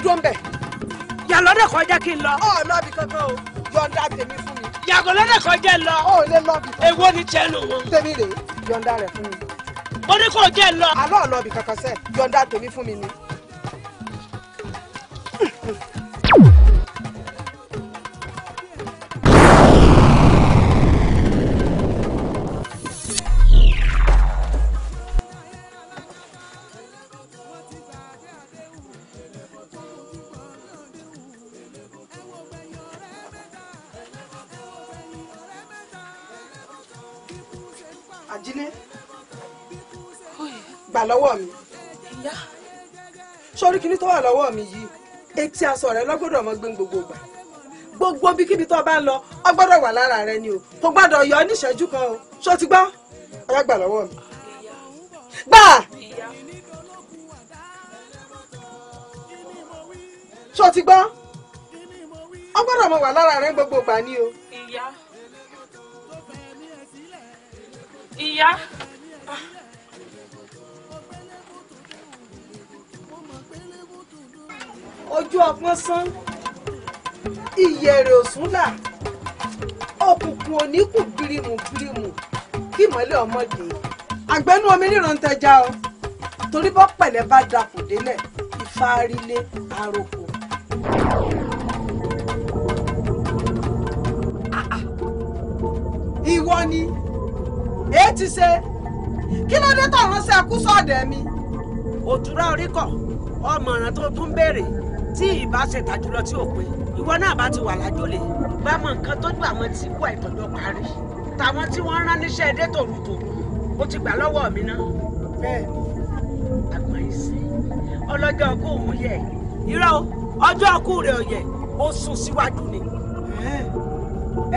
Speaker 1: dúró ń bẹ̀. yà lọ́dẹ̀ kan kí n lọ. ọ lọ bí kankan o yọ̀ǹda tèmi fún mi. yàgò lọ́dẹ̀ kan jẹ́ lọ. ó lè lọ bí kankan. èwo ni tiẹ̀ lò wọ́n. tèmi rèé yọ̀ǹda rẹ̀ fún mi. mo jẹ́ lọ. àlọ́ ọ̀lọ́bì kankan sẹ́ẹ̀ yọ̀ǹda tèmi fún mi ni. lọ́wọ́ mi ìyá sórí kinní tó wà lọ́wọ́ mi yìí etí aṣọ rẹ lọ́gbọ́dọ̀ mọ gbé gbogbo gbà gbogbo bíkíbi tó bá lọ ọ gbọ́dọ̀ wà lára rẹ ni o kò gbọ́dọ̀ yọ níṣẹ́jú kan o ṣó ti gbọ́ ọyá gbà lọ́wọ́ mi gbà ṣó ti gbọ́ ọ mọ wà lára rẹ gbogbo gbà ni o. ìyá ìyá. ojú ọpọ́n sán ìyẹ̀rẹ̀ òsúnlà òkùnkùn oníkù bírímù bírímù kí ìmọ́lẹ̀ ọmọdé àgbẹ̀nú omi ríran tẹja o torí bọ́ pẹ̀lẹ́ bá dapò délẹ̀ ìfarilé àròkò. ìwọ ni èé ti ṣe kí ló dé tọ̀run kú sọ̀dẹ̀ mi òtúrá orí kọ̀
Speaker 4: ọmọràn tó tún béèrè tí ìbá ṣe tàjùlọ tí ò pé ìwọ náà bá ti wà lájọlẹ̀ bá mọ nǹkan tó ju àwọn tí kú àìtọ́jọ́ parí tàwọn tí wọ́n rán níṣẹ́ ẹdẹ tòrutòru
Speaker 1: ó ti gbà lọ́wọ́ mi náà. bẹ́ẹ̀ àgbọn yìí sí ọlọ́jọ́ ọkọ òun yẹ irọ́ ọjọ́ ọkọ rẹ̀ ọ̀yẹ̀ ó sùn síwájú ni.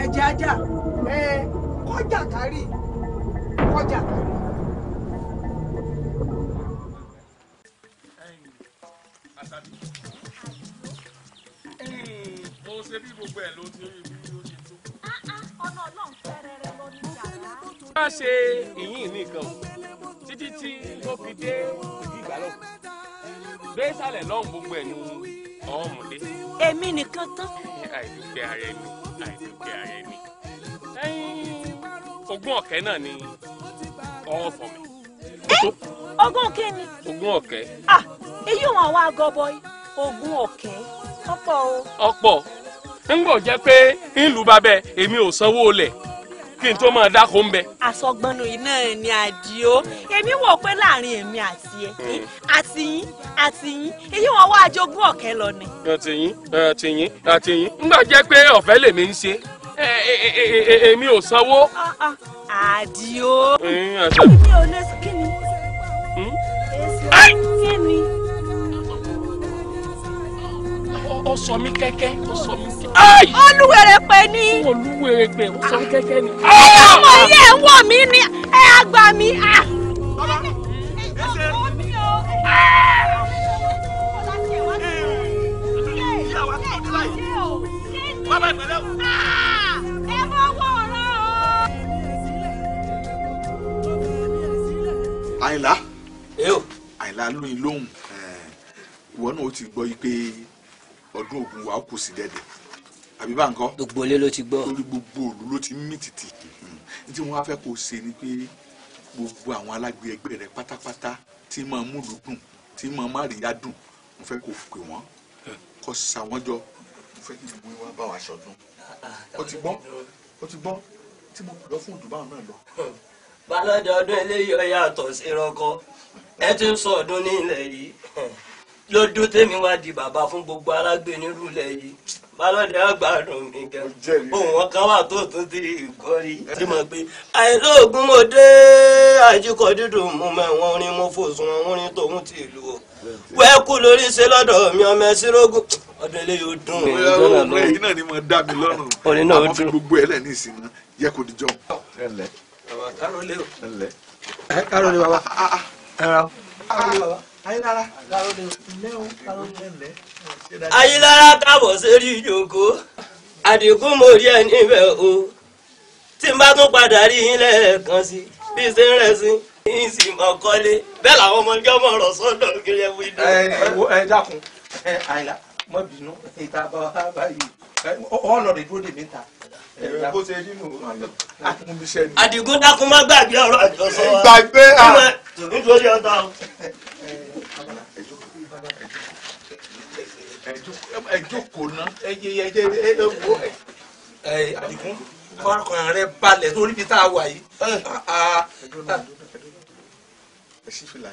Speaker 1: ẹ̀jẹ̀ ajá ọjà kárí ọjà kárí. ṣe bí gbogbo ẹ̀ ló ti rí bí ó
Speaker 4: ṣe tó. ọ̀nà ọlọ́run fẹ́rẹ̀ rẹ lọ ní ìjàmbá.
Speaker 1: bá a ṣe ìyìn nìkan títí tí ó fi dé ìgbà náà gbé sálẹ̀ lọ́hùn gbogbo ẹ̀ ní ọ̀ọ́mùdé.
Speaker 4: èmi nìkan tán.
Speaker 1: àìdúpẹ́ ara ẹni àìdúpẹ́ ara ẹni. ogún ọ̀kẹ́ náà ni ọ̀ọ́fọ̀ mi.
Speaker 4: ogún ọ̀kẹ́ ni.
Speaker 1: ogún ọ̀kẹ́. ah
Speaker 4: èyí wọn wá gọbọi ogún ọ̀kẹ́ ọ̀pọ̀ o.
Speaker 1: ọ̀pọ̀ ńgbò jẹ́ pé ńlù bá bẹ èmi ò sanwó lẹ̀ kí n tó máa dáko ń bẹ.
Speaker 4: àsọgbọnù iná ni àdìo èmi wò pé láàrin èmi àti ẹ hmm. àti yín àti yín èyí wọn wá àjogún ọ̀kẹ́ lọ ni.
Speaker 1: àti yín àti yín àti yín ńgbà jẹ́ pé ọ̀fẹ́ lèmi ń ṣe èmi ò sanwó.
Speaker 2: Ah, ah, àdìo. èmi
Speaker 1: ò lè kí ni. Hmm? kí ni ó sọ mí kẹ́kẹ́ ó sọ mí kẹ́kẹ́. olúwèrè pé ní. olúwèrè pé ó sọ mí kẹ́kẹ́ ni. ọmọ ilé ẹ̀ ń wọ̀
Speaker 4: mí ni
Speaker 2: ẹ á gbà mí. bàbá ah! ìpínlẹ̀ o. ẹ
Speaker 5: bọ́ wọ̀
Speaker 1: ọ̀rọ̀ o. àyìnlá àyìnlá lóyún lóhùn ìwọ náà ó ti gbọ́ yí pé ọdún ogun wa kò sí dẹ́dẹ̀ àbí bá ń kọ́. gbogbo ilé ló ti gbọ́. lórí gbogbo òlu ló ti mí tìtì hmm. tí wọ́n á fẹ́ kó ṣe ni pé gbogbo àwọn alágbe ẹgbẹ́ rẹ pátápátá tí máa múlù dùn tí máa má rí yá dùn mo fẹ́ kó pè wọ́n kó sa wọ́n jọ mo fẹ́ kí ìwé wa bá wa ṣọdún. ó ti gbọ́ ó ti gbọ́ tí mo lọ fún ìdùbà náà lọ. balọ̀dọ̀ ọdún eléyìí ọ̀yà àtọ̀ sí rọ́kọ ẹ ti ń sọ ọdún ní ilẹ̀ yìí lọ́dún tèmi wá di bàbá fún gbogbo alágbè nírúlẹ̀ yìí balọ̀dẹ àgbàdùn mi gan ohun wọn wà tó tún ti ìkọrí tí mo gbé àìlóògùn mo dé àjíkọ dídùn mú mẹ́wọ́n orin mo fòsùn orin tòun ti ìlú o wẹ́ẹ́kù lórí ṣe lọ́dọ̀ mi ọmọ ẹ̀sìn rógùn ọdún ilé yóò dùn. ọ̀rẹ́ náà ni mo dá mi lọ́rùn àmọ́ fi gbogbo ẹ̀ lẹ́ni ìsinmi yẹ kò dijọ́. kárólé
Speaker 3: o.
Speaker 1: kárólé baba. kárólé baba. Ayílára Ayílára káàbọ̀ sórí ìjókòó àdìgún mo rí ẹ níbẹ̀ o tí n bá tún padà rí yín lẹ́ẹ̀kan sí bí ṣe ń rẹ̀ sí yín sì mọ̀ bẹ́ẹ̀ làwọn ọmọ ọjọ́ mọ̀ ọ̀rọ̀ sọ́dọ̀ kiri ẹ̀ wí dùn. ẹ ẹ dákun ẹ àyìnlá mọ bínú ìta bá wa báyìí ọ̀nà dúró dè mí ta. bó ṣe rí nù ni. Àdìgún dákun má gbàgbé ọ̀rọ̀ àjọsọ wa. gbàgbé à. Ah. nítorí ọ̀tá o. ẹ jókòó ná ẹ yẹ ẹ jẹ ẹ wo. ẹ Àdìgún kọ́kọ́rọ́ rẹ balẹ̀ torí bí tá a wà yìí. ẹ sì fi là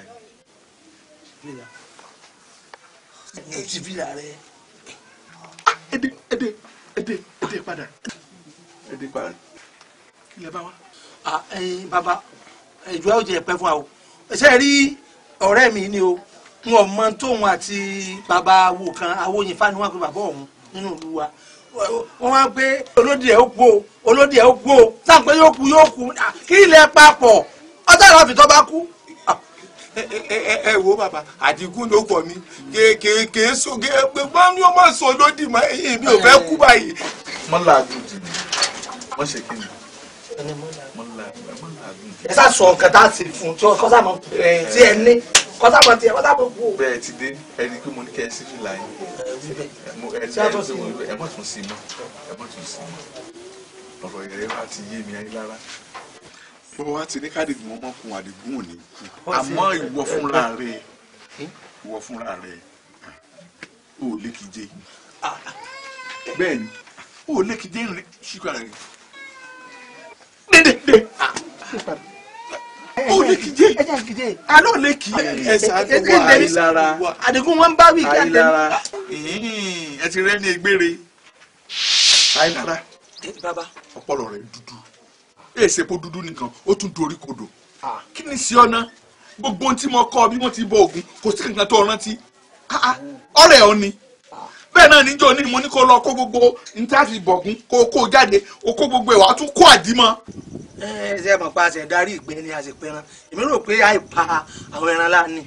Speaker 1: yìí. sí fìlà rẹ èdè èdè èdè èdè padà èdè padà ilẹ̀ bá wa. ẹyin bàbá ìjọ yóò jẹ ẹpẹ fún wa o ṣe rí ọ̀rẹ́ mi ni o n ò mọ tóun àti bàbá wo kan awóyin fani wọn pe bàbá òun nínú ìlú wa wọ́n wá pé olódìẹ ó kú o olódìẹ ó kú o táwọn pé yóò kú yóò kú kí ilẹ̀ papọ̀ ọjọ́ ìlànà fìtọ́ bá kú ẹ wo bàbá àdìgún ló kọ mi kéékèèké sóge gbogbo ni ó máa sọ lódì mọ èyí mi ò fẹ́ kú báyìí. mọ làágùn jù mọ ṣe kí ni mọ làágùn mọ làágùn jù. ẹ sá sọ nǹkan tá a ṣe fún tí wọn kọ́ tí ẹ ní kọ́ tí ẹ kọ́ sáà mọ kú. ti dé ẹni pé mo ní kẹ ẹ sí fìlà yìí ẹ mọ tún sí mọ ẹ mọ tún sí mọ ọ̀rọ̀ ìrẹwà ti yé mi ayé lára bó wa ti ní kádìgún ọmọkùn àdìgún òní àmọ́ ìwọ fúnra rẹ ìwọ fúnra rẹ ò lékijé bẹ́ẹ̀ ni ò lékijé ń rí ṣíkà rẹ dédédé ò lékijé alọ́ lékì ẹ̀sà àdúgbò àìlára àdìgún wọn bá wí kí àtẹnu ẹ ti rẹ ní egbére àìlára ọpọlọ rẹ dúdú èsè po dúdú nìkan ó tún dorí kodò kí ni sí ọ̀nà gbogbo ohun tí mo kọ́ bí wọ́n ti bọ ògùn kò sí kankan tó rántí ọ̀rẹ́ ọ ni bẹ́ẹ̀ náà níjọ́ ni, mo ní kó lọ kó gbogbo nítaàfin bọ̀gún kó kó jáde ó kó gbogbo ìwà tún kó àdìmọ́. ẹ ṣe mọ̀ pa àṣẹ darí ìgbẹ́ ni a sì pẹran èmi rò pé àìpa àwọn ẹran lá ni.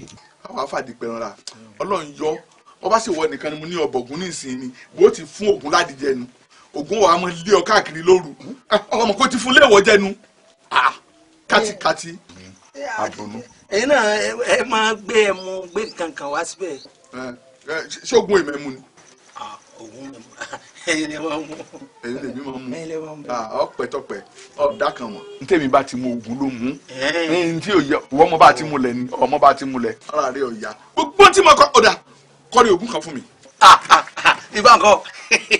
Speaker 1: àwọn afáàdì pẹran ra ọlọ́run yọ ọba sì wọ nìkan ni mo ní ọbọ̀gún nísìnyí ni bó ti fún ògùn ládìjẹ nu ògùn wa máa lé ọ káàkiri lóru ọmọ kò ti fún léèwọ̀ jẹnu kátikáti. ẹ̀yin náà ẹ máa gbé ẹ mu gbé nǹkan kan wá síbẹ̀. ṣé oògùn èmi mu ni. oògùn mi mu ẹ̀yin lè máa mu. ẹ̀yin lè mi máa ọdá kan mọ. n tèmi bá ti mu oògùn ló mu n tí ọmọ bá ti mu lẹ ni ọmọ bá ti mu lẹ. ara rẹ ò gbogbo tí mo kọ ọ̀dà kọ́ni oògùn kan fún mi. ibà ń kọ́.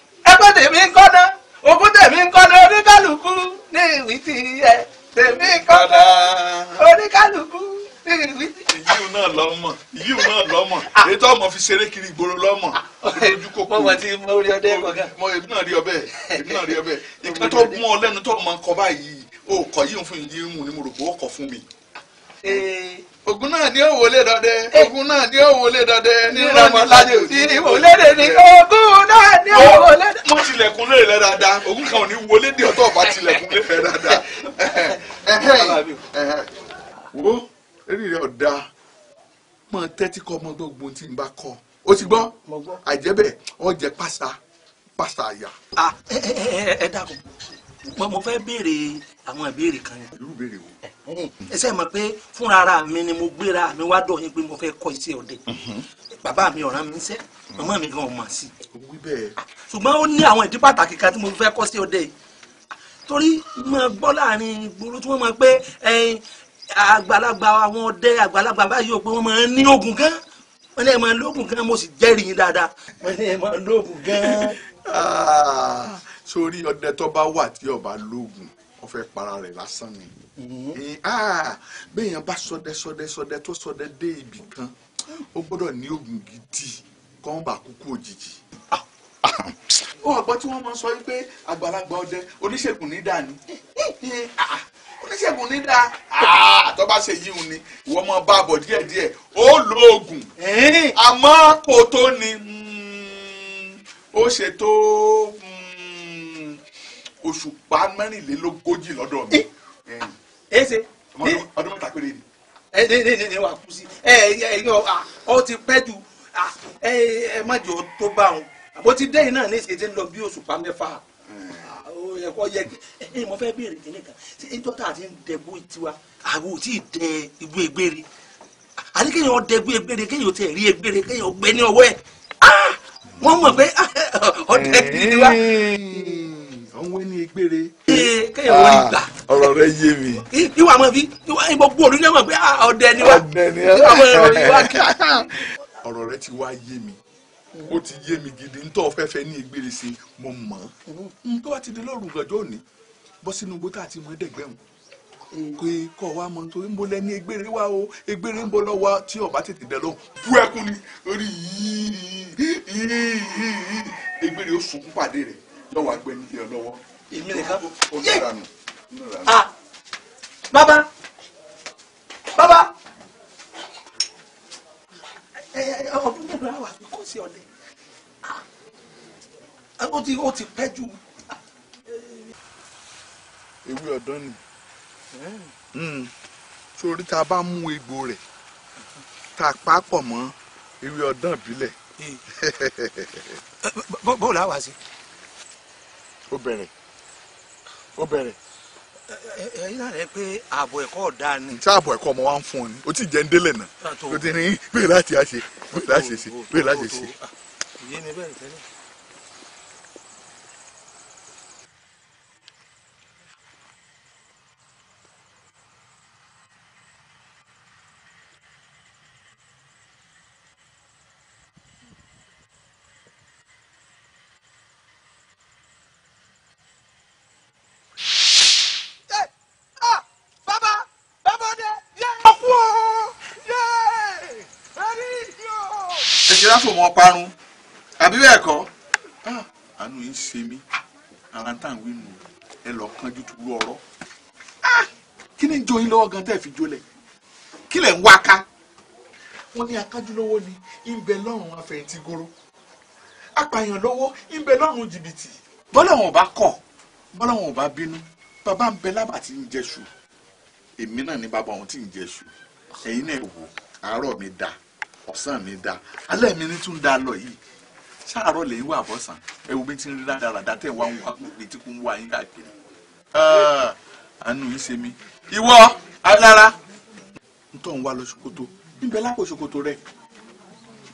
Speaker 1: ẹgbẹ́ tèmi ń kọ́ná ògùn tèmi ń kọ́ná oníkálukú ní ìwí ti ẹ tèmi ń kọ́ná oníkálukú ní ìwí ti. ìyíw náà lọ́mọ ìyíw náà lọ́mọ ah. ètò ọmọ fi ṣeré kiri ìgboro lọ́mọ ojú kò kú mo ti mo rí ọdẹ kọ̀ọ̀kan. mo èmi náà rí ọbẹ̀ èmi náà rí ọbẹ̀ ìkan tó ọ lẹ́nu tó mọ kọ báyìí o kọ yíyún fún yíyún ni mo rò pé ó kọ fún ògùn náà ní òwòlé dọdẹ ògùn náà ní òwòlé dọdẹ nínú ọmọlájẹ òsì ní òwòlédè ní ògùn náà ní òwòlé. mo tilẹ̀kùn lé rẹ dáadáa Ogun kan ò ní wọlé dé ọ̀tọ̀ ọba tilẹ̀kùn lé rẹ dáadáa. wo eré rẹ ọ̀dà máa tẹ́tí kọ́ ọmọ gbogbo tí n bá kọ́ o ti gbọ́ àjẹbẹ̀ ọ̀jẹ̀ pàṣà pàṣà àyà. ẹ ẹ ẹ dákun mo fẹ́ béèrè àwọn ìbéèrè kan yẹn. irú béèrè wo. Eh, eh, ẹ ṣe mọ̀ pé fúnra ara mi ni mo gbéra mi wá dọ̀ yín pé mo fẹ́ kọ́ iṣẹ́ ọdẹ mhm. bàbá mi ọ̀ràn mi ṣẹ́ màmá mi gan ọ̀mà sí. wí bẹ́ẹ̀. ṣùgbọ́n ó ní àwọn ìdí pàtàkì kan tí mo fẹ́ kọ́ sí ọdẹ yìí torí mo gbọ́ láàrin ìgboro tí wọ́n mọ̀ pé àgbàlagbà àwọn ọdẹ àgbàlagbà báyìí ò pé wọ́n máa ń ní oògùn gan wọ́n ní ẹ̀ máa ń lóògùn gan mo sì jẹ́rìí yín dáadáa wọ́n ní ẹ̀ máa lóògùn gan. Ah sórí ọdẹ tó bá wà tí ọba lóògùn ó fẹ́ para rẹ̀ lásán ni mm-hmm. eh, ah, béèyàn bá sọdẹ sọdẹ sọdẹ tó sọdẹ dé ibì kan ó gbọ́dọ̀ ní oògùn gidi kọ́ bá kúkú òjijì ah, ah. ó àgbọ̀ tí wọ́n máa sọ wípé àgbàlagbà ọdẹ oníṣègùn nídà ni eh, oníṣègùn nídà tó bá ṣe yíhun ni wọ́n máa bá bọ̀ díẹ̀díẹ̀ ó lo oògùn eh. àmọ́ kò tó ni mm, ó ṣe tó mm, òṣùpá mẹ́rìnlélógójì lọ́dọ̀ mi. Eh, ẹ ṣe eh. ọdún mẹ́ta péré ni. ẹ ẹ ẹ ẹ wà kú sí ẹ ẹ ọ ti pẹ́ jù ẹ ẹ má jọ tó bá wọn àbó ti dẹ́yìn náà ní ìṣe ti ń lọ bí òṣùpá mẹ́fà ẹ̀kọ́ yẹ ẹ mọ fẹ́ béèrè kìnìún kan ṣé ìjọ tá a ti ń dẹgbó tiwa àwọn ò tí ì dẹ igbó egbére àti kéèyàn dẹgbó egbére kéèyàn tẹ̀ rí egbére kéèyàn gbẹ ní ọwọ́ ẹ̀ wọ́n mọ̀ pé ọ̀dẹ̀ kìnìún àwọn ẹni ìgbére. ee kéèyàn wọ́n gbà. Ah, ọ̀rọ̀ rẹ yé mi. ìwà mọ̀ bí gbogbo olú náà pé ah, ọ̀dẹ ni wá. ọ̀dẹ ni wá. ọ̀rọ̀ rẹ ti wá yé mi ó ti yé mi gidi ntọ́ fẹ́fẹ́ ní ìgbére sí mo mọ̀ ọ́n tó bá ti di lọ́rùn gàjọ́ òní bọ́ sínú gbótà àti mọ́ẹ́dẹ́gbẹ̀rún pé kọ́ wa mọ nítorí ń bo lẹ́ni egbére wa o egbére ń bo lọ tí ọba tètè dẹ lóhùn bú ẹkún ni orí yìí yìí yìí egbére ó sunkún pàdé rẹ̀ yóò wá gbé nílé ọ lọ́wọ́. èmi nìkan ó dára nù. Ah! bàbá bàbá ọdún mẹ́rin àwọn àbí kò sí ọdẹ ah! ó ti ó ti pẹ́ jù. ewé ọ̀dọ́ ni
Speaker 2: hmm. sórí tá a bá mú egbò
Speaker 1: rẹ̀ tá a papọ̀ mọ́ ewé ọ̀dán ìbílẹ̀. Eh. lá àwa sí i ó bẹ̀rẹ̀ ó bẹ̀rẹ̀. ẹyin náà rẹ pé ààbò ẹ̀kọ́ ọ̀dà ni. tí ààbò ẹ̀kọ́ ọmọ wa ń fún ọ ni o ti jẹ́ ń délẹ̀ náà o ti ní bẹ́ẹ̀ láti àṣe bẹ́ẹ̀ láti àṣe bẹ́ẹ̀ láti àṣe.
Speaker 3: ìyé ni bẹ́ẹ̀ tẹ́lẹ̀.
Speaker 1: ṣe mí ara tá à ń wí nù ẹ lọ kánjú tu wú ọ̀rọ̀ ah! kí ni joyin lọ́wọ́ gan tẹ́ fi jólẹ̀ kí lẹ̀ ń wá ká wọ́n ní akájú lọ́wọ́ ni ń bẹ lọ́rùn afẹ̀yìntì goro apààyàn lọ́wọ́ ń bẹ lọ́rùn jìbìtì bọ́lá wọn ò bá kọ̀ bọ́lá wọn ò bá bínú bàbá ń bẹ lábà tí ń jẹṣu èmi náà ní bàbá òun tí ń jẹṣu ẹ̀yin náà wò àárọ̀ mi da, ọ̀sán mi da. alẹ́ mi ní tún dá lọ yìí ṣáàrọ̀ lẹ́yìn wà bọ́sàn ẹ wo bí ti ń rí dáradára tẹ̀ wá ń wá bí ti kún wá yín káàkiri àánú yín ṣe mí ìwọ alára ń tọ́ ń wá lọ ṣòkòtò níbẹ̀ lápò ṣòkòtò rẹ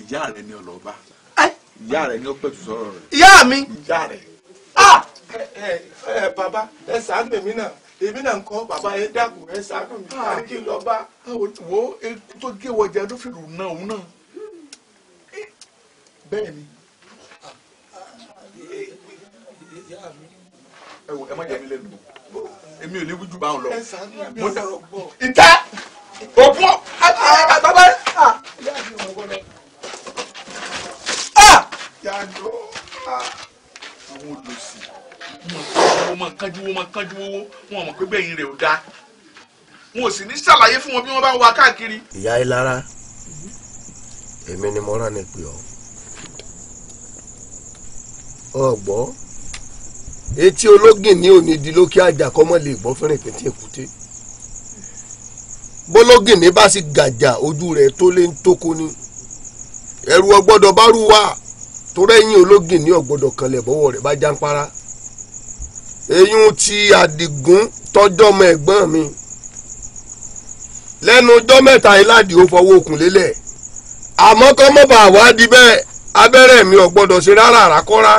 Speaker 1: ìyá rẹ ni ọlọ́ba ìyá rẹ ni ó pẹ̀tù sọ̀rọ̀ rẹ. ìyá mi ìyá rẹ. ẹ ẹ bàbá ẹ ṣàánú èmi náà èmi náà ń kọ́ bàbá ẹ dákun ẹ ṣàánú mi àríkì lọ́ba. wo e tó gé wọjà ló fi rù náà òun náà bẹ́ẹ̀ ni ẹ wò ẹ má jẹ mi lẹ́nu èmi ò ní wíjú báwọn lọ mo dẹ ìta òpó àti àbábá yàjọ àwọn olùsí wọn máa kánjú wọn máa kánjú owó wọn mọ̀ pé gbẹ̀yìn rẹ̀ ò dáa wọn ò sì ní ṣàlàyé fún wọn bí wọn bá ń wa káàkiri. ìyá ìlara èmi ni mo rán ni pè ọ́ ọ gbọ́ etí ológin ní onídìí lókè àjà kọ́mọ́ lè gbọ́ fẹ́rẹ̀ pẹ̀tì èkúté bọ́lógin ní bá sì gàjà ojú rẹ̀ tó lé ń tóko ni ẹ̀rù ọgbọ́dọ̀ bá rú wa torí ẹ̀yìn ológin ní ọ̀gbọ́dọ̀ kanlẹ̀ bọ́wọ́ rẹ̀ bá jáǹpara eyín ti àdìgún tọ́jọ́ ọmọ ẹ̀gbọ́n mi lẹ́nu ọjọ́ mẹ́ta ìlàdí ó fọwọ́ okùn lélẹ̀ àmọ́ kọ́mọ́bà wá di bẹ́ẹ̀ abẹ́rẹ́ mi ọ̀gbọ́dọ̀ ṣe rárá àràkọ́rá.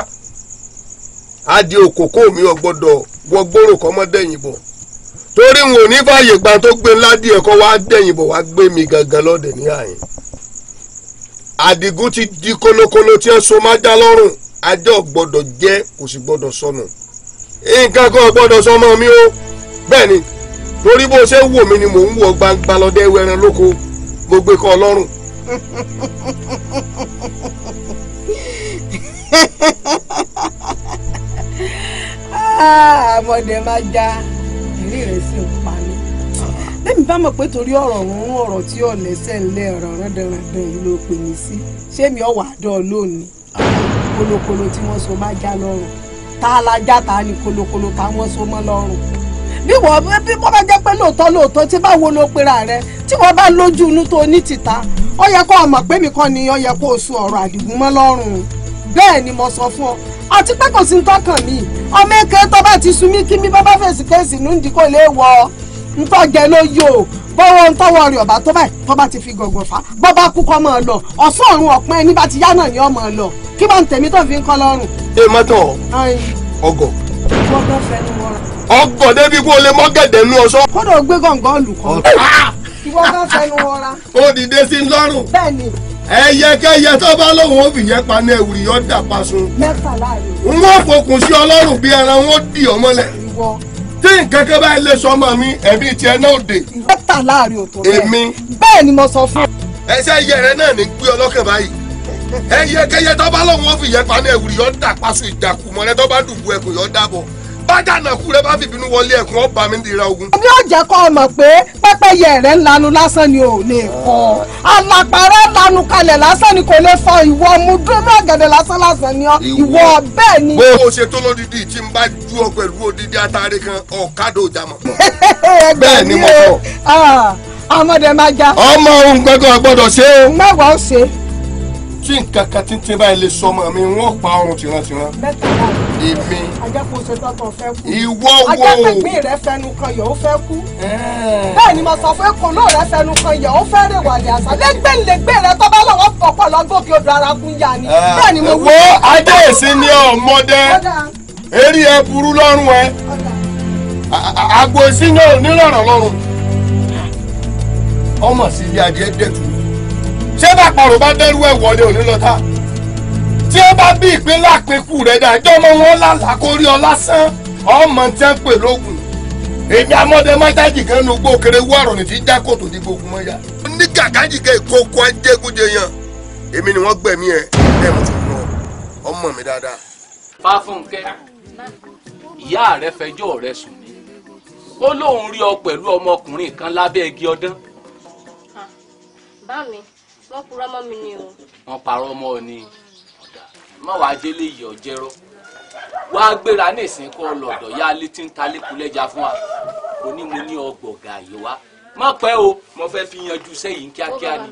Speaker 1: adi òkòkò mi ò gbọ́dọ̀ wọgbóró kọ mọ dẹ̀yìn bọ̀ torí n ò ní fààyè gba tó gbé ńlá díẹ̀ kọ́ wá dẹ̀yìn wá gbé mi gangan lọ́dẹ̀ ní àyìn àdìgún ti di kólókóló tí ń so má já lọ́rùn ajá ò gbọ́dọ̀ jẹ kò sì gbọ́dọ̀ sọnù nǹkan kan ò gbọ́dọ̀ sọmọ mi o bẹẹ ni torí bó ṣe wò mí ni mò ń wọ gbangba lọ́dẹ wẹran lóko
Speaker 2: mo gbé kọ́ ọlọ́run.
Speaker 1: àmọ̀dé ah, máa
Speaker 4: já ìrí rẹ̀ sì ń pa mí.
Speaker 1: lẹ́mi bá mọ̀ pé torí ọ̀rọ̀ òun ọ̀rọ̀ tí
Speaker 4: ò lẹ́sẹ̀ ńlẹ̀ ọ̀rọ̀ rẹ́dẹ̀rẹ́dẹ̀ yìí ló pè mí sí ṣé mi ọ̀wà àdán lónìí kólókóló tí wọ́n so máa já lọ́rùn tá a la já ta ni kólókóló tá so mọ́
Speaker 1: lọ́rùn bí wọ́n bí wọ́n bá jẹ́ pé lóòótọ́ lóòótọ́ tí báwo ló pera rẹ tí wọ́n bá lójú inú tó ní tìta ó yẹ kó o mọ̀ mi kọ́ ni ó yẹ kó o so bẹ́ẹ̀ ni mo sọ fún ọ àti pé kò sí ntọ́kàn mi ọmọ èké tó bá ti sun mí kí mi bábá fèsì kéèsì nùdí kò lè wọ ntọ́jẹ ló yí o bọ́wọ́ ntọ́wọ́ rẹ̀ ọ̀bá tó báyìí tó bá ti fi gọ̀gọ̀ fà bọ́ bá kú kọ́ mọ́ ọ lọ ọ̀sán ọ̀run ọ̀pẹ́ ẹni bá ti yá náà ni ọmọ ọ lọ kí wọ́n
Speaker 2: tẹ̀mí tó fi ń kọ́ lọ́rùn.
Speaker 1: ẹ mọ́tò ọgọ̀ ọgọ̀ débi kó lè mọ́gẹ̀dẹ̀ nú ọ̀ṣọ́. kódà ó gbé gọ̀ǹgọ̀ lù kọ́.
Speaker 2: Ah! ìwọ kan fẹnu
Speaker 1: wọra. Ah! ó dìde sí lọ́rùn. bẹ́ẹ̀ ni ẹyẹkẹyẹ tó bá lóun ó fìyẹn pa ní ẹwùrì yọ dà pasun. mẹ́fà láàyè. n ó fokùn sí ọlọ́run bí ẹran wọn dì ọmọ lẹ̀.
Speaker 2: tí nǹkan kan bá lè sọ ọmọ mi ẹ̀mí tiẹ̀ náà dé. mẹ́fà láàrin òtò rẹ̀. èmi. bẹ́ẹ̀
Speaker 1: ni mo sọ fún. ẹsẹ̀ ẹyẹ rẹ náà ní gbé ọlọ́kàn báyìí. ẹyẹkẹyẹ tó bá lóun ó fìyẹn pa ní ẹwùrì yọ dà pasun ìjàkùmọ̀ rẹ tó bá dùbú ẹkùn yọ dàbọ̀ bádànàkú rẹ bá fìbínú
Speaker 2: wọlé ẹkùn ọba mi dira ogun. ní ọjà kọ́ ọmọ pé pẹ́pẹ́yẹ rẹ̀ ńlanu lásán ni ò lè fọ́ alápàrẹ́ lanu kalẹ̀ lásán ni kò lè fọ́ ìwọ mu dúró ọ̀gẹ̀dẹ̀ lásán lásán ni ọ ìwọ
Speaker 1: bẹ́ẹ̀ ni. bó o ṣe tó lódìdí tí n bá ju ọ pẹ̀lú odidi atare kan ọ̀kadà ò já mọ́. bẹ́ẹ̀ ni mo sọ.
Speaker 2: Ah, ọmọdé máa já.
Speaker 1: ọmọ òun gbẹ́gbẹ́ gbọ́dọ̀ ṣe é. mẹ́wàá ó ṣe é tí nǹkan kan títí báyìí lè sọmọ mi wọ́n pa ọrùn tìrantìran.
Speaker 2: èmi ìwọ wo
Speaker 1: ajápẹ̀gbìn rẹ fẹnu kan yẹ̀ fẹ́ kú. bẹ́ẹ̀ ni mo sọ fún èkó náà rẹ fẹnu kan yẹ̀ ó fẹ́ rè wàdí àṣà lẹ́gbẹ̀lẹ́gbẹ̀ rẹ tó lọ́wọ́ pọ̀pọ̀ lọ́gọ́kì odò ara kún yá ni. bẹ́ẹ̀ ni mo wú. wo ajá èsì ni ọmọdé eré ẹ burú lọ́rùn ẹ àgbo ìsìn náà nílànà ṣé bàpàrọ̀ bá dẹ́rú ẹ̀ wọlé òní lọ́tà tí ó bá bí ìpínlẹ̀ àpékù rẹ̀ dá mọ́ wọn lálàá kó rí ọ lásán ọmọ tí wọ́n pè lóògùn èmi amọ́dé mọ́tàjì kan nu gbó kéré wú àrùn kòtò ní ya. èmi ni wọ́n gbẹ̀mí ẹ̀ ẹ̀ mo ti kú ọ ọmọ mi dáadáa. fáfúnkẹ́ ìyá rẹ fẹjọ́ rẹ sùn ní ó lóun rí ọ pẹ̀lú ọmọkùnrin kan lábẹ́ igi ọdán.
Speaker 4: wọ́n purọ́ mọ́ mi ni o.
Speaker 1: wọ́n parọ́ mọ́ ọ ni má wàá délé yìí ọ̀jẹ̀rọ̀ wá gbéra nísìnyí kọ́ lọ́dọ̀ yá létí ń ta lẹ́kùnlẹ́jà fún wa oní mo ní ọgbọ̀gà yìí wá má pẹ́ o mo fẹ́ fi yanjú sẹ́yìn kíákíá ni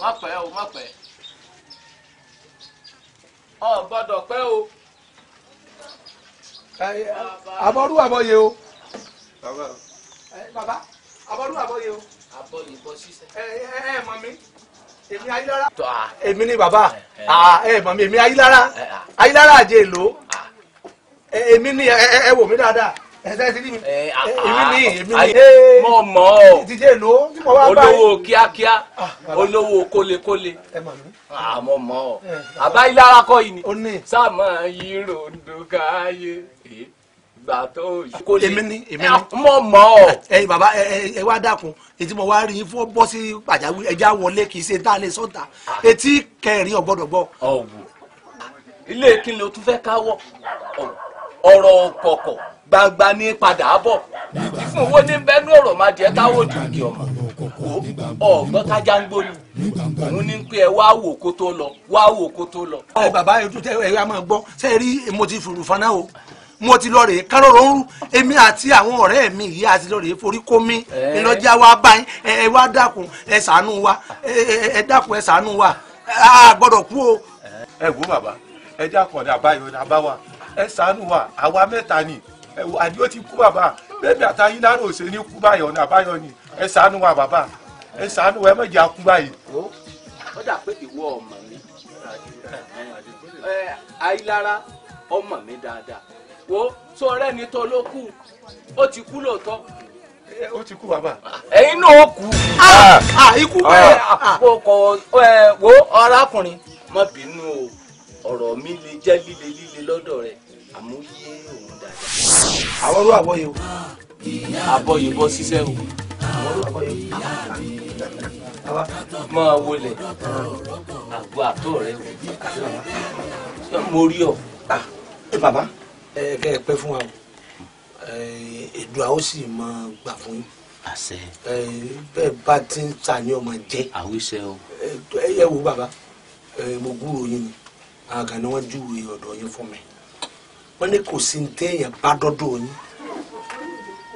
Speaker 1: má pẹ́ o má pẹ́ ọ̀ gbọ́dọ̀ pẹ́ o. àbọ̀rú àbọ̀yẹ o. bàbá àbọ̀rú àbọ̀yẹ o. àbọ̀yẹ bọ́ sísẹ. ẹ ẹ ẹ mọ mi èmi Ayílára èmi ni bàbá ẹ mọ̀ mi èmi Ayílára Ayílára àjẹ èlò èmi ni ẹ wò mí dáadáa
Speaker 2: ẹsẹ ti rí mi èmi ni èmi
Speaker 1: ni mọ mọ ọ olówó kíákíá olówó kólekóle
Speaker 2: àmọ mọ ọ
Speaker 1: àbá Ayílára kọ́ yìí ni sáà máa yí ròǹdó gbà tó kò lè. èmi ni èmi ni eh, mọ̀ mọ̀ ọ́. ẹ eh, eh, bàbá ẹ ẹ wá dákun ètí mo wá rí i fún bọ́ sí pàjáwìrì ẹja wọlé kì í ṣe tá a lè sọ́ta etí kẹrin ọ̀gbọ́dọ̀ gbọ́. ọ̀wọ̀ ilé kí ni o tún fẹ́ káwọ́ ọ̀rọ̀ kọ̀kọ̀ gbangba ní padà bọ̀ fífún owó ní bẹ́nu ọ̀rọ̀ máa jẹ́ táwọn òdì òkè ọmọ wo ọ̀gbọ́n kájà ń gbóni òun ní pé ẹ wá wò kó tó lọ wá wò kó tó lọ. ẹ bàbá ẹ tún tẹ ẹ máa gbọ́ sẹ́ẹ̀rí mo ti fùrù fana o mo ti lọ rèé kárọ̀rọ̀ ń rú èmi àti àwọn ọ̀rẹ́ mi yìí àti lọ rèé forí kó mi ìlọjà wa báyìí ẹ wá dákun ẹ ṣàánú wa ẹ dákun ẹ ṣàánú wa a gbọ́dọ̀ kú o. ẹ wo bàbá
Speaker 3: ẹ dákun ọ̀dà báyọ̀ ọ̀dà bá wa ẹ ṣàánú wa àwa mẹ́ta ni àdìó ti kú bàbá bẹ́ẹ̀ni àtàyí láàrọ̀ òsè ní kú báyọ̀ ọ̀dà báyọ̀ ni ẹ ṣàánú wa bàbá ẹ ṣàánú wa ẹ mọ̀jẹ̀ akú báyìí.
Speaker 1: ó dà pé ìwọ ọmọ mi àìlára ọmọ mi dáadáa wo tó ọ̀rẹ́ mi tó ló kù ó ti kú lóòótọ́. ó ti kú bàbá. ẹ̀yin náà ó kú. Ah, ah, ah, ikú
Speaker 2: bẹ́ẹ̀ kò kò
Speaker 1: wo arákùnrin má bínú o ọ̀rọ̀ mi lè jẹ́ líle líle lọ́dọ̀ rẹ̀ àmọ́ yé òun dáadáa. àwọn ló àbọ̀ yìí o.
Speaker 3: àbọ̀ yìí bọ́ síṣẹ́ o. àwọn ló àbọ̀ yìí
Speaker 1: máa wọlé àgbo àtọ̀ rẹ̀ mo rí ọ. bàbá ẹ kẹ ẹ pẹ fún wa o èdùà ó sì máa gbà fún yín bẹ́ẹ̀ bá ti ń ta ni ọmọ jẹ àwíṣẹ o ẹ yẹ wo bàbá mo gbúrò yín ni àwọn kan ní wọn júwe ọ̀dọ̀ yín fún mi wọn ní kò sí ní téèyàn bá dọdọ yín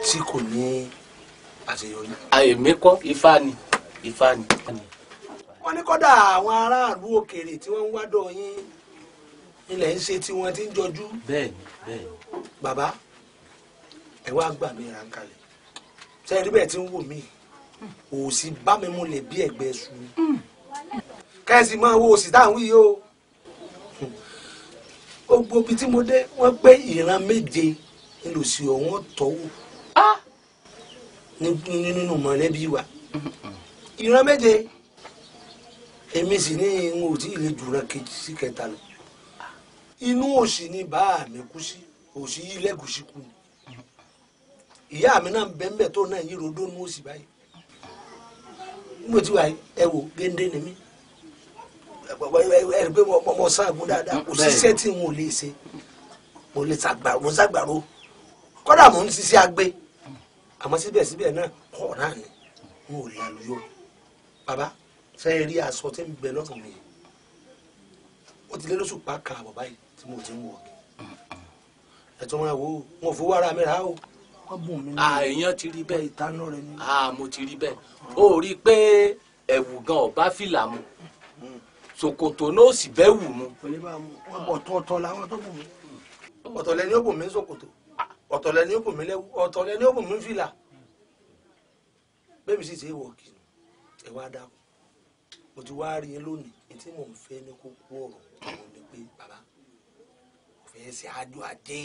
Speaker 1: tí kò ní àṣeyọrí. àyèmí kọ́ ifá ni ifá ni. wọ́n ní kọ́dà àwọn aráàlú òkèèrè tí wọ́n ń wádọ̀ yín ilẹ̀ ń ṣe tí wọ́n ti ń jọjú.
Speaker 3: bẹ́ẹ̀ni bẹ́ẹ̀ni. bàbá
Speaker 1: ẹ wá gbà mí rankalẹ̀ sẹ́yìn níbẹ̀ tí ń wò mí òsì bá mi mú lè bí ẹ̀gbẹ́ sùn. kẹ́sì máa wo òsì táwọn yìí o gbogbo ibi tí mo dé wọ́n pé ìran méje ńlòsì ọ̀hún tọ́wọ́ ah! nínú mọ̀lẹ́bí wa ìran méje èmi sì ní n ò tí ì lè jùlọ kejì sí kẹta lọ inú òṣì ni bàá mi kú sí òṣì yìí lẹ́gùsì kú ni ìyá mi náà bẹ́ńbẹ́ tó náà yí rodó nú òsì báyìí mo ti wà ẹ wò géńdé ni mí ẹrù pé mo sàn àgùn dáadáa kò síṣẹ́ tí n ò lè ṣe mo lè ṣàgbàrò ṣàgbàrò kọ́dà mò ń ṣiṣẹ́ agbé àmọ́ síbẹ̀síbẹ̀ náà kọ̀ náà ni n ò lè lùyọ bàbá sẹ́yìn rí aṣọ tí ń bẹ lọ́tọ̀ mi ó ti lé lóṣù pa kan àbọ̀ báyìí tí mo ti ń wọ̀ kí. ẹ̀tọ́ wọn wo wọn fowó ara mi rà o. àìyàn ti rí bẹ́ẹ̀ ìtaná rẹ ni. mo ti rí bẹ́ẹ̀ o rí i pé ẹ̀wù gan ọ̀bá fìlà mu ṣòkòtò náà sì bẹ́ẹ̀ wù mu. ọ̀tọ̀ọ̀tọ̀ làwọn tó bù mí. ọ̀tọ̀ lẹni ó bù mí ṣòkòtò ọ̀tọ̀ lẹni ó bù mí lẹ́wù ọ̀tọ̀ lẹni ó bù mí fìlà bẹ́ẹ̀ mi sì ṣe é wọ̀ kí ẹ wá dákun mo ti wá rí yín lónìí tí mò ń fẹ́ ní kókó ọ̀rọ̀ òun ni pé bàbá bẹ̀rẹ̀ sí adó adé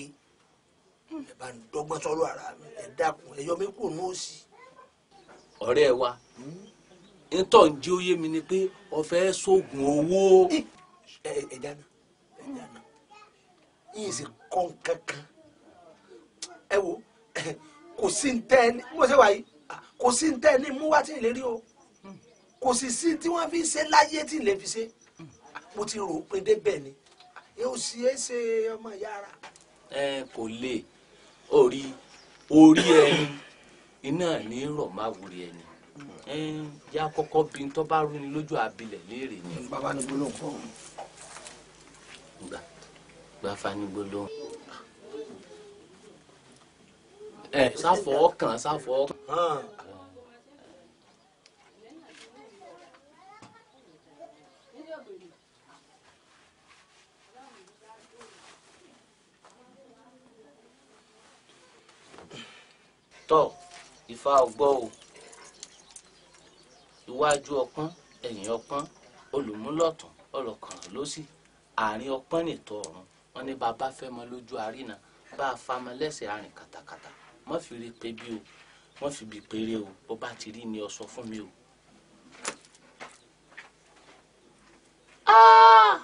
Speaker 1: ẹ bá ń dọ́gbọ́n sọ́rọ̀ ara mi ẹ dákun ẹ yọ mí kúrò ní òsì. ọ̀rẹ́ wa ntọ́ ń jẹ́ òye mi ni pé ọ̀fẹ́ sóògùn owó. ẹ ẹ dáná ẹ dáná yìí sì kọ́ kankan ẹ wo kò sí ntẹ́ ẹni mo ṣe wáyé kò sí ntẹ́ ẹni mú wá tí ì lè rí o kò sì sí tí wọ́n fi ṣe láyé tí ì lè fi ṣe mo ti rò ó pé débẹ̀ ni yóò sì é ṣe ọmọ yàrá.
Speaker 3: ẹ kò lè orí orí ẹni iná ní rọ̀ má wúri ẹni yá kọ́kọ́
Speaker 1: bí n tó bá rú ni lójú àbílẹ̀ léèrè ni. bàbá ní gbólóhùn fún un.
Speaker 3: gbà fani gbólóhùn.
Speaker 1: ẹ sáfọ̀ ọkàn sáfọ̀ ọkàn.
Speaker 3: tọ́ Ifá ọgbọ́ o iwájú
Speaker 1: ọpọ́n ẹ̀yìn ọpọ́n olùmúlọ̀tún ọlọ́kàn lọ́sí àárín ọpọ́n
Speaker 3: nìtọ́ ọ̀run wọn ní bàbá fẹ́ mọ lójú àrínà bá a fa mọ lẹ́sẹ̀ àárín kàtàkàtà wọ́n fi rí pé bí o wọ́n fi bí péré o bó bá ti rí ni ọ sọ fún mi o.
Speaker 1: Ah!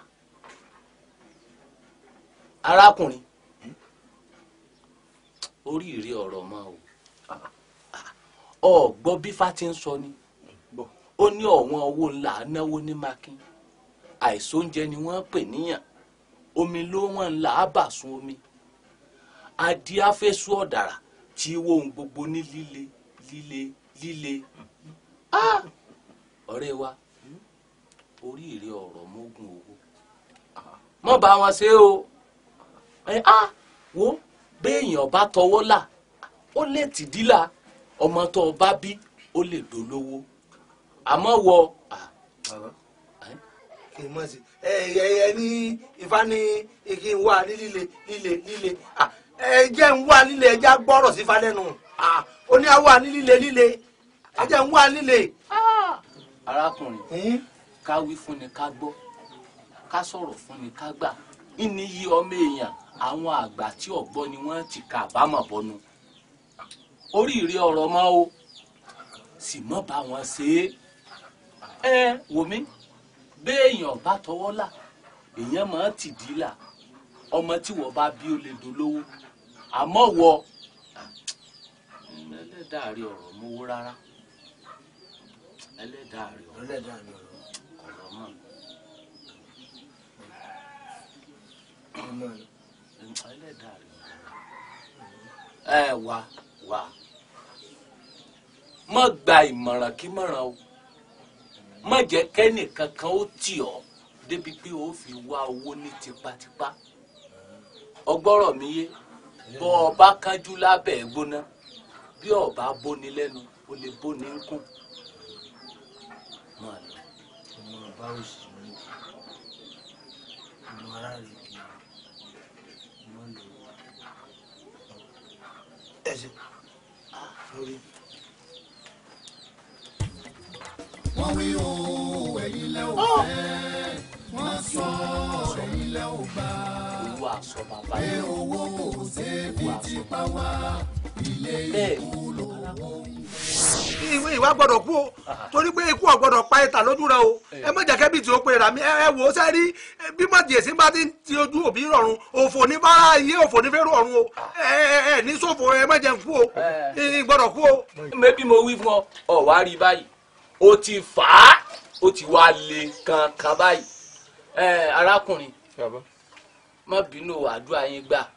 Speaker 1: arákùnrin orí ìrí ọ̀rọ̀ mọ́ o ọ̀gbọ́n bífá ti ń sọ ni ó ní ọ̀wọ́n owó ńlá náwó ní makin àìsàn oúnjẹ ni wọ́n pè níyàn omi ló wọ́n ńlá àbàsùn omi adí afẹ́sù ọ̀dàrà tí
Speaker 3: wọ́n gbogbo ní líle líle líle hmm. ah! ọ̀rẹ́ wa orí ìrẹ ọ̀rọ̀ mógùn owó
Speaker 1: ah. mọ́ bá wọn ṣe o ah! wo béèyàn bá tọwọ́ là ó lè tì dílà ọmọ tó o bá bí ó lè dolówó àmọ́ wọ. kì í mọ̀ sí ẹ̀yẹ ní ìfá ní kí n wá líle líle líle ẹ jẹ́ n wá líle ẹ já gbọ́rọ̀ sí ifá lẹ́nu ó ní àwa ní líle líle ẹ jẹ́ n wá líle. Ah! arákùnrin ká wí fún ni ká gbọ́ ká sọ̀rọ̀ fún ni ká gbà ìníyí ọmọ èèyàn àwọn àgbà tí ọ̀gbọ́ ni wọ́n ti kà bámọ̀ bọ́nu oríire ọ̀rọ̀ mọ́ o sì mọ́ bá wọn ṣe é ẹ wò mí béèyàn bá tọwọ́ là èèyàn máa ti dì í là ọmọ tí wọ́n bá bí ó lè dolówó àmọ́ wọ ẹlẹ́dàárí ọ̀rọ̀ mówó rárá ẹlẹ́dàárí ọ̀rọ̀ ọ̀rọ̀ mọ́ ẹ wà wà má gba ìmọ̀ràn kí mọ̀ràn o má jẹ́ kẹ́nìkan kan ó tì ọ́ débi pé ó fi wá owó ní tipátipá ọgbọ́rọ̀ mi yé bọ́ ọ bá lábẹ́ gbóná bí ọba bóni lẹ́nu ó lè bóni ń kú.
Speaker 3: Thank you.
Speaker 2: wọ́n wí o ẹ̀yin lẹ́ ò oh. fẹ́ wọ́n sọ ẹ̀yin lẹ́ ò gbà pé owó kò ṣe fi tipa wá
Speaker 1: ilé ikú lówó ìwé ìwà gbọ́dọ̀ kú o torí pé ikú ò pa ìta lójú rẹ o eh. ẹ má jẹ́ kẹ́bìtì ó pera mi ẹ wò ó sẹ́ rí bí mọ̀jẹ̀sí bá ti ti ojú òbí rọrùn òfò ní bára ayé òfò ní fẹ́rù ọ̀run o ẹ ẹ ní ṣòfò ẹ má jẹ́ kú o ìgbọ́dọ̀ eh. kú o. mẹ́bí mo wí fún ọ ọ̀ wá rí báyìí ó ti fà á ó ti wá le kankan báyìí ẹ arákùnrin má bínú àdúrà yín gbà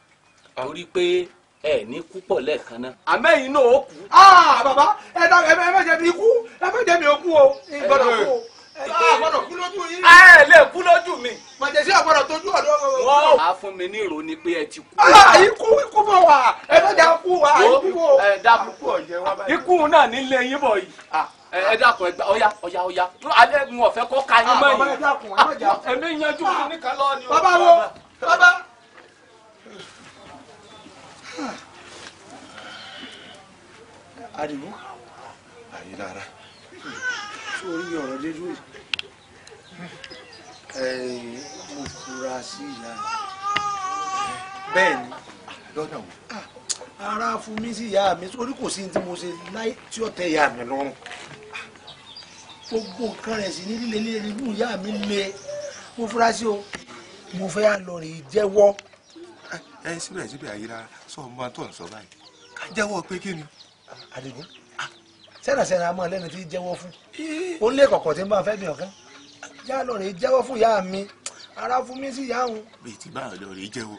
Speaker 1: ah. torí pé ẹ ní kú pọ̀ lẹ́ẹ̀kan náà. àmẹ́yìn náà ó kú. Ah! Ah, bàbá ẹ dá ẹ má jẹ mi kú ẹ má jẹ mi kú o gbọ́dọ̀ kú o gbọ́dọ̀ kú lójú yín. ẹ lè kú lójú mi. màjèsí àgbọ̀dọ̀ tójú ọ̀dọ́. wọ́n á fún mi ní ìrò ni pé ẹ ti kú. ikú ikú mọ̀ wá ẹ má jẹ kú wa ikú o. ẹ dábùkù ọ̀jẹ̀ wa báyìí. ikú náà nílé yín bọ̀ yìí ẹ dákun ẹ gbà ọyá ọyá ọyá alẹ́ ń ọ̀fẹ́ kọ́ ka yín mọ́ ah, yìí ah, ẹ̀mí yanjú ah, nìkan lọ ni o. bàbá wo bàbá.
Speaker 3: ariwo ayi lara
Speaker 1: sórí ọ̀rọ̀ dé dúró yìí mo fura sí ìyá bẹ́ẹ̀ ni lọ́nà wo ara fún mi sí ìyá mi sórí kò sí ní tí mo ṣe láì tí ó tẹ́ ìyá mi lọ́rùn gbogbo nǹkan rẹ̀ sì ní líle líle ní ìyá mi le mo fura sí o mo fẹ́ lọ rè jẹ́wọ́.
Speaker 3: ẹ síbẹ̀síbẹ̀ àyíra sọ ọmọ tó ń sọ báyìí
Speaker 1: ká jẹ́wọ́ pé kí ni. àdìgún sẹ́nàsẹ́nà amọ̀ lẹ́nu tí jẹ́wọ́ fún ó lé kọ̀kọ̀ tí ń bá fẹ́ mi ọ̀kan jẹ́wọ́ fún ìyá mi ara fún mi sí ìyá òun.
Speaker 3: bẹ́ẹ̀ tí báyọ̀ lọ rè jẹ́wọ́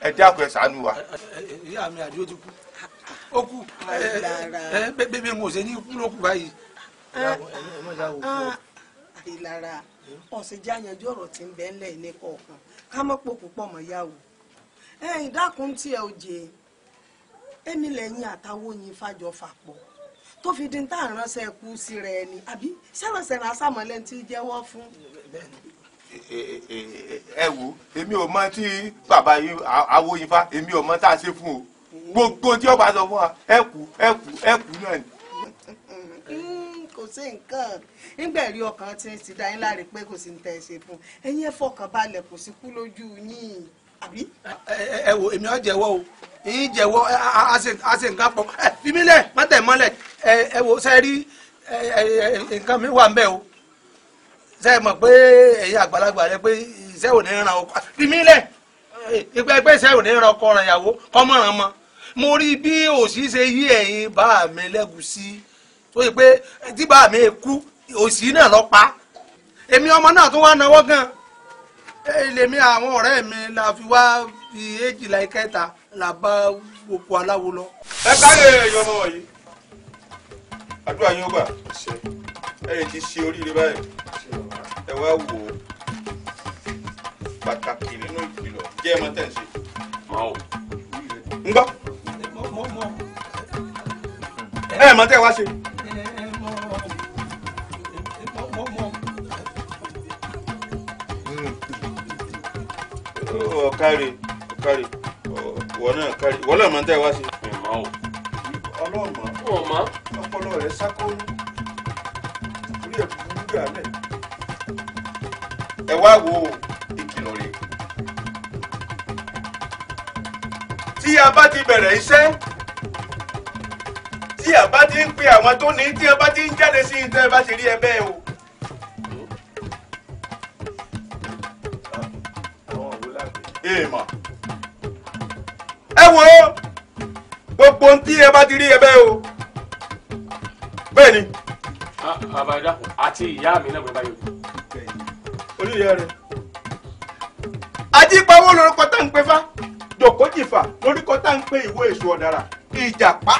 Speaker 3: ẹ wa.
Speaker 1: bébí mo ṣe ní báyìí. Ah, ah,
Speaker 4: ìlara jẹ́ àyànjú ọ̀rọ̀ tí ń bẹ ńlẹ̀ ní kọ̀ọ̀kan ká mọ́ pò púpọ̀ mọ́ yá o. ìdákun tí ẹ ò jẹ èmi lẹ́yìn àtàwọn
Speaker 1: oyin fàjọ fàpọ̀ tó fi di ní tá ránṣẹ́ kú sí rẹ ni àbí ti jẹ́wọ́ fún.
Speaker 3: ẹ wò èmi ò mọ tí bàbá yín awo yín fa èmi ò mọ tá a ṣe fún o gbogbo tí ọba sọ fún wa ẹ kú ẹ kú ẹ kú náà ni.
Speaker 2: Hmm, kò sí nǹkan nígbẹ̀rí
Speaker 4: ọkàn tí ti dá yín láre pé kò sí ní tẹ̀sí fún ẹ̀yin ẹ fọkàn balẹ̀ kò sí kú lójú yín àbí.
Speaker 1: ẹ wo èmi ọ jẹ́wọ́ o yín jẹ́wọ́ a ṣe nǹkan pọ̀ fímílẹ̀ mọ́tẹ̀ mọ́lẹ̀ ẹ wo ṣe rí nǹkan mi wà ń bẹ̀ o ṣe é mọ̀ pé ẹ̀yin àgbàlagbà rẹ pé iṣẹ́ ò ní ran ọkọ rí mi lẹ̀ ìgbà ẹgbẹ́ iṣẹ́ ò ní ran ọkọ ran ìyàwó kọ́mọ̀ràn mọ́ mo rí bí òsì ṣe yí ẹ̀yin bá mi lẹ́gùsí tó yẹ pé tí bá mi kú òsì náà lọ pa èmi ọmọ náà tó wá náwó gan èlèmi àwọn ọ̀rẹ́ mi la fi wá fi èjìlá ìkẹta là bá oko aláwo lọ. ẹ káyọ̀ ẹ̀yọ́ ọmọ wọ̀nyí àdúrà yín ó gbà ẹ lè ti ṣe oríire báyìí ẹ wá wò ó pàtàkì nínú ìkìlọ̀ jẹ́ ẹ mọ tẹ̀ ń ṣe. ń gbọ́. ẹ mọ tẹ́ wá ṣe. Hmm.
Speaker 3: ọ̀kárẹ̀ ọ̀kárẹ̀ ìwọ náà kárẹ̀ ìwọ náà mọ tẹ́ wá ṣe.
Speaker 1: ọlọ́run ọpọlọ rẹ̀ sákó orí ẹ̀ burú ẹ wá wo ìkìlọ̀ rẹ̀ tí a bá ti bẹ̀rẹ̀ iṣẹ́ tí a bá ti ń pe àwọn tó ní tí a bá ti ń jáde sí ní a bá ti rí ẹ bẹ́ẹ̀ o. èèmọ̀ ẹ wo gbogbo ohun tí ẹ bá ti rí ẹ bẹ́ẹ̀ o bẹ́ẹ̀ ni. Ah, àbàdà àti ìyá mi náà gbọ́dọ̀ báyìí olùyẹ rẹ ajípawó lorúkọ tá ń pè fá jòkójìfà lórúkọ tá ń pè ìwé èso ọ̀dàrà ìjàpá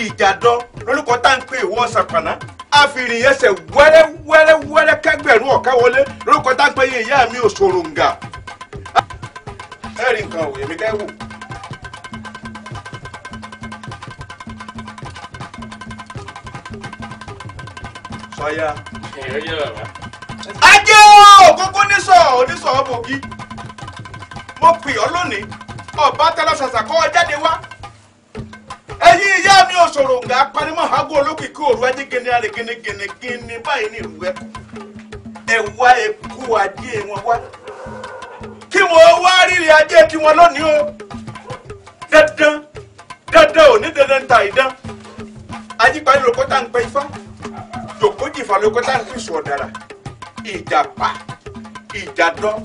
Speaker 1: ìjàdọ lórúkọ tá ń pè ìwọ ọ̀sàpàná àfìrìyẹsẹ̀ wẹ́rẹ́wẹ́rẹ́wẹ́rẹ́ kẹgbẹ̀rún ọ̀ká wọlé lórúkọ tá ń pè ìyá mi òṣòròǹgà ẹ̀rí nǹkan òye mi kẹ́ wò. sọyá. ẹ̀yẹ́ yẹ́ bàbá. ajé ògógó nísọ̀ onísọ̀ bògì mo pè ọ́ lónìí ọba tẹ́lẹ̀ ṣàṣà jáde wá ẹ̀yin ìyá mi ò ṣòro ǹgà hago olókìkí òru ẹni gẹnẹrẹ gẹnẹgẹnẹ gẹnẹ báyìí ní ìlú ẹkọ ẹwà ẹkú adìẹ wọn wá kí wọn wá rírì ajé kí wọn lónìí o dandan dandan ò ní dandan ta ìdán ajíparí lóko tá à ń pẹ ifá jòkó jìfà lóko tá à fi sùn ọ̀dàrà ìjàpá. ìjàdán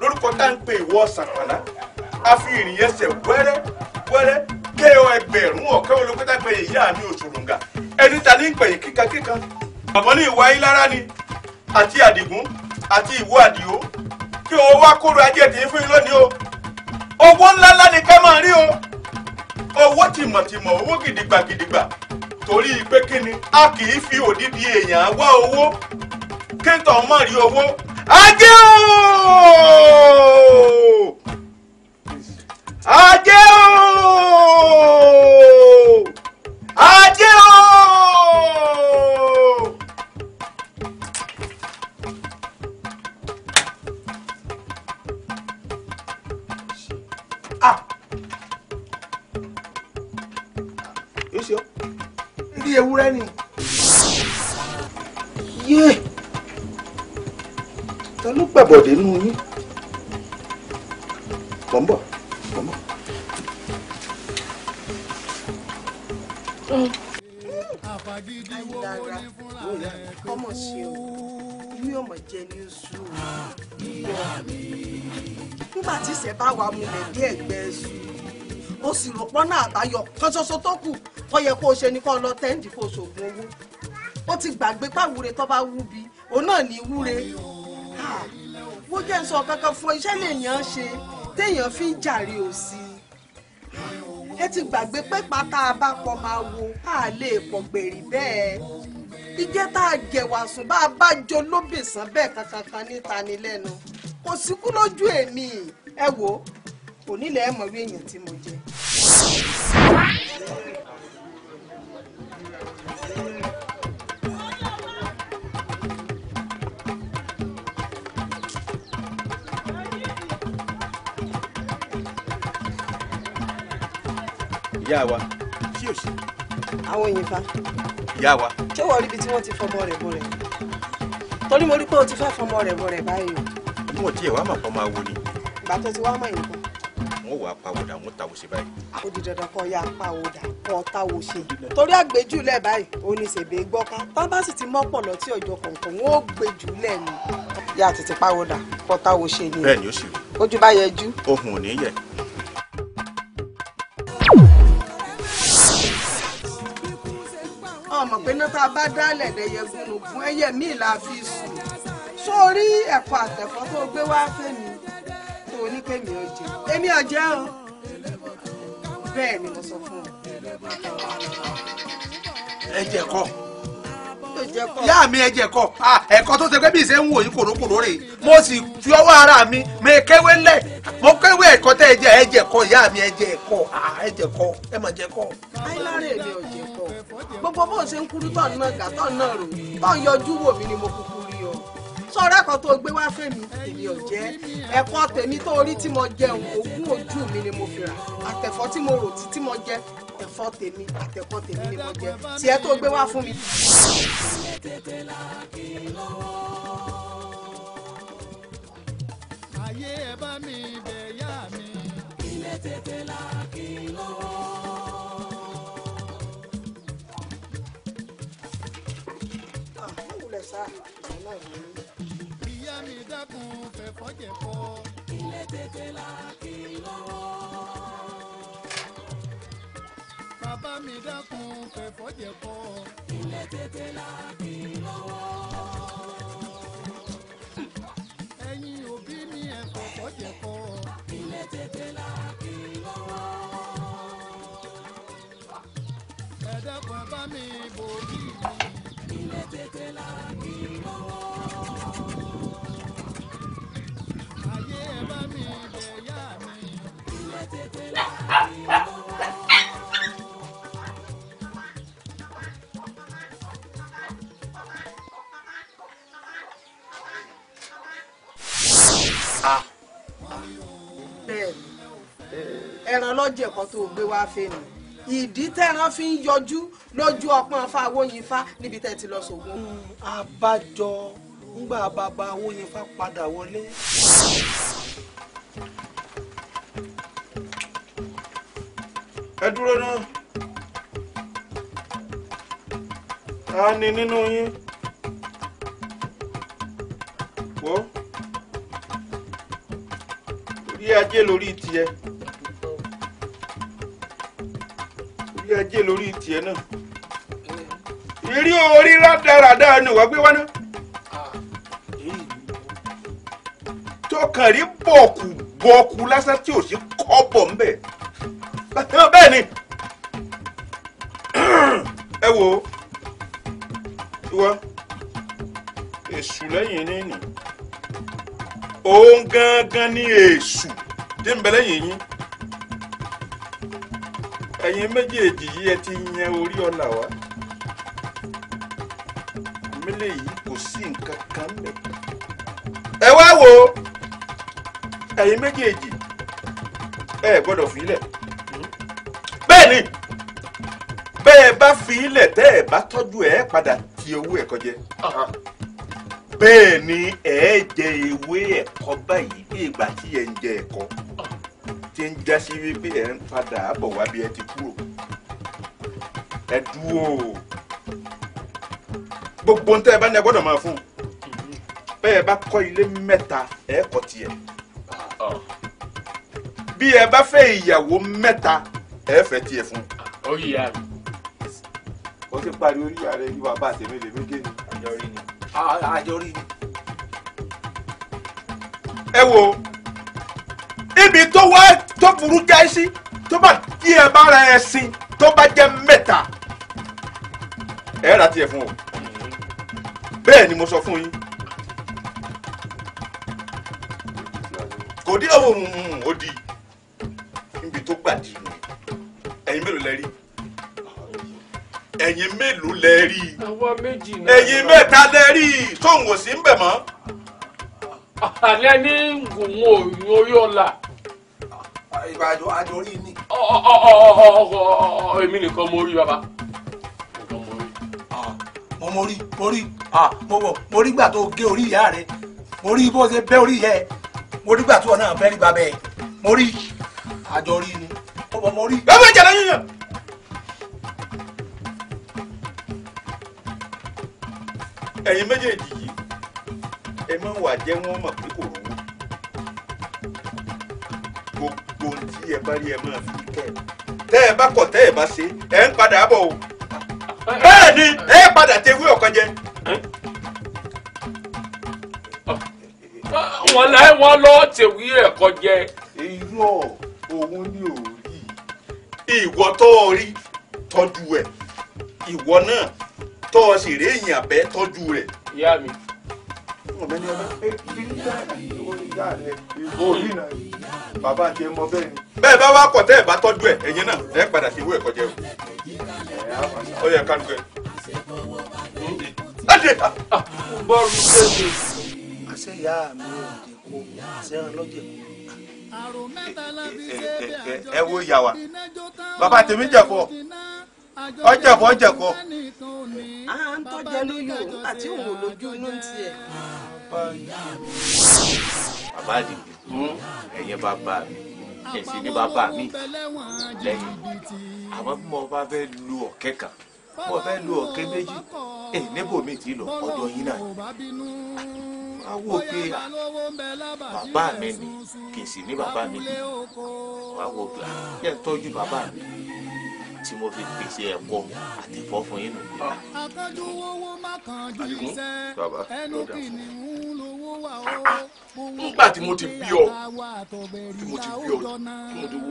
Speaker 1: lórúkọ tá à pè ìwọ sàpàlà a fi ìrìn wẹ́rẹ́ wẹ́rẹ́ o ọ ẹgbẹ̀rún ọ̀kẹ́ olókùtàgbẹ̀ ìyá mi òṣòròǹgà ẹni ta ní ń pẹ̀yìn àmọ́ ní ìwà yín ni àti àdìgún àti ìwọ o owó ni ká gidigba torí pé a kì fi òdìdí èèyàn wá owó rí ajé o ajé
Speaker 3: Ah. yóò ṣe
Speaker 1: ọ́ ni. Yeah ta ló gbàbọ̀dé nínú yín mọ̀ ń bọ̀ mọ̀ ń bọ̀. nígbà tí ìṣẹ́ bá wà múlẹ̀ bí ẹ̀gbẹ́ ẹ̀sùn o sì rò pọ́n náà àbáyọ kan tó kù kó yẹ kó o ṣe ni kó lọ tẹ́ǹdì kó o ṣoògùn owó ó ti gbàgbé pàwúre tó bá wú bi òun náà ní wúre wọ́n jẹ́ sọ kankan fún iṣẹ́ lèèyàn ṣe téèyàn fi ń jàre òsì ẹ ti gbàgbé pé pátá abápọ̀ máa wo a lè pọ̀ gbèrè bẹ́ẹ̀ ìjẹ́ tá a jẹ̀wà bá a bá jọ lóbìsàn bẹ́ẹ̀ kankankan níta ni lẹ́nu kò síkú lójú èmi ẹ wò onílẹ̀ ẹ̀ mọ̀ wí èèyàn tí mo jẹ. ìyá wa
Speaker 4: tí ò sí. àwọn èèyàn fa. ìyá wa. ṣé wọ́n rí ibi tí wọ́n ti fọmọ rẹ̀ bọ̀ rẹ̀ torí mo rí pé o ti fẹ́ fọmọ rẹ̀ bọ̀ rẹ̀ báyìí o.
Speaker 3: bí wọ́n tiẹ̀ wá máa fọmọ awo ni.
Speaker 4: bàtọ́ ti wá máa yìí
Speaker 1: kan.
Speaker 3: wọ́n wàá pawọ́dà wọ́n ta òsè báyìí.
Speaker 1: ó di dandan kọ́ ya pawọ́dà kọ́ ta òsè. torí àgbéjúlẹ̀ báyìí ó ní ṣègbè gbọ́ká bábá sì ti mọ́pọ̀ lọ tí ọjọ́ kọ̀ọ̀kan wọ́n ó gbéjúlẹ̀ bá mọ̀ pé náà tá a bá dálẹ̀ ẹ̀dẹ̀yẹ gúnugún ẹyẹ míì la fi sùn sórí ẹ̀kọ́ àtẹ̀kọ́ tó gbé wá fẹ́mi tó ní kémi ọ̀jẹ̀ èmi ọ̀jẹ̀ o bẹ́ẹ̀ ni mo sọ fún ọ. ẹ jẹ kọ yá mi ẹ jẹ kọ ẹ̀kọ́ tó ṣe pé bí ìṣe ń wò yín kòrókòró rè mo sì fi ọwọ́ ara mi mi kéwé lẹ̀ mo kéwé ẹ̀kọ́ tẹ́ ẹ jẹ ẹ jẹ kọ yá mi ẹ jẹ kọ ẹ jẹ kọ ẹ mà jẹ kọ. ayélujára èmi ò jẹ kọ gbogbo bó o ṣe ń kúrú tọ̀ náà gà tọ̀ náà rò tọ̀ ń yọjú wò mí ni mo kúkú rí ọ sọ̀rọ̀ ẹ̀kọ́ tó gbé wá fèmí èmi ò jẹ́ ẹ̀kọ́ tèmi tó orí tí mo jẹun ògún ojú mi ni mo fi rà àtẹ̀fọ́ tí mo rò tí mo jẹ ẹ̀fọ́ tèmi àtẹ̀kọ́ tèmi ni mo
Speaker 4: jẹ tiẹ̀ tó gbé wá fún mi.
Speaker 2: ayé ẹ bá mi bẹ̀ yá mi. ilé tètè la. sá ìyá náà ní. ìyá mi dákun fẹ̀fọ́ jẹ̀fọ́. ilé tètè la kì í lọ́wọ́. bàbá mi dákun fẹ̀fọ́ jẹ̀fọ́. ilé tètè la kì í lọ́wọ́. ẹ̀yin òbí mi ẹ̀ fẹ̀fọ́ jẹ̀fọ́. ilé tètè la kì í lọ́wọ́. ẹ̀dá kan mi bò bí tètè lára kì í lọ́wọ́. ayé ẹ bá mi bẹ̀ yá mi. ilé tètè lára kì í lọ́wọ́.
Speaker 4: bẹ́ẹ̀
Speaker 1: ni ẹran lọ́jẹ̀ kan tó gbé wá fẹ́ mi ìdí tẹ́ran fi ń yọjú lójú ọpọ́n fa awóyinfa níbi tẹ́ ti lọ sògùn. Mm, abájọ ńgbà bàbá awóyinfa padà wọlé. ẹ dúró náà ta ni nínú yín wo orí ajé lórí tiẹ̀. orí ajé lórí tiẹ̀ náà ìrí orí rádaràdà ni wàá gbé wá náà tó kàn rí bọ̀ọ̀kù bọ̀ọ̀kù lásán tí ò sí kọ́bọ̀ ńbẹ̀ bẹ́ẹ̀ ni ẹ wo tiwa èṣù
Speaker 3: lẹ́yìn ní nì
Speaker 1: òun gangan ni èṣù tí ń bẹ lẹ́yìn yín ẹ̀yin méjèèjì yìí ẹ ti yan orí ọ̀nà wa mílẹ̀ yìí kò sí nǹkan kan mẹ́. ẹ wá wo ẹ̀yin méjèèjì ẹ gbọ́dọ̀ fílẹ̀ bẹ́ẹ̀ ni bẹ́ẹ̀ bá fílẹ̀ tẹ́ ẹ bá tọ́jú ẹ padà ti owó ẹ̀kọ́ jẹ bẹ́ẹ̀ ni ẹ jẹ ewé ẹ̀kọ́ báyìí bí ìgbà tí ẹ ń jẹ ẹ̀kọ́ tí ń jásí wípé ẹ̀ ń padà bọ̀ wá bí ẹ ti kúrò ẹ dúró gbogbo ń tẹ́ ẹ bá ní ẹ gbọ́dọ̀ máa fún un bẹ́ẹ̀ bá kọ́ ilé mẹ́ta ẹ kọ́ tiẹ̀ bí ẹ bá fẹ́ ìyàwó mẹ́ta ẹ fẹ́ tiẹ̀ fún un ó ti parí orí ààrẹ ní bàbá àtẹ̀mí lè mí kéde. àjọrí ni. àjọrí ni. ẹ wo ibi tó wá tó burú jáì sí tó bá tí ẹ bá ra ẹṣin tó bá jẹ mẹ́ta ẹ rà tiẹ̀ fún o bẹ́ẹ̀ ni mo sọ fún yín kò dí owó mm, mm, mm, ó di níbi tó gbà di nù ẹ̀yin mélòó lẹ rí ẹ̀yin mélòó lẹ rí ẹ̀yin mẹ́ta lẹ rí tóun ò sí ń bẹ̀ mọ́. àlẹ́ ní gùn òyìn orí ọ̀la ìbá àjọ àjọ rí ni. èmi nìkan mo rí bàbá ah, mo mo rí ah, mo rí mo wọ mo rí gbà tó gé orí ìyá rẹ mo rí bó ṣe bẹ orí ìyá ẹ mo rí gbà tó náà bẹ rí bàbá ẹ mo rí àjọ rí ni mo bọ mo rí. bẹ́ẹ̀ bẹ́ẹ̀ jẹ́ lẹ́yìn yẹn.
Speaker 3: ẹ̀yin méjèèjì yìí ẹ máa ń wà jẹ́ wọ́n mọ̀ pé kò rówó
Speaker 1: gbogbo ohun tí ẹ bá rí ẹ máa fi kẹ́ ẹ tẹ́ ẹ bá kọ̀ tẹ́ ẹ bá ṣe ẹ ń padà bọ̀ o bẹ́ẹ̀ ni ẹ padà tewé ọ̀kan jẹ. wọn láì wọn lọ tewé ẹ̀kọ́ jẹ. irọ́ òun ni ò rí ìwọ tó o rí tọ́jú ẹ̀ ìwọ náà tó o sì rí èèyàn bẹ́ẹ̀ tọ́jú rẹ̀. ìyá mi ọ̀gbẹ́ni ọ̀gbẹ́ ìdílé ìyá rẹ ìbò yìí náà bàbá àti ẹmọ bẹ́ẹ̀ ni. bẹ́ẹ̀ bá wá kọ̀ tẹ́ ẹ̀ bá tọ́jú ẹ̀ ẹ̀yin náà ẹ̀ padà sí ìwé ẹ̀kọ́ jẹ́ o. ó yẹ ká dùn ẹ̀. láti bọ́ọ̀lù ṣèṣe. àṣẹ ìyá mi ò dẹ̀kọ́ àṣẹ ọlọ́jẹ̀ ẹ wo ìyá wa bàbá tèmi jẹ̀kọ́
Speaker 4: ọjẹ̀kọ́ ọjẹ̀kọ́. à ń tọ́jà lóyún àti òun lójú inú tiẹ̀
Speaker 2: bàbá mi.
Speaker 3: bàbá àdìgbò ẹ̀yẹn bàbá mi ẹ̀sìn ni bàbá mi lẹ́yìn àmọ́ bí mo bá fẹ́ lu ọ̀kẹ́ kan mo fẹ́ lu ọ̀kẹ́ méjì ẹ̀ níbo mi ti lọ ọ̀dọ̀ yín náà a wò pé ah, bàbá mi ni kì í sì ní bàbá mi ni a pé yẹn ah, tọ́jú bàbá mi tí mo fi pèsè ẹ̀kọ́ àti ẹ̀fọ́ fún yín nù.
Speaker 2: àkájú owó má kàn
Speaker 3: ju iṣẹ́ ẹnu
Speaker 2: kìnìún lówó wà ó. Ah, nígbà
Speaker 3: tí mo ti bí ọ
Speaker 2: tí mo ti bí ọ
Speaker 1: mo ti wo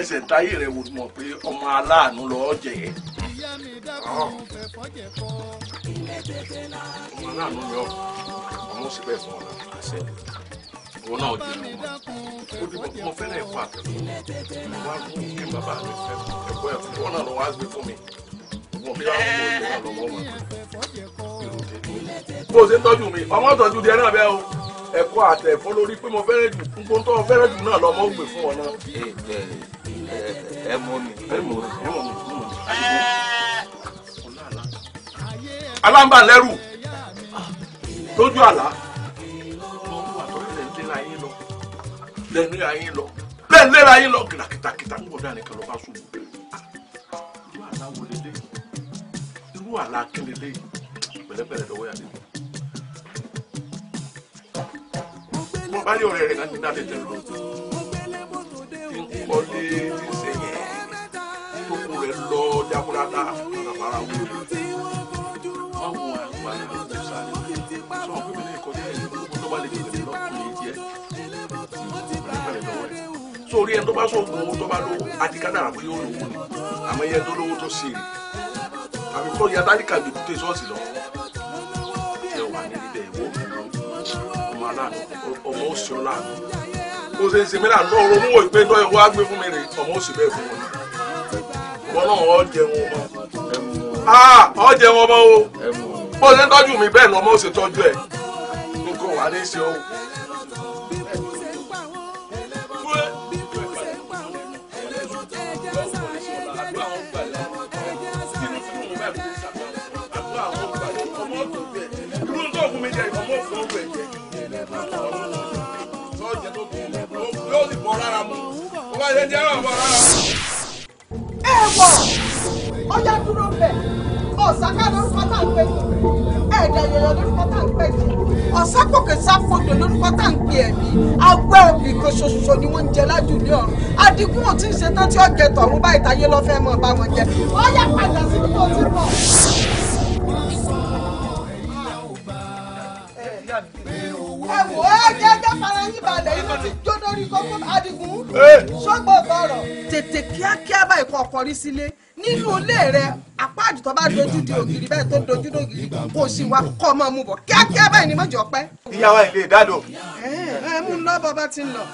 Speaker 1: ẹsẹ̀ táyé rẹ̀ wò mọ̀ pé ọmọ aláàánú lọ́ọ́ jẹ̀ ẹ́. ìyá mi dákun ah. fẹ̀fọ́ jẹ̀ kọ́ ọmọ náà yọ ọmọ ó sì fún ọ náà wọn náà di ìlú ó dìbò mo fẹ́rẹ̀ ẹ̀kọ́ àtẹ̀fọ́ mo wá kó kí bàbá mi fẹ́ ẹ̀kọ́ ẹ̀fọ́ wọn náà lọ wá gbé fún mi wọn bí wọn mú ọdún lọ́wọ́ wọn. bó o ṣe tọ́jú mi ọmọ tọ́jú di ẹ náà bẹ́ẹ̀ o ẹ̀kọ́ àtẹ̀fọ́ lórí pé mo fẹ́rẹ̀ jù nǹkan tó fẹ́rẹ̀ jù náà lọ́mọ gbè fún ọ náà.
Speaker 3: ẹ mọ mi ẹ mọ mi ẹ mọ mi.
Speaker 1: alámbà lẹ́rù lójú àlá. lẹ́ níra yín lọ bẹ́ẹ̀ lẹ́ra yín lọ kìtàkìtà ń gbọ́dọ̀ àníkàn lọ́ba ah, ṣubú irú àlá wo lélẹ̀ irú àlá kẹlẹ́lẹ́ pẹ̀lẹ́pẹ̀lẹ́ lọ́wọ́ yà lé mo bá rí ọ̀rẹ́ rẹ̀ láti dálé tẹ̀ lọ nkọ́lé ṣe yẹn kókó rẹ̀ lọ jábúrádá àtàkàrà wọlé báwo àgbà náà. torí ẹni tó bá sọ̀gùn owó tó bá lówó àdìkádà àbí yóò lówó ni àmọ́ iye tó lówó tó ṣe rè àbí kọ́ ìyá tálíkà gbèdú tẹ ṣọ́ọ̀ṣì lọ. ẹ wà ní ibẹ̀ ìwọ ọmọ aláàánú ọmọ òsì ọlá kó ṣe ń ṣe mí láàánú ọ̀rọ̀ mú òyìnbó ẹjọ́ ìwọ gbé fún mi rè ọmọ òsì bẹ́ẹ̀ fún wọn. ìwọ náà ọ jẹun ọmọ ah, ọ jẹun ọmọ o bó ṣe ń tọ́jú mi bẹ́ẹ̀ lọ́mọ ó ṣe tọ́jú ẹ̀ nǹkan wà ní í ṣe ẹ̀jẹ̀ jẹ́ ọ̀bọ̀ rárá. ẹ wọ ọjà dúró bẹ ọ̀sáká lórúkọ tá à ń pè é ẹ̀dà yọ̀yọ̀ lórúkọ tá à ń pè é ọ̀sákòkè sáfodò lórúkọ tá à ń pè ẹ̀mí agbẹ́ òbí kan ṣoṣo ni wọ́n ń jẹ lájú ní ọ̀run adigun ò tí ì ṣe tán tí ọ̀gẹ̀tọ̀ ọ̀run báyìí táyé lọ́ fẹ́ mọ̀ bá wọn jẹ ọ̀yà padà sí ibi tó ti bọ̀. lórí kókó adigun eh. ṣọgbọ́n bọ̀rọ̀ tètè kíákíá báyìí kọ́ ọkọ̀ rí sílé nínú ilé rẹ apá àjùtọ́ bá dojú di ògiri bẹ́ẹ̀ tó dojú di ògiri kò sì wá kọ́ ọmọ mu bọ̀ kíákíá báyìí ni mo jọ pẹ́. ìyàwó ilé ìdádò. ẹ ẹ mú un lọ bàbá ti ń lọ.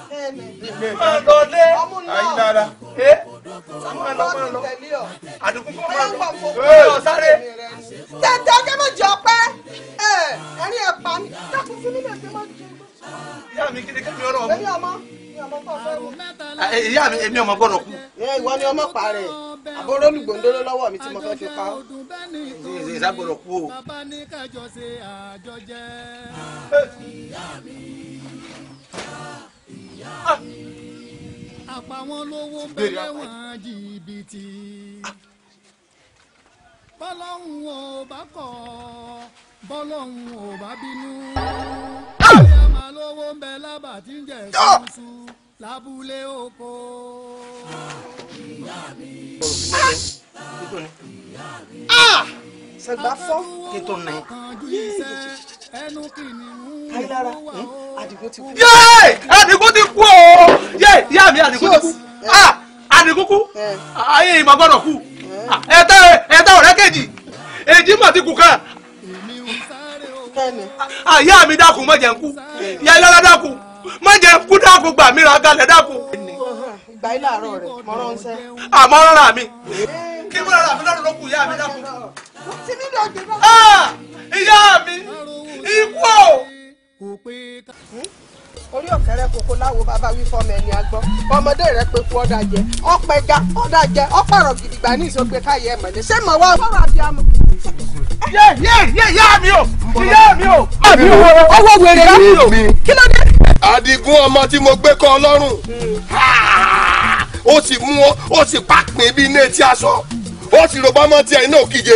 Speaker 1: máa lọ dé àyínára ẹ máa lọ eh? máa lọ àdùkú kọ́ máa lọ eh. sáré. tètè ọjọ́ mo jọ pẹ́ ẹ ẹ̀rín ẹ̀ pa mi dákun fún mi lè fi jẹ ìyá mi kíni kémi ọlọ́wọ́ mú. èmi ọmọ mi ọmọ tó fẹ́ mú. Ah, eh, ìyá mi èmi ọmọ gbọ́dọ̀ kú. ìwọ ni ọmọ pa rẹ̀ àbúrò olùgbòǹdóró lọ́wọ́ mi tí mo fẹ́ fi pa
Speaker 2: ọ́. ìyá gbọ́dọ̀ kú o. bàbá àpá wọn lówó bẹ́ẹ̀ kọ́ ọ bọ́lọ́hún ò bá bínú. bóyá máa lówó ń bẹ
Speaker 1: lábà tí ń jẹ ṣùṣù lábúlé oko. sẹgbà fọ kìtọ nà ẹnu kìnìún ló wà ó. Àdìgún ti kú. yéé Àdìgún ti kú o yéé ìyá mi Àdìgún ti kú ah! Àdìgún kú eh. ah! ayé ìmọ̀ gbọ́dọ̀ kú eh. ah! ẹ̀ẹ́dẹ́ ọ̀rẹ́ kejì èjì mọ̀ ti kú kan àyà ah, mi dákun má jẹ́ ń kú ìyá ìlọ́lá dákun má jẹ́ ń kú dákun gbà mí ra kalẹ̀ dákun. ìgbà yìí làárọ̀ rẹ̀ mọ́rán ń sẹ́. àmọ́ ah, rárá mi eh. kí wọ́n rárá mi lọ́dún ló kù ìyá mi dákun. Ah, ìyá mi ikú o. orí ọ̀kẹ́rẹ́ koko láwo bàbá wí fọ́ọ̀mù ẹni agbọ́ ọmọdé rẹ̀ pé kú ọ̀dà jẹ ọ̀pẹ ga ọ̀dà jẹ ọ̀pọ̀rọ̀ gidigba ní ìsọgbẹ́ káyé ẹ̀mọ̀lẹ́ ṣé mọ̀ wá. ọ̀rọ̀ àbí amọ̀. yé yé yé yá mi o ìyá mi wèrè rẹ kí ló dé. Adigun ọmọ tí mo gbé kọ́ ọlọ́run ó sì mú ó sì pàpín bí iná etí aṣọ ó sì rògbò ọmọ tiẹ̀ iná òkìje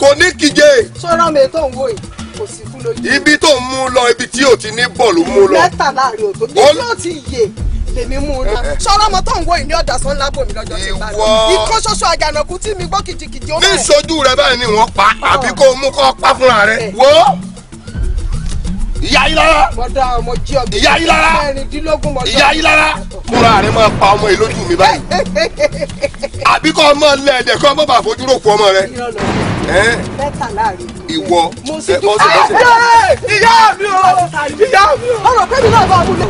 Speaker 1: kò ní kíje. sọ́ra mi tó ń wò yìí kò sí fún lójú. ibi tó ń mú lọ ibi tí ò ti ní bọ̀ mú lọ. mẹ́ta láàrin òtó bí yóò ti yè lèmi mú un náà sọ̀rọ̀ tó ń wo ìní ọ̀dà sọ ńlá bòmí lọ́jọ́ ti bá mi ikán ṣoṣo àjànàkú tí mi gbọ́ kìjìkìjì ó mọ̀. ní ìṣojú
Speaker 2: rẹ báyìí ni wọ́n pa àbí kó o mú kó o pa fúnra rẹ wo ìyá yìí lára
Speaker 1: ìyá yìí lára ìyá yìí lára múra rẹ máa pa ọmọ yìí lójú mi báyìí àbí kọ́ ọmọ lẹ́ẹ̀dẹ̀ kọ́ ọmọ bá fojú rò ọmọ rẹ ìwọ ọsẹ ọsẹ. ìyá mi ìyá mi o ọ̀rọ̀ pẹ́ẹ́ni náà bá wúlò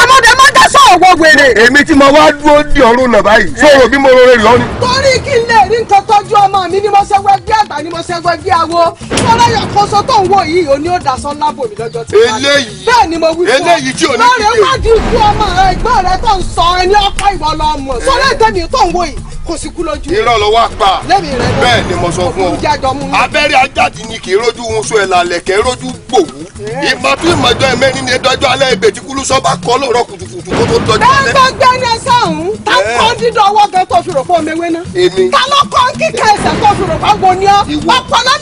Speaker 1: àmọ́dé má dá sọ̀rọ̀ wọ wèrè. èmi tí mo wá dúró di ọ̀run náà báyìí sọ̀rọ̀ bí mo rọrẹ́ lọ ni. torí kí n lè rí nǹkan tọ́jú ọmọ mi ni mo ṣe wẹ́ bí àgbà ni mo ṣe wẹ́ bí awo fọlá yàn kan sọ tó ń wò yìí òní ó dasọ lábò mi lọ́jọ́ tí wọ́n á bẹ́ẹ̀ ni mo wí fún ọ eléyìí tí ò ní kí o. lọ́ọ̀rẹ́ wádìí ikú ọmọ rẹ ẹgbẹ́ rẹ tó ń sọ ẹni ọkọ ìwọ lọ́mọ sọ kò sí kú lójú. irọ́ ló wá pa bẹ́ẹ̀ ni mo sọ fún ọ abẹ́rẹ́ ajáde ni kì í rojú ohun sọ ẹ̀ lálẹ́ kẹ́ rojú gbòwú eh. ìmọ̀ tó ìmọ̀ ọjọ́ ẹ̀mẹ́ ní ní dọ́jọ́ alẹ́ ìbèjì kúlú sọ́ba kọ́ lóòrọ̀ kùtùkùtù kó tó dọ́jọ́ alẹ́. bẹ́ẹ̀ gbẹ́ ní ẹsẹ̀ ọ̀hún tá ń eh. kọ́ dídọ̀ ọwọ́ gan tó fi rò pé omi wéná. èmi ta ló kọ́ kíkẹ́ ẹsẹ̀ tó fi rò pé wo ni ọ́ ọpọlọ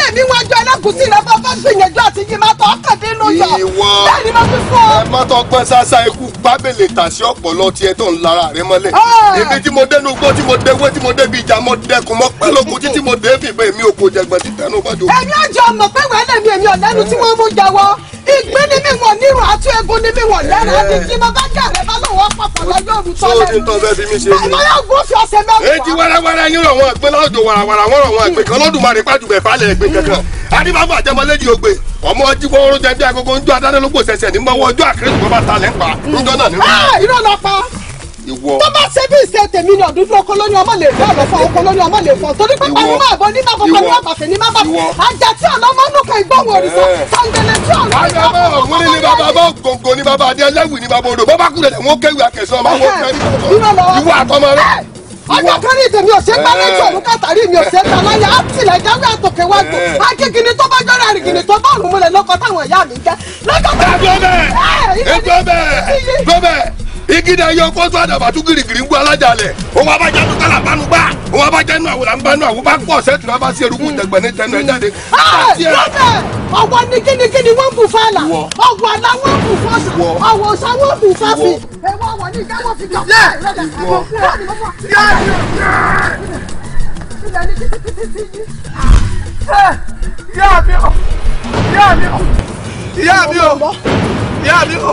Speaker 1: ọjọ́ tí mo débi ìjà mo dẹkùn mo pẹ́ lóko títí mo dé fìbẹ́ èmi ò kò jẹ̀gbọ́n tí tẹnu bá jò. èmi ọjọ́ mọ̀ pé wẹ́lẹ̀ mi èmi ọ̀lẹ́nu tí wọ́n mú jẹ́wọ́ ìgbín
Speaker 2: ni mi wọ̀n nírun àti egun ni mi wọ̀n lẹ́nu àti tí mo bá jà rẹ bá lọ́wọ́ papọ̀ lọ́jọ́ òru tọ́lẹ̀. sóòdì ń tọ́jú ẹbí mi ṣe ni. bàbá yóò gún ọ̀sẹ̀ mẹ́wàá. èjì wẹ́rẹ́wẹ́rẹ́ yín rọ̀ wọ́n ẹgbẹ́ lọ́jọ́ wàràwàrà wọ́n rọ̀ wọ́n ẹgbẹ́
Speaker 1: kan lọ́dúnmarè pàjùbẹ̀ falẹ̀ ẹgbẹ́ kankan. adébábọ̀ àjẹmọ́lẹ́dì ògbè ọmọ ọjí fọwọ́rọ́ jẹ bí agogo ń jó adánilógbò ṣẹ̀ṣẹ̀ ní mọ́wọ́ ọjọ́ àkérésìmọ́ bá ta lẹ́ńpa ń mm. náà nínú. Ah, irọ́ lọ ìwọ.
Speaker 2: tó bá ṣe bí ìṣe tèmi ni ọ̀dún fún ọkọ lóyún ọmọ lè fẹ́ ọ̀rọ̀ fún ọkọ lóyún ọmọ lè fọ́ torí pípa ní máa bọ ní máa ní àbàfẹ́ ní máa bàfẹ́ ajá tí ọ̀nà ọmọ nùkọ̀ ìgbọ̀wọ̀ òrìṣà sàǹdẹ̀lẹ̀ tí ọ̀nà ọmọ ògùn ní bàbá bọ́ gògò ní bàbá adé ẹlẹ́wì ní bàbá odò bọ́bá kúrẹ̀ lẹ̀ wọ́n kéwì àkẹ́sọ́ ọmọ wọn kẹ́rì ọjọ́ kan kàtàrí mi ọ̀sẹ̀ ń á tilẹ̀ jáwé àtòkè wá gbò akíkíní tó bá jọ́rọ̀ àrìgìnì tó bá òrùn múlẹ̀ lọ́kọ̀ táwọn ìyá mi ń jẹ́ ẹ gbọ́ bẹ́ẹ̀ ẹ gbọ́ bẹ́ẹ̀ gbọ́ bẹ́ẹ̀ igi náà yọ kó sọ́dọ̀ bàtú
Speaker 1: girigiri ń gbọ́ alájàlẹ̀ òun abájá tó kálá bánú gbá òun abájá inú àwòrán ń bánú àwòrán bá pọ̀ sẹ́tù náà bá sí eruku tẹ̀gbẹ̀ ní tẹnu ẹ̀ jáde. ọwọ́ ni kínníkínní wọ́n bù fàlà ọwọ́ aláwọ̀ bù fọ́sà ọwọ́ sáwọ́ bù fáfì ẹ̀wọ̀ wọ̀ ní fi ìyá mi o ìyá mi o ìyá mi o ìyá mi o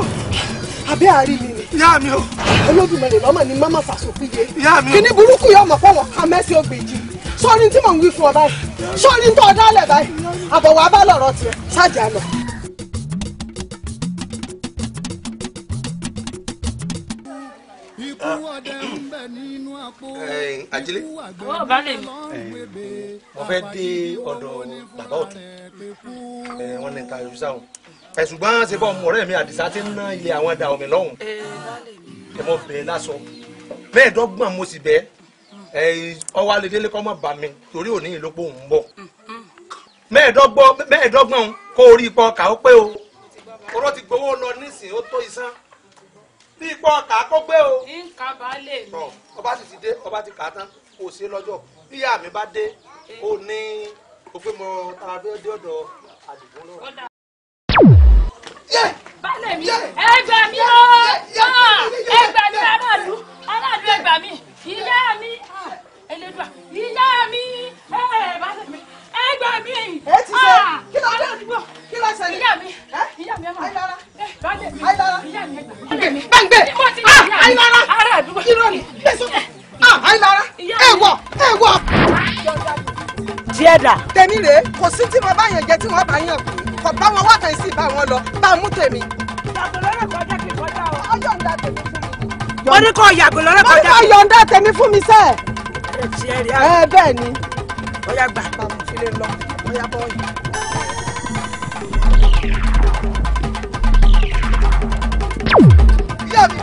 Speaker 1: àbí àárín mi ìyá mi o. olódùmarè lọ́mọ ni mama fàṣọfin yé. ìyá mi o. kíní burúkú yóò mọ̀ fọwọ́ ká mẹ́sì ògbèjì sọ́ọ́ni tí mò ń wí fún ọ báyìí sọ́ọ́ni tó ọ̀dá ọ̀lẹ̀ báyìí àbọ̀wọ̀ abálọ̀rọ̀ tiẹ̀ ṣáàjì àlọ́.
Speaker 2: ajílẹ̀.
Speaker 4: àwọn ọba lè mi.
Speaker 2: mo
Speaker 1: fẹ́ dé ọ̀dọ̀ bàbá ọ̀tún wọ́n ní ta yorùbá wọn. ẹ̀sùgbọ́n ṣe bọ́ ọmọ ọ̀rẹ́ mi àdìsá ti ń ná ilé àwọn da omi lọ́hùn ẹ mọ bẹ̀ẹ́ lásọ bẹ́ẹ̀ dọ́gbọ̀n mo sì bẹ́ ẹ ọwọ́ alẹ́dẹ́lẹ́ kọ́ mọ̀ bà mí torí òní yìí ló pọ̀ ń bọ̀ mẹ́ẹ̀ẹ́dọ́gbọ̀n kó orí ipò ọkà ó pé o oró ti gbowó lọ nísìnyí ó tó isán bí ipò ọkà kó gbé o ọba sì ti dé ọba ti kà á tán kò sí lọ́jọ́ bí ìyá mi bá dé ó ní òfin mọ́ tàbí ọdẹ ọ̀dọ̀ àdìgún náà
Speaker 4: balẹ̀ mi ẹgbẹ́ mi o ẹgbẹ́ mi aráàlú aráàlú ẹgbẹ́ mi ìyá mi ah, Elédùà ìyá mi balẹ̀ mi ẹgbẹ́ ah, mi àdúgbò ìyá mi ìyá mi ẹ̀ma balẹ̀ mi ìyá mi ẹgbẹ́ mi. gbẹ̀ngbẹ̀ Àyìnlára aráàlú irọ́
Speaker 2: ni gbèsè Àyìnlára ẹ̀wọ̀ ẹ̀wọ̀ ti
Speaker 1: ẹ̀ dà. tèmi rèé kò sí tí mo bá yàn jẹ tí wọn bá yàn kù kò bá wọn wá kan sí bá wọn lọ bá mú
Speaker 4: tèmi. yàgò lọ́rọ̀ kọjá kì kọjá o. ó yọ̀ǹda tèmi fún
Speaker 1: mi. mo ní kó yàgò lọ́rọ̀
Speaker 4: kọjá. mo ní kó ẹ bẹ́ẹ̀ ni. ó gbà bá mo yìí.
Speaker 1: ìyá mi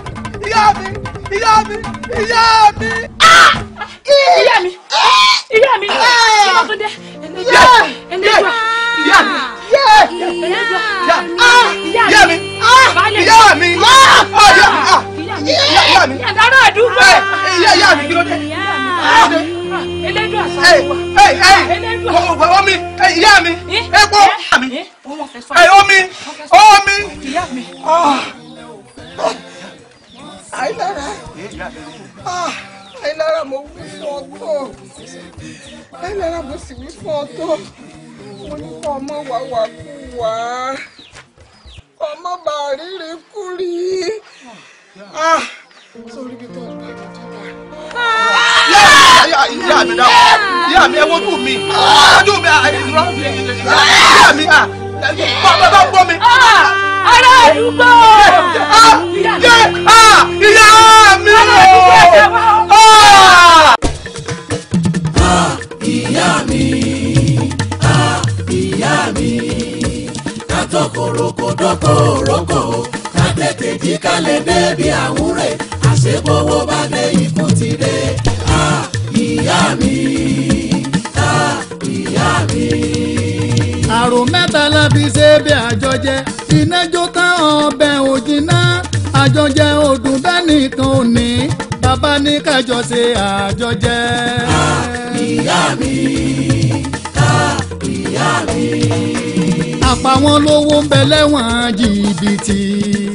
Speaker 1: ìyá mi ìyá mi ìyá mi. ìyá mi ìyá mi ìyá ah! tó dé ẹnẹjọ ẹnẹjọ ìyá mi ẹnẹjọ
Speaker 4: ìyá mi ìyá mi ìyá mi ah! yàtàrà ah! oh, àdúgbò eh, ìyá mi kí ló dé ẹlẹ́dùn àsánwó ẹlẹ́dùn
Speaker 1: àsánwó omi ìyá mi epo omi omi ìyá mi àìlára àìlára mo wí fún ọ tó àìlára mo sì wí fún
Speaker 2: ọ tó mo ní kó ọmọ wà wà kú wá kó ọmọ bá rírí kú rí sórí bí tó yeah. gbé mi jẹ́ báyìí. ìyá mi dáwọ́ ìyá mi ẹ wojú mi wojú mi ìyá mi bàbá bá gbọ́ mi. Ah, ará àdúgbò ah, ah, ìyá mi o. ìyá mi ìyá mi kátọ́kọ̀rọ̀kọ̀ dọ́kọ̀rọ̀kọ̀ ká tètè jí kálẹ̀ débi àwúrẹ̀ àṣepọ̀wọ́ bá dé ikú ti dé ìyá mi ìyá mi àrò mẹ́ta la fi ṣe bí àjọjẹ iná jó tán ọbẹ̀ òjìnà àjọjẹ ọdún bẹ́ẹ̀ nìkan ò ní bàbá ní kájọ ṣe àjọjẹ. ìyá mi ìyá mi. àpàwọn lówó ń bẹ lẹ́wọ̀n
Speaker 5: jìbìtì.